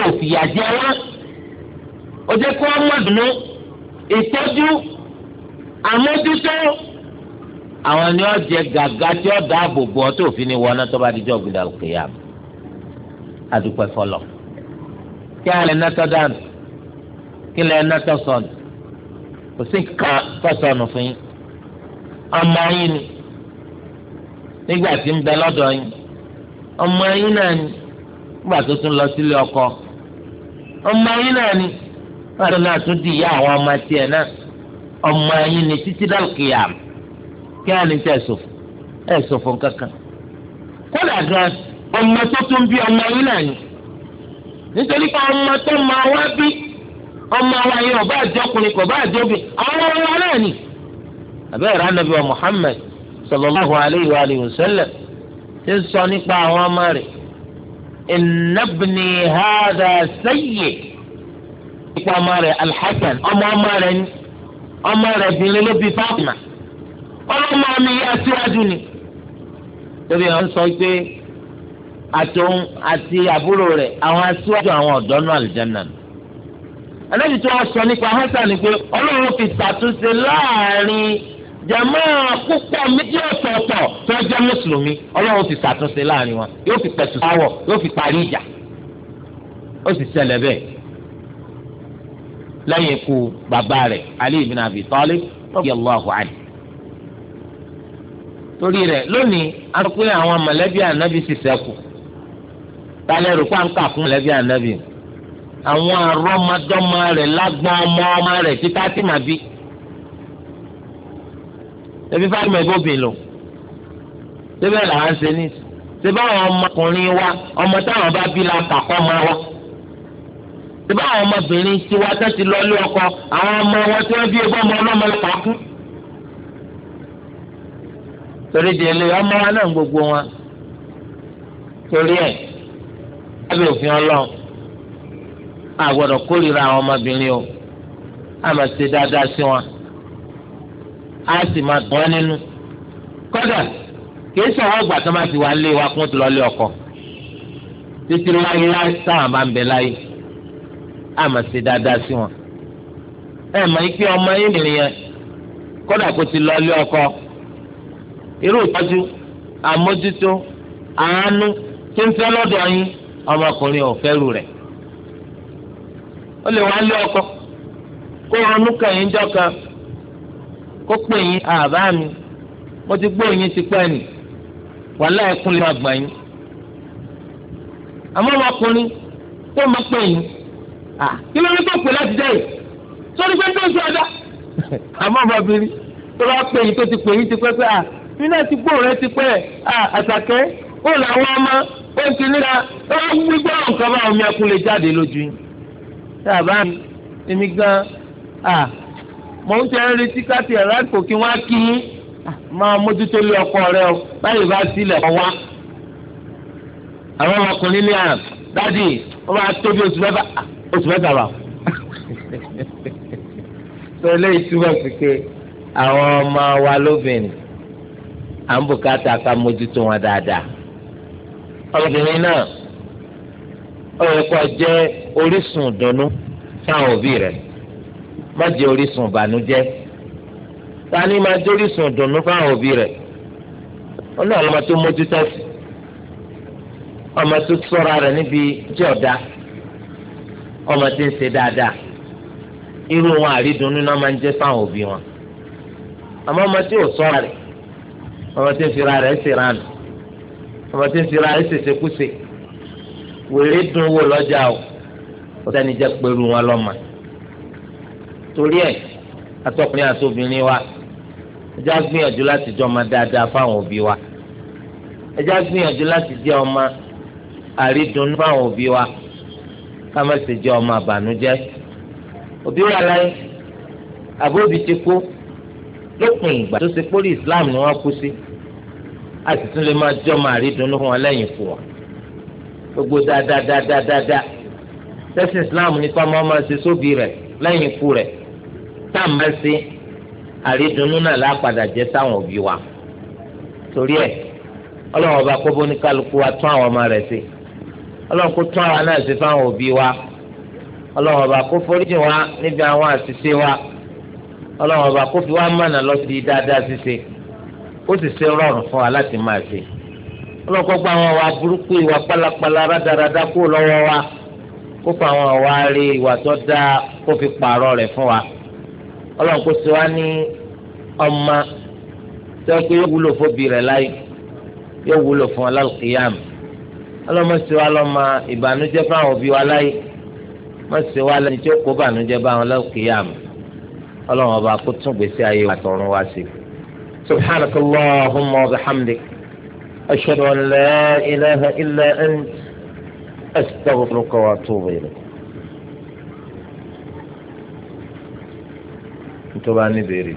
ó fi yàjẹ́ wọn ó jẹ́ kó wọ́n ìtọ́jú àmójútó àwọn ni wọn jẹ gàgà tí wọn dáàbò bò ọ tó fi ni wọn náà tó bá dijọ gbìdà òkèèyà adúpẹ́ fọlọ kí alẹ nàtọ dànù kí lẹ nàtọ sọnù kò sí ká tọsọnù fún yín ọmọ yín ni nígbà tí ń bẹ lọ́dọ̀ yín ọmọ yín náà ni nígbà tó tún lọ sílé ọkọ ọmọ yín náà ni nígbà tó náà tún di ìyá àwọn ọmọ tiẹ̀ náà ọmọ ẹyin ni títí dálùkìyàm kí á ní tẹ ẹsòfò ẹsòfò kankan kódà gan ọmọ tó tún bí ọmọ ẹyin náà ni nítorí pé ọmọ tó máa wá bí ọmọ wa yẹn ọba àjọkùnrin kò bá àjọbí àwọn ọmọ wa náà ni àbẹ́rẹ́ anabi wa Muhammad sallallahu alayhi wa alihi wa sallam ti sọ nípa àwọn ọmọ rẹ̀ ìnàbìnì hàdà sẹ́yìn nípa ọmọ rẹ̀ alḥasan ọmọ ọmọ rẹ̀ ni ọmọ rẹ̀ bìnrin ló bí Fatima ọlọ́mọ mi yá síwájú ni torí àwọn sọ pé àtòun àti àbúrò rẹ̀ àwọn aṣíwájú àwọn ọ̀dọ́ náà àlùjáná nù ẹlẹ́bi tí wọ́n sọ nípa Hasan ni pé Ọlọ́run fi ṣàtúnṣe láàrin jàmọ́ púpọ̀ méjì ọ̀tọ̀ọ̀tọ̀ tó jẹ́ mùsùlùmí Ọlọ́run fi ṣàtúnṣe láàrin wọn yóò fi pẹ̀tù sáwọ̀ yóò fi parí ìjà ó sì ṣẹlẹ̀ bẹ́ẹ̀ lẹ́yìn ikú bàbá rẹ̀ Ali ibn Abi Talib radiyallahu anhu. torí rẹ̀ lónìí arúgbó àwọn mọ̀lẹ́bí ànábì sì ṣẹ́kù tálẹ̀ rò pàǹkà fún mọ̀lẹ́bí ànábì àwọn arọ́mọdọ́mọ rẹ̀ lágbọ́n ọmọ ọmọ rẹ̀ títà tí màá bí. ẹbí fáwọn ẹgbẹ́ obìnrin lò síbẹ̀ làwọn ṣe ní síbẹ̀ àwọn ọmọkùnrin wa ọmọ táwọn bá bí la kàkọ́ máa wá síbá àwọn ọmọbìnrin tí wọ́n tẹ́ ti lọ lé ọkọ àwọn ọmọ wọn tí wọ́n bí ebó ọmọ ọlọ́mọ ẹ̀ka kú. torí di ẹlẹ́yìn ọmọ wa náà gbogbo wọn torí ẹ̀ lábẹ́ òfin ọlọ́run a kórìíra àwọn ọmọbìnrin o a máa ṣe dáadáa sí wọn a sì máa dùn wọn nínú kódà kìí sọ ọgbà tó máa ti wá lé wa kún tó lọ lé ọkọ títí láyé láyé táwọn bá ń bẹ láyé. àmọ́ ṣe dáadáa sí wọn. ẹ mọ̀ ike ọmọ yín nìyẹn yẹn kódà ti lọ ilé ọkọ irú ìtọ́jú àmójútó àánú tí ń fẹ́ lọ́dọ̀ yín ọmọkùnrin ò fẹ́rù rẹ̀. ó lè wá lé ọkọ kó ronú kẹyìn jọ kó pè yín àbá mi mo ti gbọ́ yín tipẹ́ nì lè má gbà yín. àmọ́ ọmọkùnrin tó Ah, kí ló ní tó pè láti jẹ́ yìí sórí pé tó ń sọ ọ̀dà. àmọ́ ọmọbìnrin tó bá pè yìí tó ti pè yìí ti pẹ́ pé à ah, mí náà ti gbóò rẹ ti pẹ́ ah, àtàkẹ́ ó làwọn ọmọ ó ti níra ó wí gbọ́ràn kan bá omi ẹkún lè jáde lójú yín. sábà èmi gan mò ń tẹ́ retí káàtì ẹ̀rọ àpò kí wọ́n á kí yín máa mójútó lé ọkọ rẹ o báyìí bá sílẹ̀ kọ́ wá. àwọn ọmọkùnrin ní àná dádì wọ́n bá tóbi oṣù mẹ́fà oṣù mẹ́ta bá sọ eléyìí túbọ̀ sí pé àwọn ọmọ wa lóbìnrin à ń bùkátà ká mójútó wọn dáadáa ọmọbìnrin náà ó yẹ kó jẹ́ orísun ìdùnnú fáwọn òbí rẹ̀ má jẹ́ orísun ìbànújẹ́ ta ni máa orísun ìdùnnú fáwọn òbí rẹ̀ ó náà lọ́mọ tó mójútó sí ọmọ tó sọ́ra rẹ̀ níbi tí ọmọ tí ń ṣe dáadáa irú wọn àrídùnnú náà máa ń jẹ́ fáwọn òbí wọn àmọ́ ọmọ tí ò sọ́ra rẹ̀ ọmọ tí ń fira rẹ̀ ṣe ránù ọmọ tí ń fira rẹ̀ ṣèṣe kúṣe wèrè dùn wò lọ́jà o ọ̀sẹ́ni jẹ́ pẹ̀lú wọn lọ́mọ torí ẹ̀ atọ́kùnrin àti obìnrin wa ẹjẹ́ á gbìyànjú láti jẹ́ ọmọ dáadáa fáwọn òbí wa ẹjẹ́ á gbìyànjú láti jẹ́ ọmọ àrídùnnú fáwọn òbí wa ká má ṣe jẹ́ ọmọ àbànújẹ́ òbí wà láyé àbóbi ti kú lópin ìgbà tó ṣe pórí Islam ni wọ́n kú sí a sì tún lè máa jọ máa rí dunnú fún wọn lẹ́yìn fún wọn gbogbo dáadáadáadáa tẹ́sí Islam nípa máa máa ṣe sóbì rẹ̀ lẹ́yìn ikú rẹ̀ tá a máa ṣe àrídunnú náà lápadà jẹ́ sáwọn òbí wa torí ẹ̀ ọlọ́run ọba kó bóníkálukú wa tún àwọn ọmọ rẹ̀ ṣe ọlọ́run kó tún àwa náà sí fáwọn òbí wa ọlọ́run ọba kó foríjì wa níbi àwọn àṣìṣe wa ọlọ́run ọba kó fi wá mọ̀nà lọ sí dáadáa ṣíṣe ó sì ṣe rọrùn fún wa láti máa ṣe ọlọ́run kó gba àwọn wa burúkú ìwà pálapàla rádaràda kó lọ́wọ́ wa kó fa àwọn wa rí ìwà tó dáa kó fi pààrọ̀ rẹ̀ fún wa ọlọ́run kó ṣe wá ní ọmọ tẹ́ pé yóò wúlò fóbi rẹ̀ láì yóò wúlò fún ọ lálùkìyàmù ọlọ́mọ sí wa lọ́mọ ìbànújẹ́ fáwọn òbí wa láyé má sí wa lẹ́ni tí ó kó bànújẹ́ bá wọn lọ́kì yá mi ọlọ́mọ ọba kó tún gbèsè ayé wa tọ̀run wá sí. سبحانك اللهم وبحمدك أشهد أن لا إله إلا أنت أستغفرك وأتوب إليك tó bá ní béèrè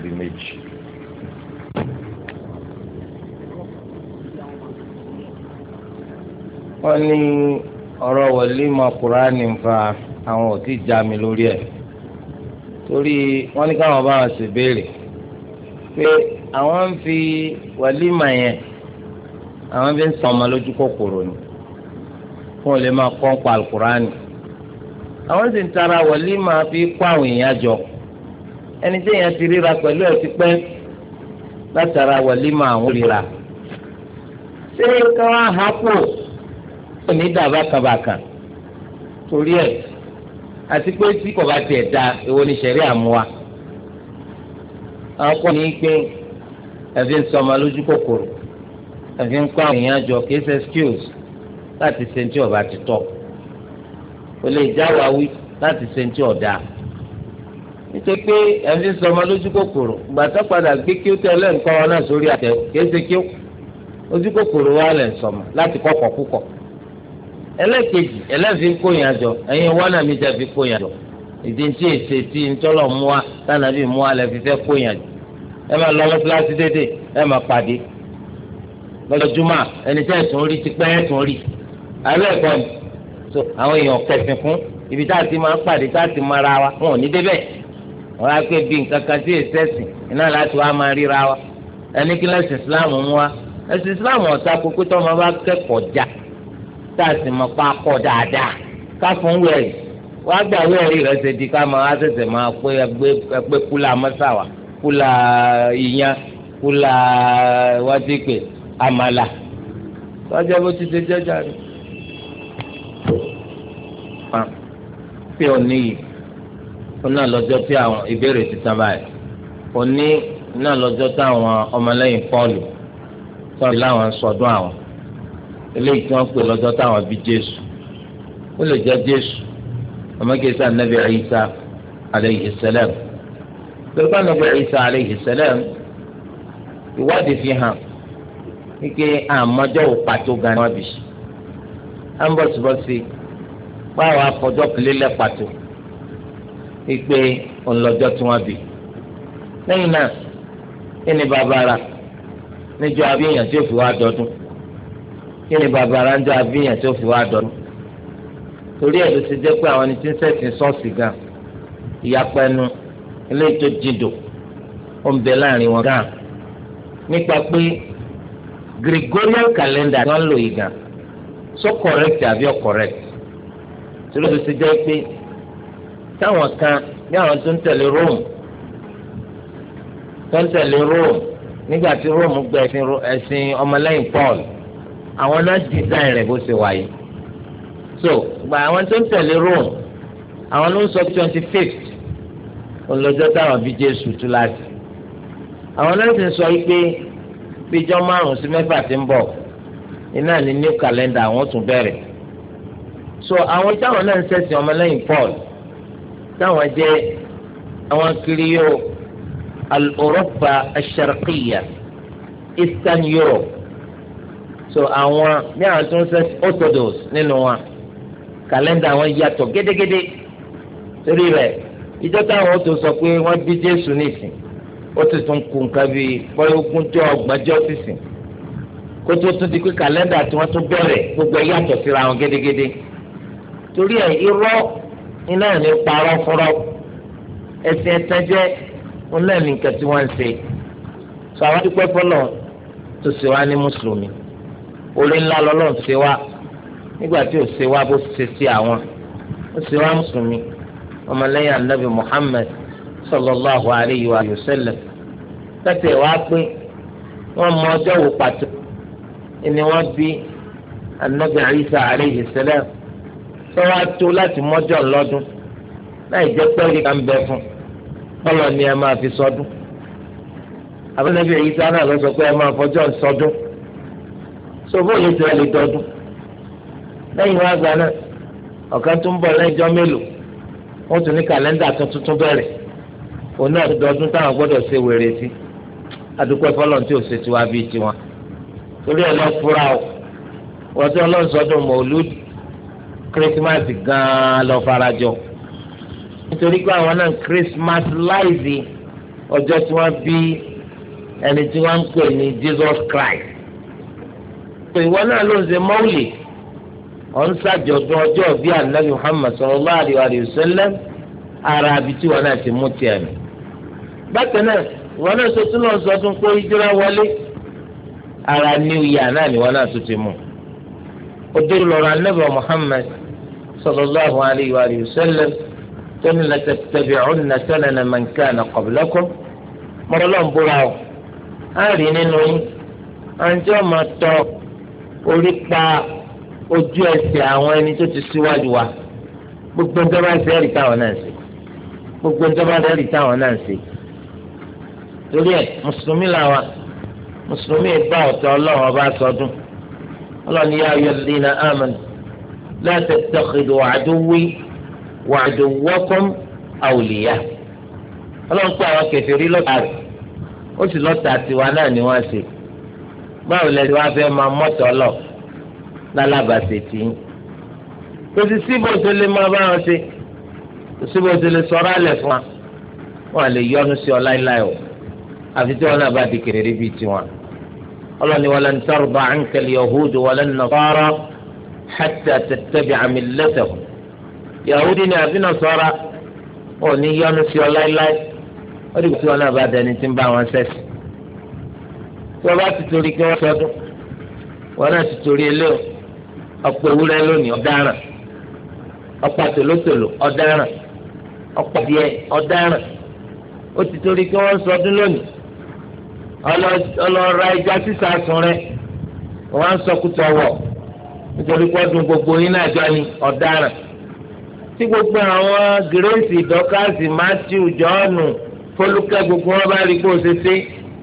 wọ́n ní ọ̀rọ̀ wọlé mọ kúránì nfa àwọn ò tí ì já mi lórí ẹ̀ torí wọ́n ní káwọn bá wọn sì béèrè pé àwọn ń fi wọlé mọ yẹn àwọn fi ń sàn ọmọ lójú kòkòrò ni fún olè máa kọ́ ń pa alukurani àwọn sì ń tara wọlé máa fi kó àwọn èèyàn jọ ẹni tí èèyàn ti ríra pẹ̀lú ẹ̀ ti pẹ́ látara wọlé máa àwọn ríra ṣé káwọn hapò kò ní dà bákàbàkà torí ẹ̀ àti pé tí kò bá tiẹ̀ da èwo ni sẹ̀rí àmúwa àwọn kọ́ ni pé ẹ̀fí ń sọmọ lójú kòkòrò ẹ̀fí ń kọ́ àwọn èèyàn jọ kì í ṣe excuse láti ṣe tí ọba ti tọ́ kò lè jáwàá wí láti ṣe tí ọ̀dà nítorí pé ẹ̀fí ń sọmọ lójú kòkòrò gbàtà padà gbé kí ó tẹ ọlẹ́ǹkọ́ wọn náà sórí àtẹ kì í ṣe kí ó ojú kòkòrò wa lẹ̀ sọmọ láti kọ́kọ́ púpọ̀ ẹlẹ́ẹ̀kejì ẹlẹ́ẹ̀fi ń kóyìn àjọ ẹ̀yin wọ́n náà mi jẹ́ fi kóyìn àjọ ìdí tí èsè tí ntọ́lọ̀ mú wa tànàbí mú wa lẹ́ fi fẹ́ kóyìn àjọ ẹ máa lọ mọ́sálásí dédé ẹ máa pàdé lọ́jọ́ ẹni tẹ́ ẹ̀sùn rí ti pẹ́ ẹ̀sùn rí alẹ́ ẹ̀kọ́ ni so àwọn èèyàn kẹsìn fún ibi tá a ti máa pàdé tá a ti máa ra wa wọn ò ní débẹ̀ wọn á pé bí nǹkan kan sí èsì ẹ̀sìn iná láti wá máa ríra wa ẹni kí lẹ́sìn Islam mú wa ẹ̀sìn Islam ọ̀tá kókó tó máa bá kẹ́kọ̀ọ́ já táàsì mọ̀ pa kọ́ dáadáa ká fún wẹ̀rì wọ́n á gbà wẹ̀rì rẹ̀ ṣe di ká máa ṣẹ̀ṣẹ̀ máa pé ẹgbẹ́ kúlà mọ́sàwà kúlà ìyàn kúlà wájú pé àmàlà lọ́jọ́ bó ti ṣe jẹ́jà rẹ̀. pé òní yìí òun náà lọ́jọ́ tí àwọn ìbéèrè ti tán báyìí òní náà lọ́jọ́ táwọn ọmọlẹ́yìn pọ́ọ̀lù sọ̀rọ̀ láwọn sọdún àwọn eléyìí tí wọ́n pè lọ́jọ́ táwọn bí jésù ó lè jẹ́ jésù ọmọkèésà nàbì Ìsá alayhi salam pẹ̀lú nàbì Ìsá alayhi salam ìwádìí fi hàn wípé àmọ́jọ́ ò pàtó gan ni wọ́n bì á ń bọ̀sibọ́sí báwa fọjọ́ kìlélẹ̀ pàtó wípé ọlọ́jọ́ tí wọ́n bì lẹ́yìn náà kí ni bàbá rà níjọ́ abíyànjẹ́ òfin wa dọ́dún kí ni bàbá aráńjọ àfihàn tó fi wá dọ́dún torí ẹ̀ ló ti jẹ́ pé àwọn ẹni tí ń ṣẹ̀sìn ṣọ́ọ̀ṣì gan ìyapa ẹnu eléyìí tó jìndò ó ń bẹ láàrin wọn gan nípa pé Gregorian calendar ni wọ́n ń lò yìí gan so correct àbí ọ̀ correct torí ẹ̀ ló ti jẹ́ pé táwọn kan ní àwọn tó ń tẹ̀lé Rome tó ń tẹ̀lé Rome nígbà tí Rome gba ẹ̀sìn ọmọlẹ́yìn Paul àwọn náà design rẹ̀ bó ṣe wáyé so gba àwọn tó ń tẹ̀lé Rome àwọn ló ń sọ twenty fifth olójọ́ táwọn fi Jésù tú láti àwọn náà ti sọ pé bíjọ́ márùn-ún sí mẹ́fà ti ń bọ̀ iná ní new calendar àwọn tún bẹ̀rẹ̀ so àwọn táwọn náà ń ṣẹ̀sìn ọmọlẹ́yìn Paul táwọn jẹ́ àwọn kiri yóò al-Europa al-Sharqiyya Eastern Europe so àwọn ní àwọn tó ń sẹ orthodox nínú wọn kàlẹ́ndà wọn yàtọ̀ gédégédé torí rẹ̀ ìjọ táwọn tó sọ pé wọ́n bí Jésù nìsín ó ti tún kù nǹkan bíi pọ́lọ́gúnjọ́ ọgbọ́njọ́ sísìn kó tó tún di pé kàlẹ́ndà tí wọ́n tún bẹ̀rẹ̀ gbogbo ẹ̀ yàtọ̀ síra wọn gédégédé torí ẹ̀ irọ́ iná ní parọ́ fúnrọ́ ẹ̀sìn ẹ̀tẹ́jẹ́ ńlẹ́ẹ̀nì nǹkan tí wọ́n ń ṣe sọ àwọn dúpẹ́ fọlọ́ tó sì wá ní mùsùlùmí orí ńlá lọ́lọ́run ṣe wá nígbà tí ò ṣe wá bó ṣe sí àwọn ó ṣe wá mùsùlùmí ọmọlẹ́yìn anabi muhammed sallallahu alayhi wa sallam tẹ́tẹ̀ wá pé wọ́n mọ ọjọ́ wò pàtó ni wọ́n bí anabi isa alayhi salam tó wá tó láti mọ́jọ́ lọ́dún láì jẹ́ pẹ́ẹ́lí kan bẹ fún bọ́lọ̀ ni ẹ máa fi sọdún àbẹ́lẹ́bí isa náà lọ sọ pé ẹ máa fọjọ́ sọdún sọfọ yìí ti rẹ lè dọdún lẹ́yìn wá gba náà ọ̀kan tó ń bọ̀ lẹ́jọ́ mélòó wọ́n tún ní kàlẹ́ndà tuntun tún bẹ̀rẹ̀ òun náà dọdún táwọn gbọ́dọ̀ ṣe wèrè sí adúpẹ́ fọlọ́n tí ò ṣe tiwa bíi tiwọn torí ẹ̀ lọ fura o wọ́n tí ọlọ́run sọdún mọ̀ọ́lùdì kírísímàsì gan-an lọ farajọ nítorí pé àwọn náà kírísímàsì láìsí ọjọ́ tí wọ́n bí ẹni tí wọ́n ń pè ní Jesus Christ pé ìwọ náà ló ń ṣe mọ́wùlì ọ̀ ń ṣàjọ̀dún ọjọ́ bí anabi muhammad sallallahu alayhi wa sallam ara abi tí wọn náà ti mú tiẹ̀ mi. bákan náà ìwọ náà ṣe tún lọ sọ tún pé ìjọra wọlé ara new year náà ni wọn náà tún ti mú. ó dé lọ́rọ̀ anabi muhammad sallallahu alayhi wa sallam tó ní latatabi'unna sanana man kana qablakum mọ́tọ́lọ́ ń búra o á rí nínú yín à ń tọ́ orí pa ojú ẹsẹ̀ àwọn ẹni tó ti síwájú wa gbogbo nítorí bá ṣe ẹ̀rí táwọn náà ṣe gbogbo nítorí bá ṣe ẹ̀rí táwọn náà ṣe torí ẹ̀ mùsùlùmí làwọn mùsùlùmí bá ọ̀tọ̀ ọlọ́run ọba sọdún ọlọ́run yá ayọ̀ lẹ́yìn amẹ́nu láti tẹ̀kìdù àdúwí wàdùwọ́kùn àwùlíyà ọlọ́run pé àwọn kẹfẹ́ rí lọ́tà rẹ̀ ó sì lọ́tà tiwa náà ni wọ́n ṣe báwo lẹ́sìn wá fẹ́ máa mọ́tọ́ lọ lálábàṣẹ tì í kò sí síbò tó lè máa bá wọn ṣe kò síbò tó lè sọ̀rọ̀ alẹ̀ fún wa wọn lè yọnu sí ọ láéláé o àfi tí wọn náà bá di kèrèrè bíi tiwọn ọlọ́ni walan tarda anka al-yahudu walan nasara hatta tattabi'a millatahum yahudi ni àbí nasara wọn ní yọnu sí ọ láéláé wọn dìgbò tí wọn náà bá dẹni tí ń bá wọn ṣẹ̀sìn tí wọ́n bá ti torí kí wọ́n sọdún wọ́n náà ti torí ilé o ọ̀pọ̀ ewúrẹ́ lónìí ọ̀daràn ọ̀pọ̀ tòlótòló ọ̀daràn ọ̀pọ̀ díẹ̀ ọ̀daràn ó ti torí kí wọ́n sọdún lónìí ọlọ́ọ̀ra ẹja sísá sùn rẹ wọ́n á sọkútọ̀ wọ̀ nítorí pọ́dún gbogbo yín náà jọ ni ọ̀daràn tí gbogbo àwọn gírèsì dọ́kàsì mátíù jọ́ọ̀nù fọlùkẹ́ gbogbo wọn bá rí kó o ṣe ṣe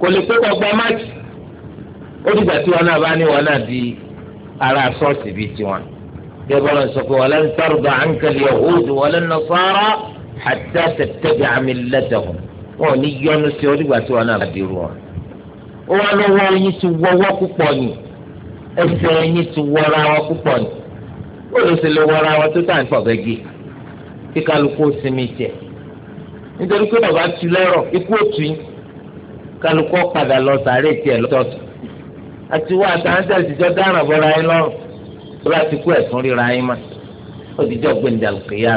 kò lè pé kọ́ gba máàkì ó dìgbà tí wọn náà bá ní wọn náà di ara sọ́ọ̀sì bíi tiwọn gẹ́gẹ́ bọ́lá sọ pé walan tarda anka al-yahudu walan nasara hatta tattabi'a millatahum wọn ò ní yọnu sí ó dìgbà tí wọn náà bá di irú wọn. ó wá lọ́wọ́ yín ti wọ́wọ́ púpọ̀ yìí ẹsẹ̀ yín ti wọ́ra wọn púpọ̀ yìí ó lè ṣe lè wọ́ra wọn tó tàn fọ̀gẹ́gì kí kálukú sinmi jẹ nítorí pé bàbá tu lẹ́rọ̀ ikú òtún kálukú padà lọ sàárè tiẹ̀ lọ́tọ̀ọ̀tún àti wọ́n àtàǹtà ìtìjọ́ dáràn bọ́ra yín lọ́rùn tó láti kú ẹ̀sùn ríra yín mà ó ti jọ́ gbẹ̀ǹdà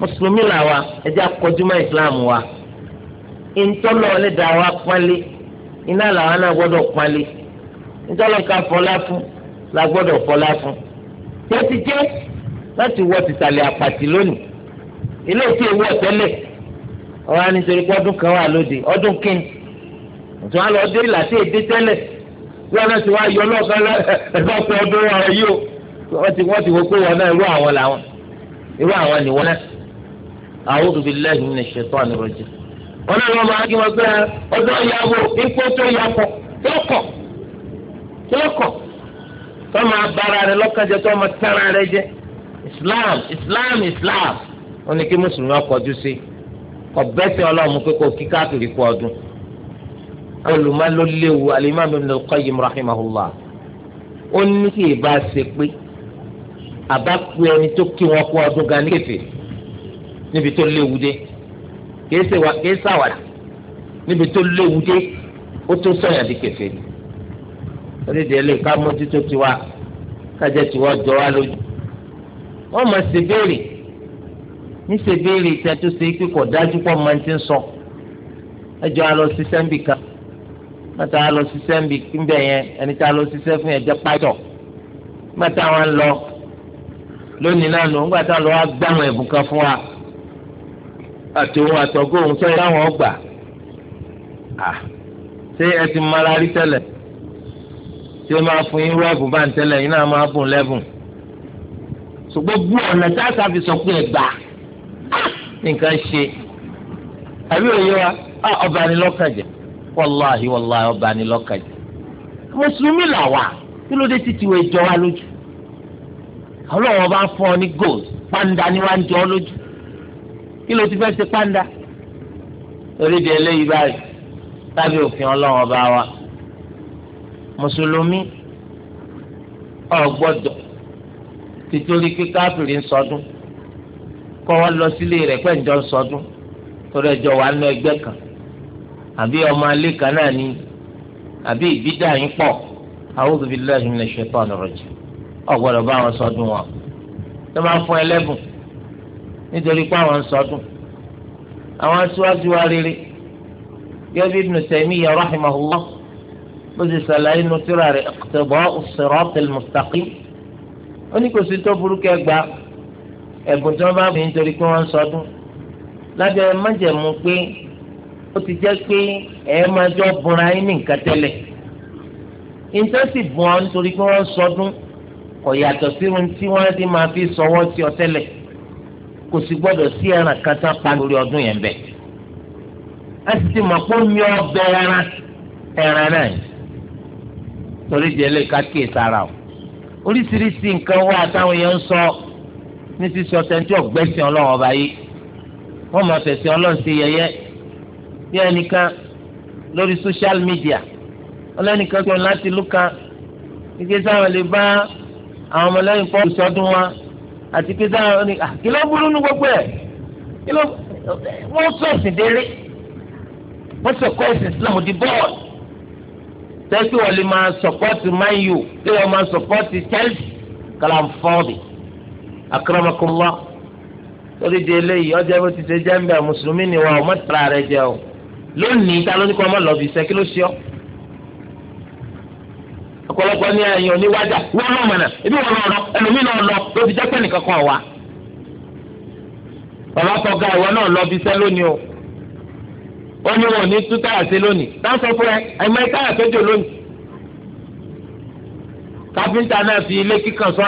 mùsùlùmí là wa ẹ ìsìláàmù wa ìntọ́lọ́ ẹlẹ́dàá wa pálí iná làwọn náà gbọ́dọ̀ pálí ìntọ́lọ́ ká fọlá fún la gbọ́dọ̀ fọlá fún ti jẹ́ láti wọ tìsàlẹ̀ àpàtì lónìí ilé tí ewu ọ̀tẹ́lẹ̀ ọ̀hán nítorí ọdún kan wà lóde ọdún lọ́dọ̀ tí wàá yọ lọ́sàn ẹ̀fọ́ pọ̀ ọdún ọ̀rọ̀ yìí o wọ́n ti wọ́n ti wọ́n pé wọn náà irú àwọn làwọn irú àwọn ni wọ́n náà a'udhu billahi minash shaitani rajim wọn náà wọ́n máa kí wọ́n pé ọdún ọ̀yàwó ipò tó yàpọ̀ lọ́kọ̀ lọ́kọ̀ tó máa bára rẹ lọ́kànjẹ tó máa tẹ́ra rẹ jẹ Islam Islam Islam wọn ni kí mùsùlùmí ọkọ̀ ojú sí kọ̀ bẹ́sẹ̀ ọlọ́run pé kò kí káàkiri olùmọ̀ ló léwu alimami ibn al-qayyim rahimahullah ó ní kí ìbá ṣe pé àbá ku ẹni tó kí wọn kó ọdún gan ní kẹfẹ níbi tó léwu dé kìí ṣàwàdà níbi tó léwu dé ó tó sọyàn di kẹfẹ ni lórí ìdílé ká mójútó tiwa kájẹ tiwa jọ wá lójú wọn mọ ṣèbéèrè ní ṣèbéèrè ìtẹ́tù ṣe kíkọ̀ dájú pọ̀ máa ń ti sọ ẹjọ́ alọ sí sẹ́ńbì kan mẹ́ta lọ ṣiṣẹ́ nbí nbẹ yẹn ẹni tá a lọ ṣiṣẹ́ fún yẹn jẹ́ pátọ̀ mẹ́ta wọn lọ lónìí náà nù ńgbà tá a lọ wá gbàwọn ẹ̀bùn kan fún wa àtòun àtọ̀gọ́ òun sọ yẹn àwọn ọgbà ṣé ẹ ti mara rí tẹ́lẹ̀ tí ó máa fún yín rẹ́ẹ̀bù bá ń tẹ́lẹ̀ yín náà máa bùn lẹ́bùn ṣùgbọ́n bú ọ̀nà tá a sáfi sọ pé ẹgbà nǹkan ṣe àbí òye wa ọba ni lọ́kàn jẹ́ wàláhi wàláhi ọba ni lọ́kàn jù mùsùlùmí là wà kí ló dé títí wo ìjọ wa lójú ọlọ́wọ́n bá fún ọ ní gold panda ni wàá ń jọ ọ lójú kí ló ti fẹ́ ṣe panda torí di eléyìí báyìí lábẹ́ òfin ọlọ́wọ́n bá wa mùsùlùmí ò gbọ́dọ̀ títorí pé káfíìrì ń sọdún kọ́ wọ́n lọ sílé rẹ̀ pẹ́ ń jọ ń sọdún torí ẹjọ́ wà nínú ẹgbẹ́ kan àbí ọmọ alẹ́ kan náà ni àbí ìbídà yín pọ̀ a'udhu billahi minash shaitani rajim ọ̀gbọ́dọ̀ bá wọn sọdún wọn tó máa fún ẹlẹ́bùn nítorí pé àwọn sọdún àwọn aṣáájú wa rere gẹ́gẹ́ Ibn Taymiyyah rahimahullah bó ti sàlàyé nu tíra rẹ̀ Iqtida'u s-siratal mustaqim ó tó burúkú ẹgbàá ẹ̀bùn tí wọ́n bá fi nítorí pé wọ́n sọdún lábẹ́ májẹ̀mú pé ó ti jẹ́ pé ẹ máa jọ bùnra yín ní nǹkan tẹ́lẹ̀ ìtẹ́sì bùn ọ́ nítorí pé wọ́n sọdún kò yàtọ̀ sírun tí wọ́n ti máa fi sọwọ́ sí ọ tẹ́lẹ̀ kò sì gbọ́dọ̀ sí ẹran kan tán pa lórí ọdún yẹn bẹ́ẹ̀ a sì ti mọ̀ pé mi ò bẹ ẹran ẹran náà torí di ẹlẹ́yìí sára o oríṣiríṣi nǹkan wà táwọn yẹn ń sọ ní sísọ tẹ́ńtì ọ̀gbẹ́sìn ọlọ́run ọba wọ́n máa fẹ̀sìn ọlọ́run yẹyẹ bí ẹnìkan lórí social media ọlọ́nìkan pé láti lùkà ike sáwọn lè bá àwọn ọmọlẹ́yìn pọ́ọ̀lù sọdún wa àti ike sáwọn ní ah, kí burú nu gbogbo ẹ̀ wọ́n sọ ẹ̀sìn délé wọ́n sọ kọ́ ẹ̀sìn Islam di bọ́ọ̀lù tẹ́sí wọ́n lè máa sọ̀pọ́tì Man U wọ́n máa sọ̀pọ́tì Chelsea kàlàǹfọ́ọ̀bì akramakumullah torí di eléyìí ọjọ́ bó ti ṣe jẹ́ ń bẹ̀ mùsùlùmí ni wọ́n ọmọ rẹ jẹ́ o. lónìí ta ló ní kó ọmọ lọ fi sẹ kí ló ṣe ọ ní ẹ̀yìn oníwájà wọn lọ mọnà ebi wọn lọ náà lọ ló fi jẹ wà bàbá ìwọ náà lọ bí sẹ lónìí o ó ní wọn ò lónìí táwọn sọ ẹ ẹmọ ẹ lónìí káfíńtà náà fi ilé kíkan kí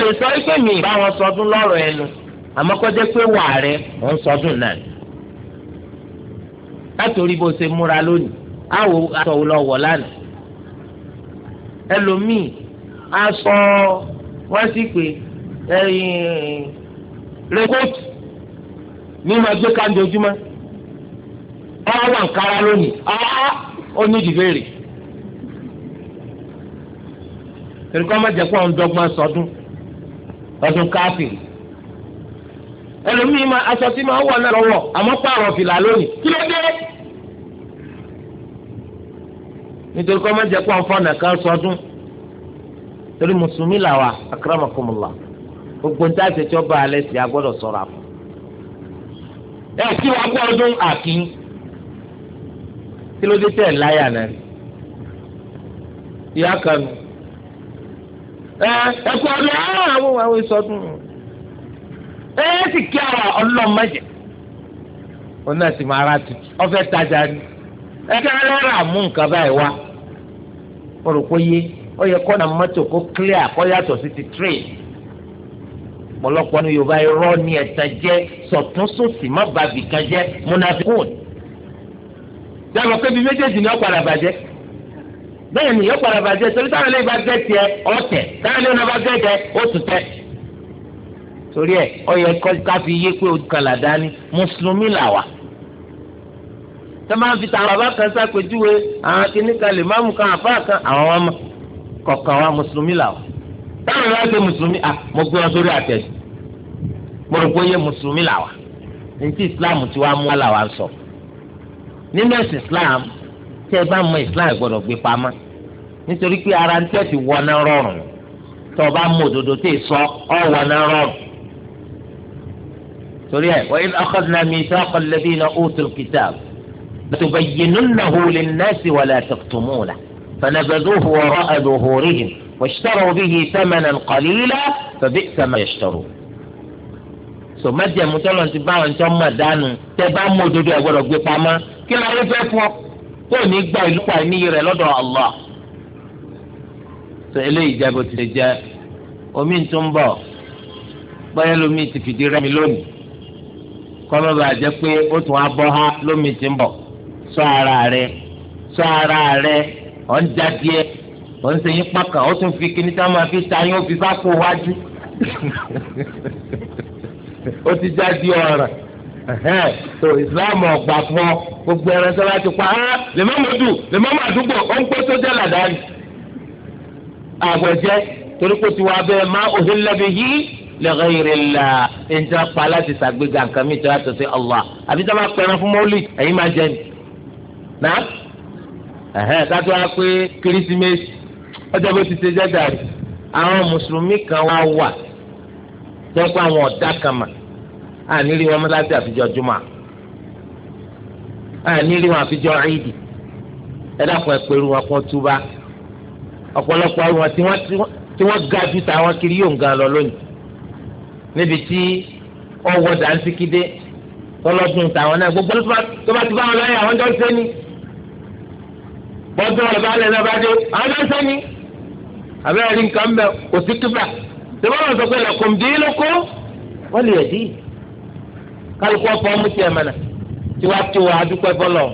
ló ṣe sọ mi sọdún lọ́rọ̀ àmọ́ kọjá pé wà rẹ òun sọdún náà látòrí bó ṣe múra lónìí àwò àtọwò lọ wọ lánàá ẹlòmíì aṣọ wọn sì pé rẹkọtù ní ma gbé ká dojúmọ ọwọ wà nkárá lónìí ọwọ ó ní ìdìbèrè tẹ̀lé má jẹ́ pé àwọn dọ́gba sọdún ọdún káfíìn ẹlòmíì máa aṣọ tí máa wọ̀ náà lọ́wọ́ àmọ́ pààrọ̀ fìlà lónìí kí ló dé. nítorí kọ́ máa jẹ́ pọ́n fọ́nà kan sọdún torí mùsùlùmí là wà akramakumullah gbogbo ní táyà tẹ̀sí ọba alẹ́ sí agbọ́dọ̀ sọ̀rọ̀ àpò. ẹ kí wàá gbọ́ ọdún àkín kí ló dé tẹ̀ láyà náà ìyá kanu ẹ ẹ kú ọdún àwọn àwọn ìsọdún. ẹ sì kí ara ọlọ́run mẹ́jẹ. ó náà sì máa ra tutù ọfẹ́ tajà ni ẹ kí ara rà mú nǹkan báyìí wá. rò pé yé ó yẹ kọ́nà mọ́tò kó clear kó yàtọ̀ sí ti train. ọ̀pọ̀lọpọ̀ ní yorùbá irọ́ ni ẹ̀tàn jẹ́ sọ̀tún má bàbí kan jẹ́ munafikun. dábàá pé méjèèjì ni ó padà bàjẹ́ bẹ́ẹ̀ ni ó torí táwọn ilé ìbá ọ̀tẹ̀ táwọn ilé ìbá torí ẹ ọyẹ ká fi yé pé ojú kan làdá ni mùsùlùmí là wà tẹ máa ń fi tàwọn bàbá kan ṣàpèjúwe àwọn kìnnì kan kan àfáà kan àwọn ọmọ kọ̀ọ̀kan wa mùsùlùmí là wà táwọn ọlọ́dẹ mùsùlùmí à mo gbé wọn sórí àtẹ̀sí mo rò pé ó yẹ mùsùlùmí là wà ntí islam tí wàá mú wa làwọn sọ nínú ẹ̀sìn islam tí ẹ bá mọ islam gbọ́dọ̀ gbé pamọ́ nítorí pé ara ń tẹ̀sí wọná rọrùn tó o bá mú òdodo tí ì sọ torí وإذ أخذنا ميثاق الذين أوتوا الكتاب لتبيننه للناس ولا تكتمونه فنبذوه وراء ظهورهم واشتروا به ثمنا قليلا فبئس ما يشترون so májèmú tọ́lọ̀ ti bá àwọn ìtọ́mọ̀ dànù tẹ bá mú òdodo ẹ̀gbọ́dọ̀ gbé pamọ́ kí ló ayé fẹ́ fún ọ kó o ní gba ìlú pa ìníyì rẹ lọ́dọ̀ Allah so eléyìí jẹ́ bó ti jẹ́ omi tó ń bọ̀ bọ́yá lómi ti fìdí rẹ́mi lónìí kọ́mọ́ bá jẹ́ pé ó tún á bọ́ há lómi ti ń bọ̀ ṣọ́ ara rẹ ṣọ́ ara rẹ ọ̀ ń já díẹ̀ ọ̀ ń ṣe yín pàkàn ó tún fi kíní tá máa fi ta yín ó fi sáko wájú ó ti já di ọ̀ràn so islam ọgbà fún ọ gbogbo ẹran sọlá ti pa á lè má mọ̀ dù lè má mọ̀ àdúgbò ó ń pé sójà làdáni àgbẹ̀jẹ́ torí kò tiwa bẹ́ẹ̀ má òhìn lẹ́bi yìí li ghayrillah ẹnjẹ pa láti ṣàgbéga nǹkan mi tó yàtọ̀ sí Allah àbí tá a bá pẹran fún mọ́lì ẹ̀yin máa jẹ náà ẹ̀hẹ́n kátó wá pé kérésìmesì ọjọ́ bó ti ṣe jẹ́ dàrú àwọn mùsùlùmí kan wá wà jẹ́ pé àwọn ọ̀dà kan mà àní rí wọn mọ́láṣí àfijọ́ jùmọ̀ àní rí wọn àfijọ́ ìdì ẹ dákun ẹ wọn kó túbá ọ̀pọ̀lọpọ̀ àwọn tí wọ́n ga ju tàwọn kiri yóò ga lọ lónìí níbi tí ọwọ́ dànsíkídé tọlọ́dún tàwọn náà gbogbo tó bá ti bá wọn láyé àwọn jọ ń sẹ́ni bọ́dún ọ̀rọ̀ bá lẹ̀ náà bá dé àwọn jọ ń sẹ́ni abẹ́rẹ́ rí nǹkan bẹ́ẹ̀ kò sí kíbà tẹ́wọ́ náà sọ pé lẹ́kùn dín lóko wọ́n lè dín kálukú ọ̀pọ̀ ọmú tiẹ̀ mọ̀nà tiwantiwa adúpẹ́ fọlọ́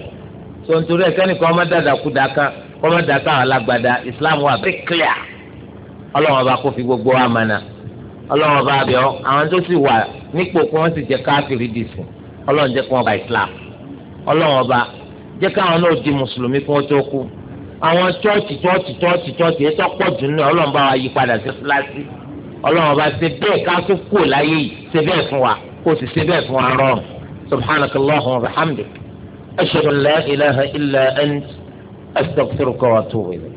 sọ̀ntorí ẹ̀ kẹ́nìkan ọmọ dàda kú daka ọmọ daka alágbada Islam wa bẹ́ẹ̀ kílíà ọlọ́wọ́n bá kó fi gbogbo wa mọ̀nà ọlọ́run ọba abẹ́ ọ àwọn tó sì wà nípò kí wọ́n sì jẹ́ káfíìrì dìsìn ọlọ́run jẹ́ kí wọ́n ba islam ọlọ́run ọba jẹ́ káwọn náà di mùsùlùmí kí wọ́n tó kú àwọn chọ́ọ̀tì chọ́ọ̀tì chọ́ọ̀tì chọ́ọ̀tì ẹ̀ tọ́pọ̀ jù ní ọlọ́run bá wa yí padà sí fúláṣí ọlọ́run ọba ṣe bẹ́ẹ̀ ká tó kú láyé yìí ṣe bẹ́ẹ̀ fún wa kó sì ṣe bẹ́ẹ̀ fún wa rọrùn subhanakallahumma wa bihamdik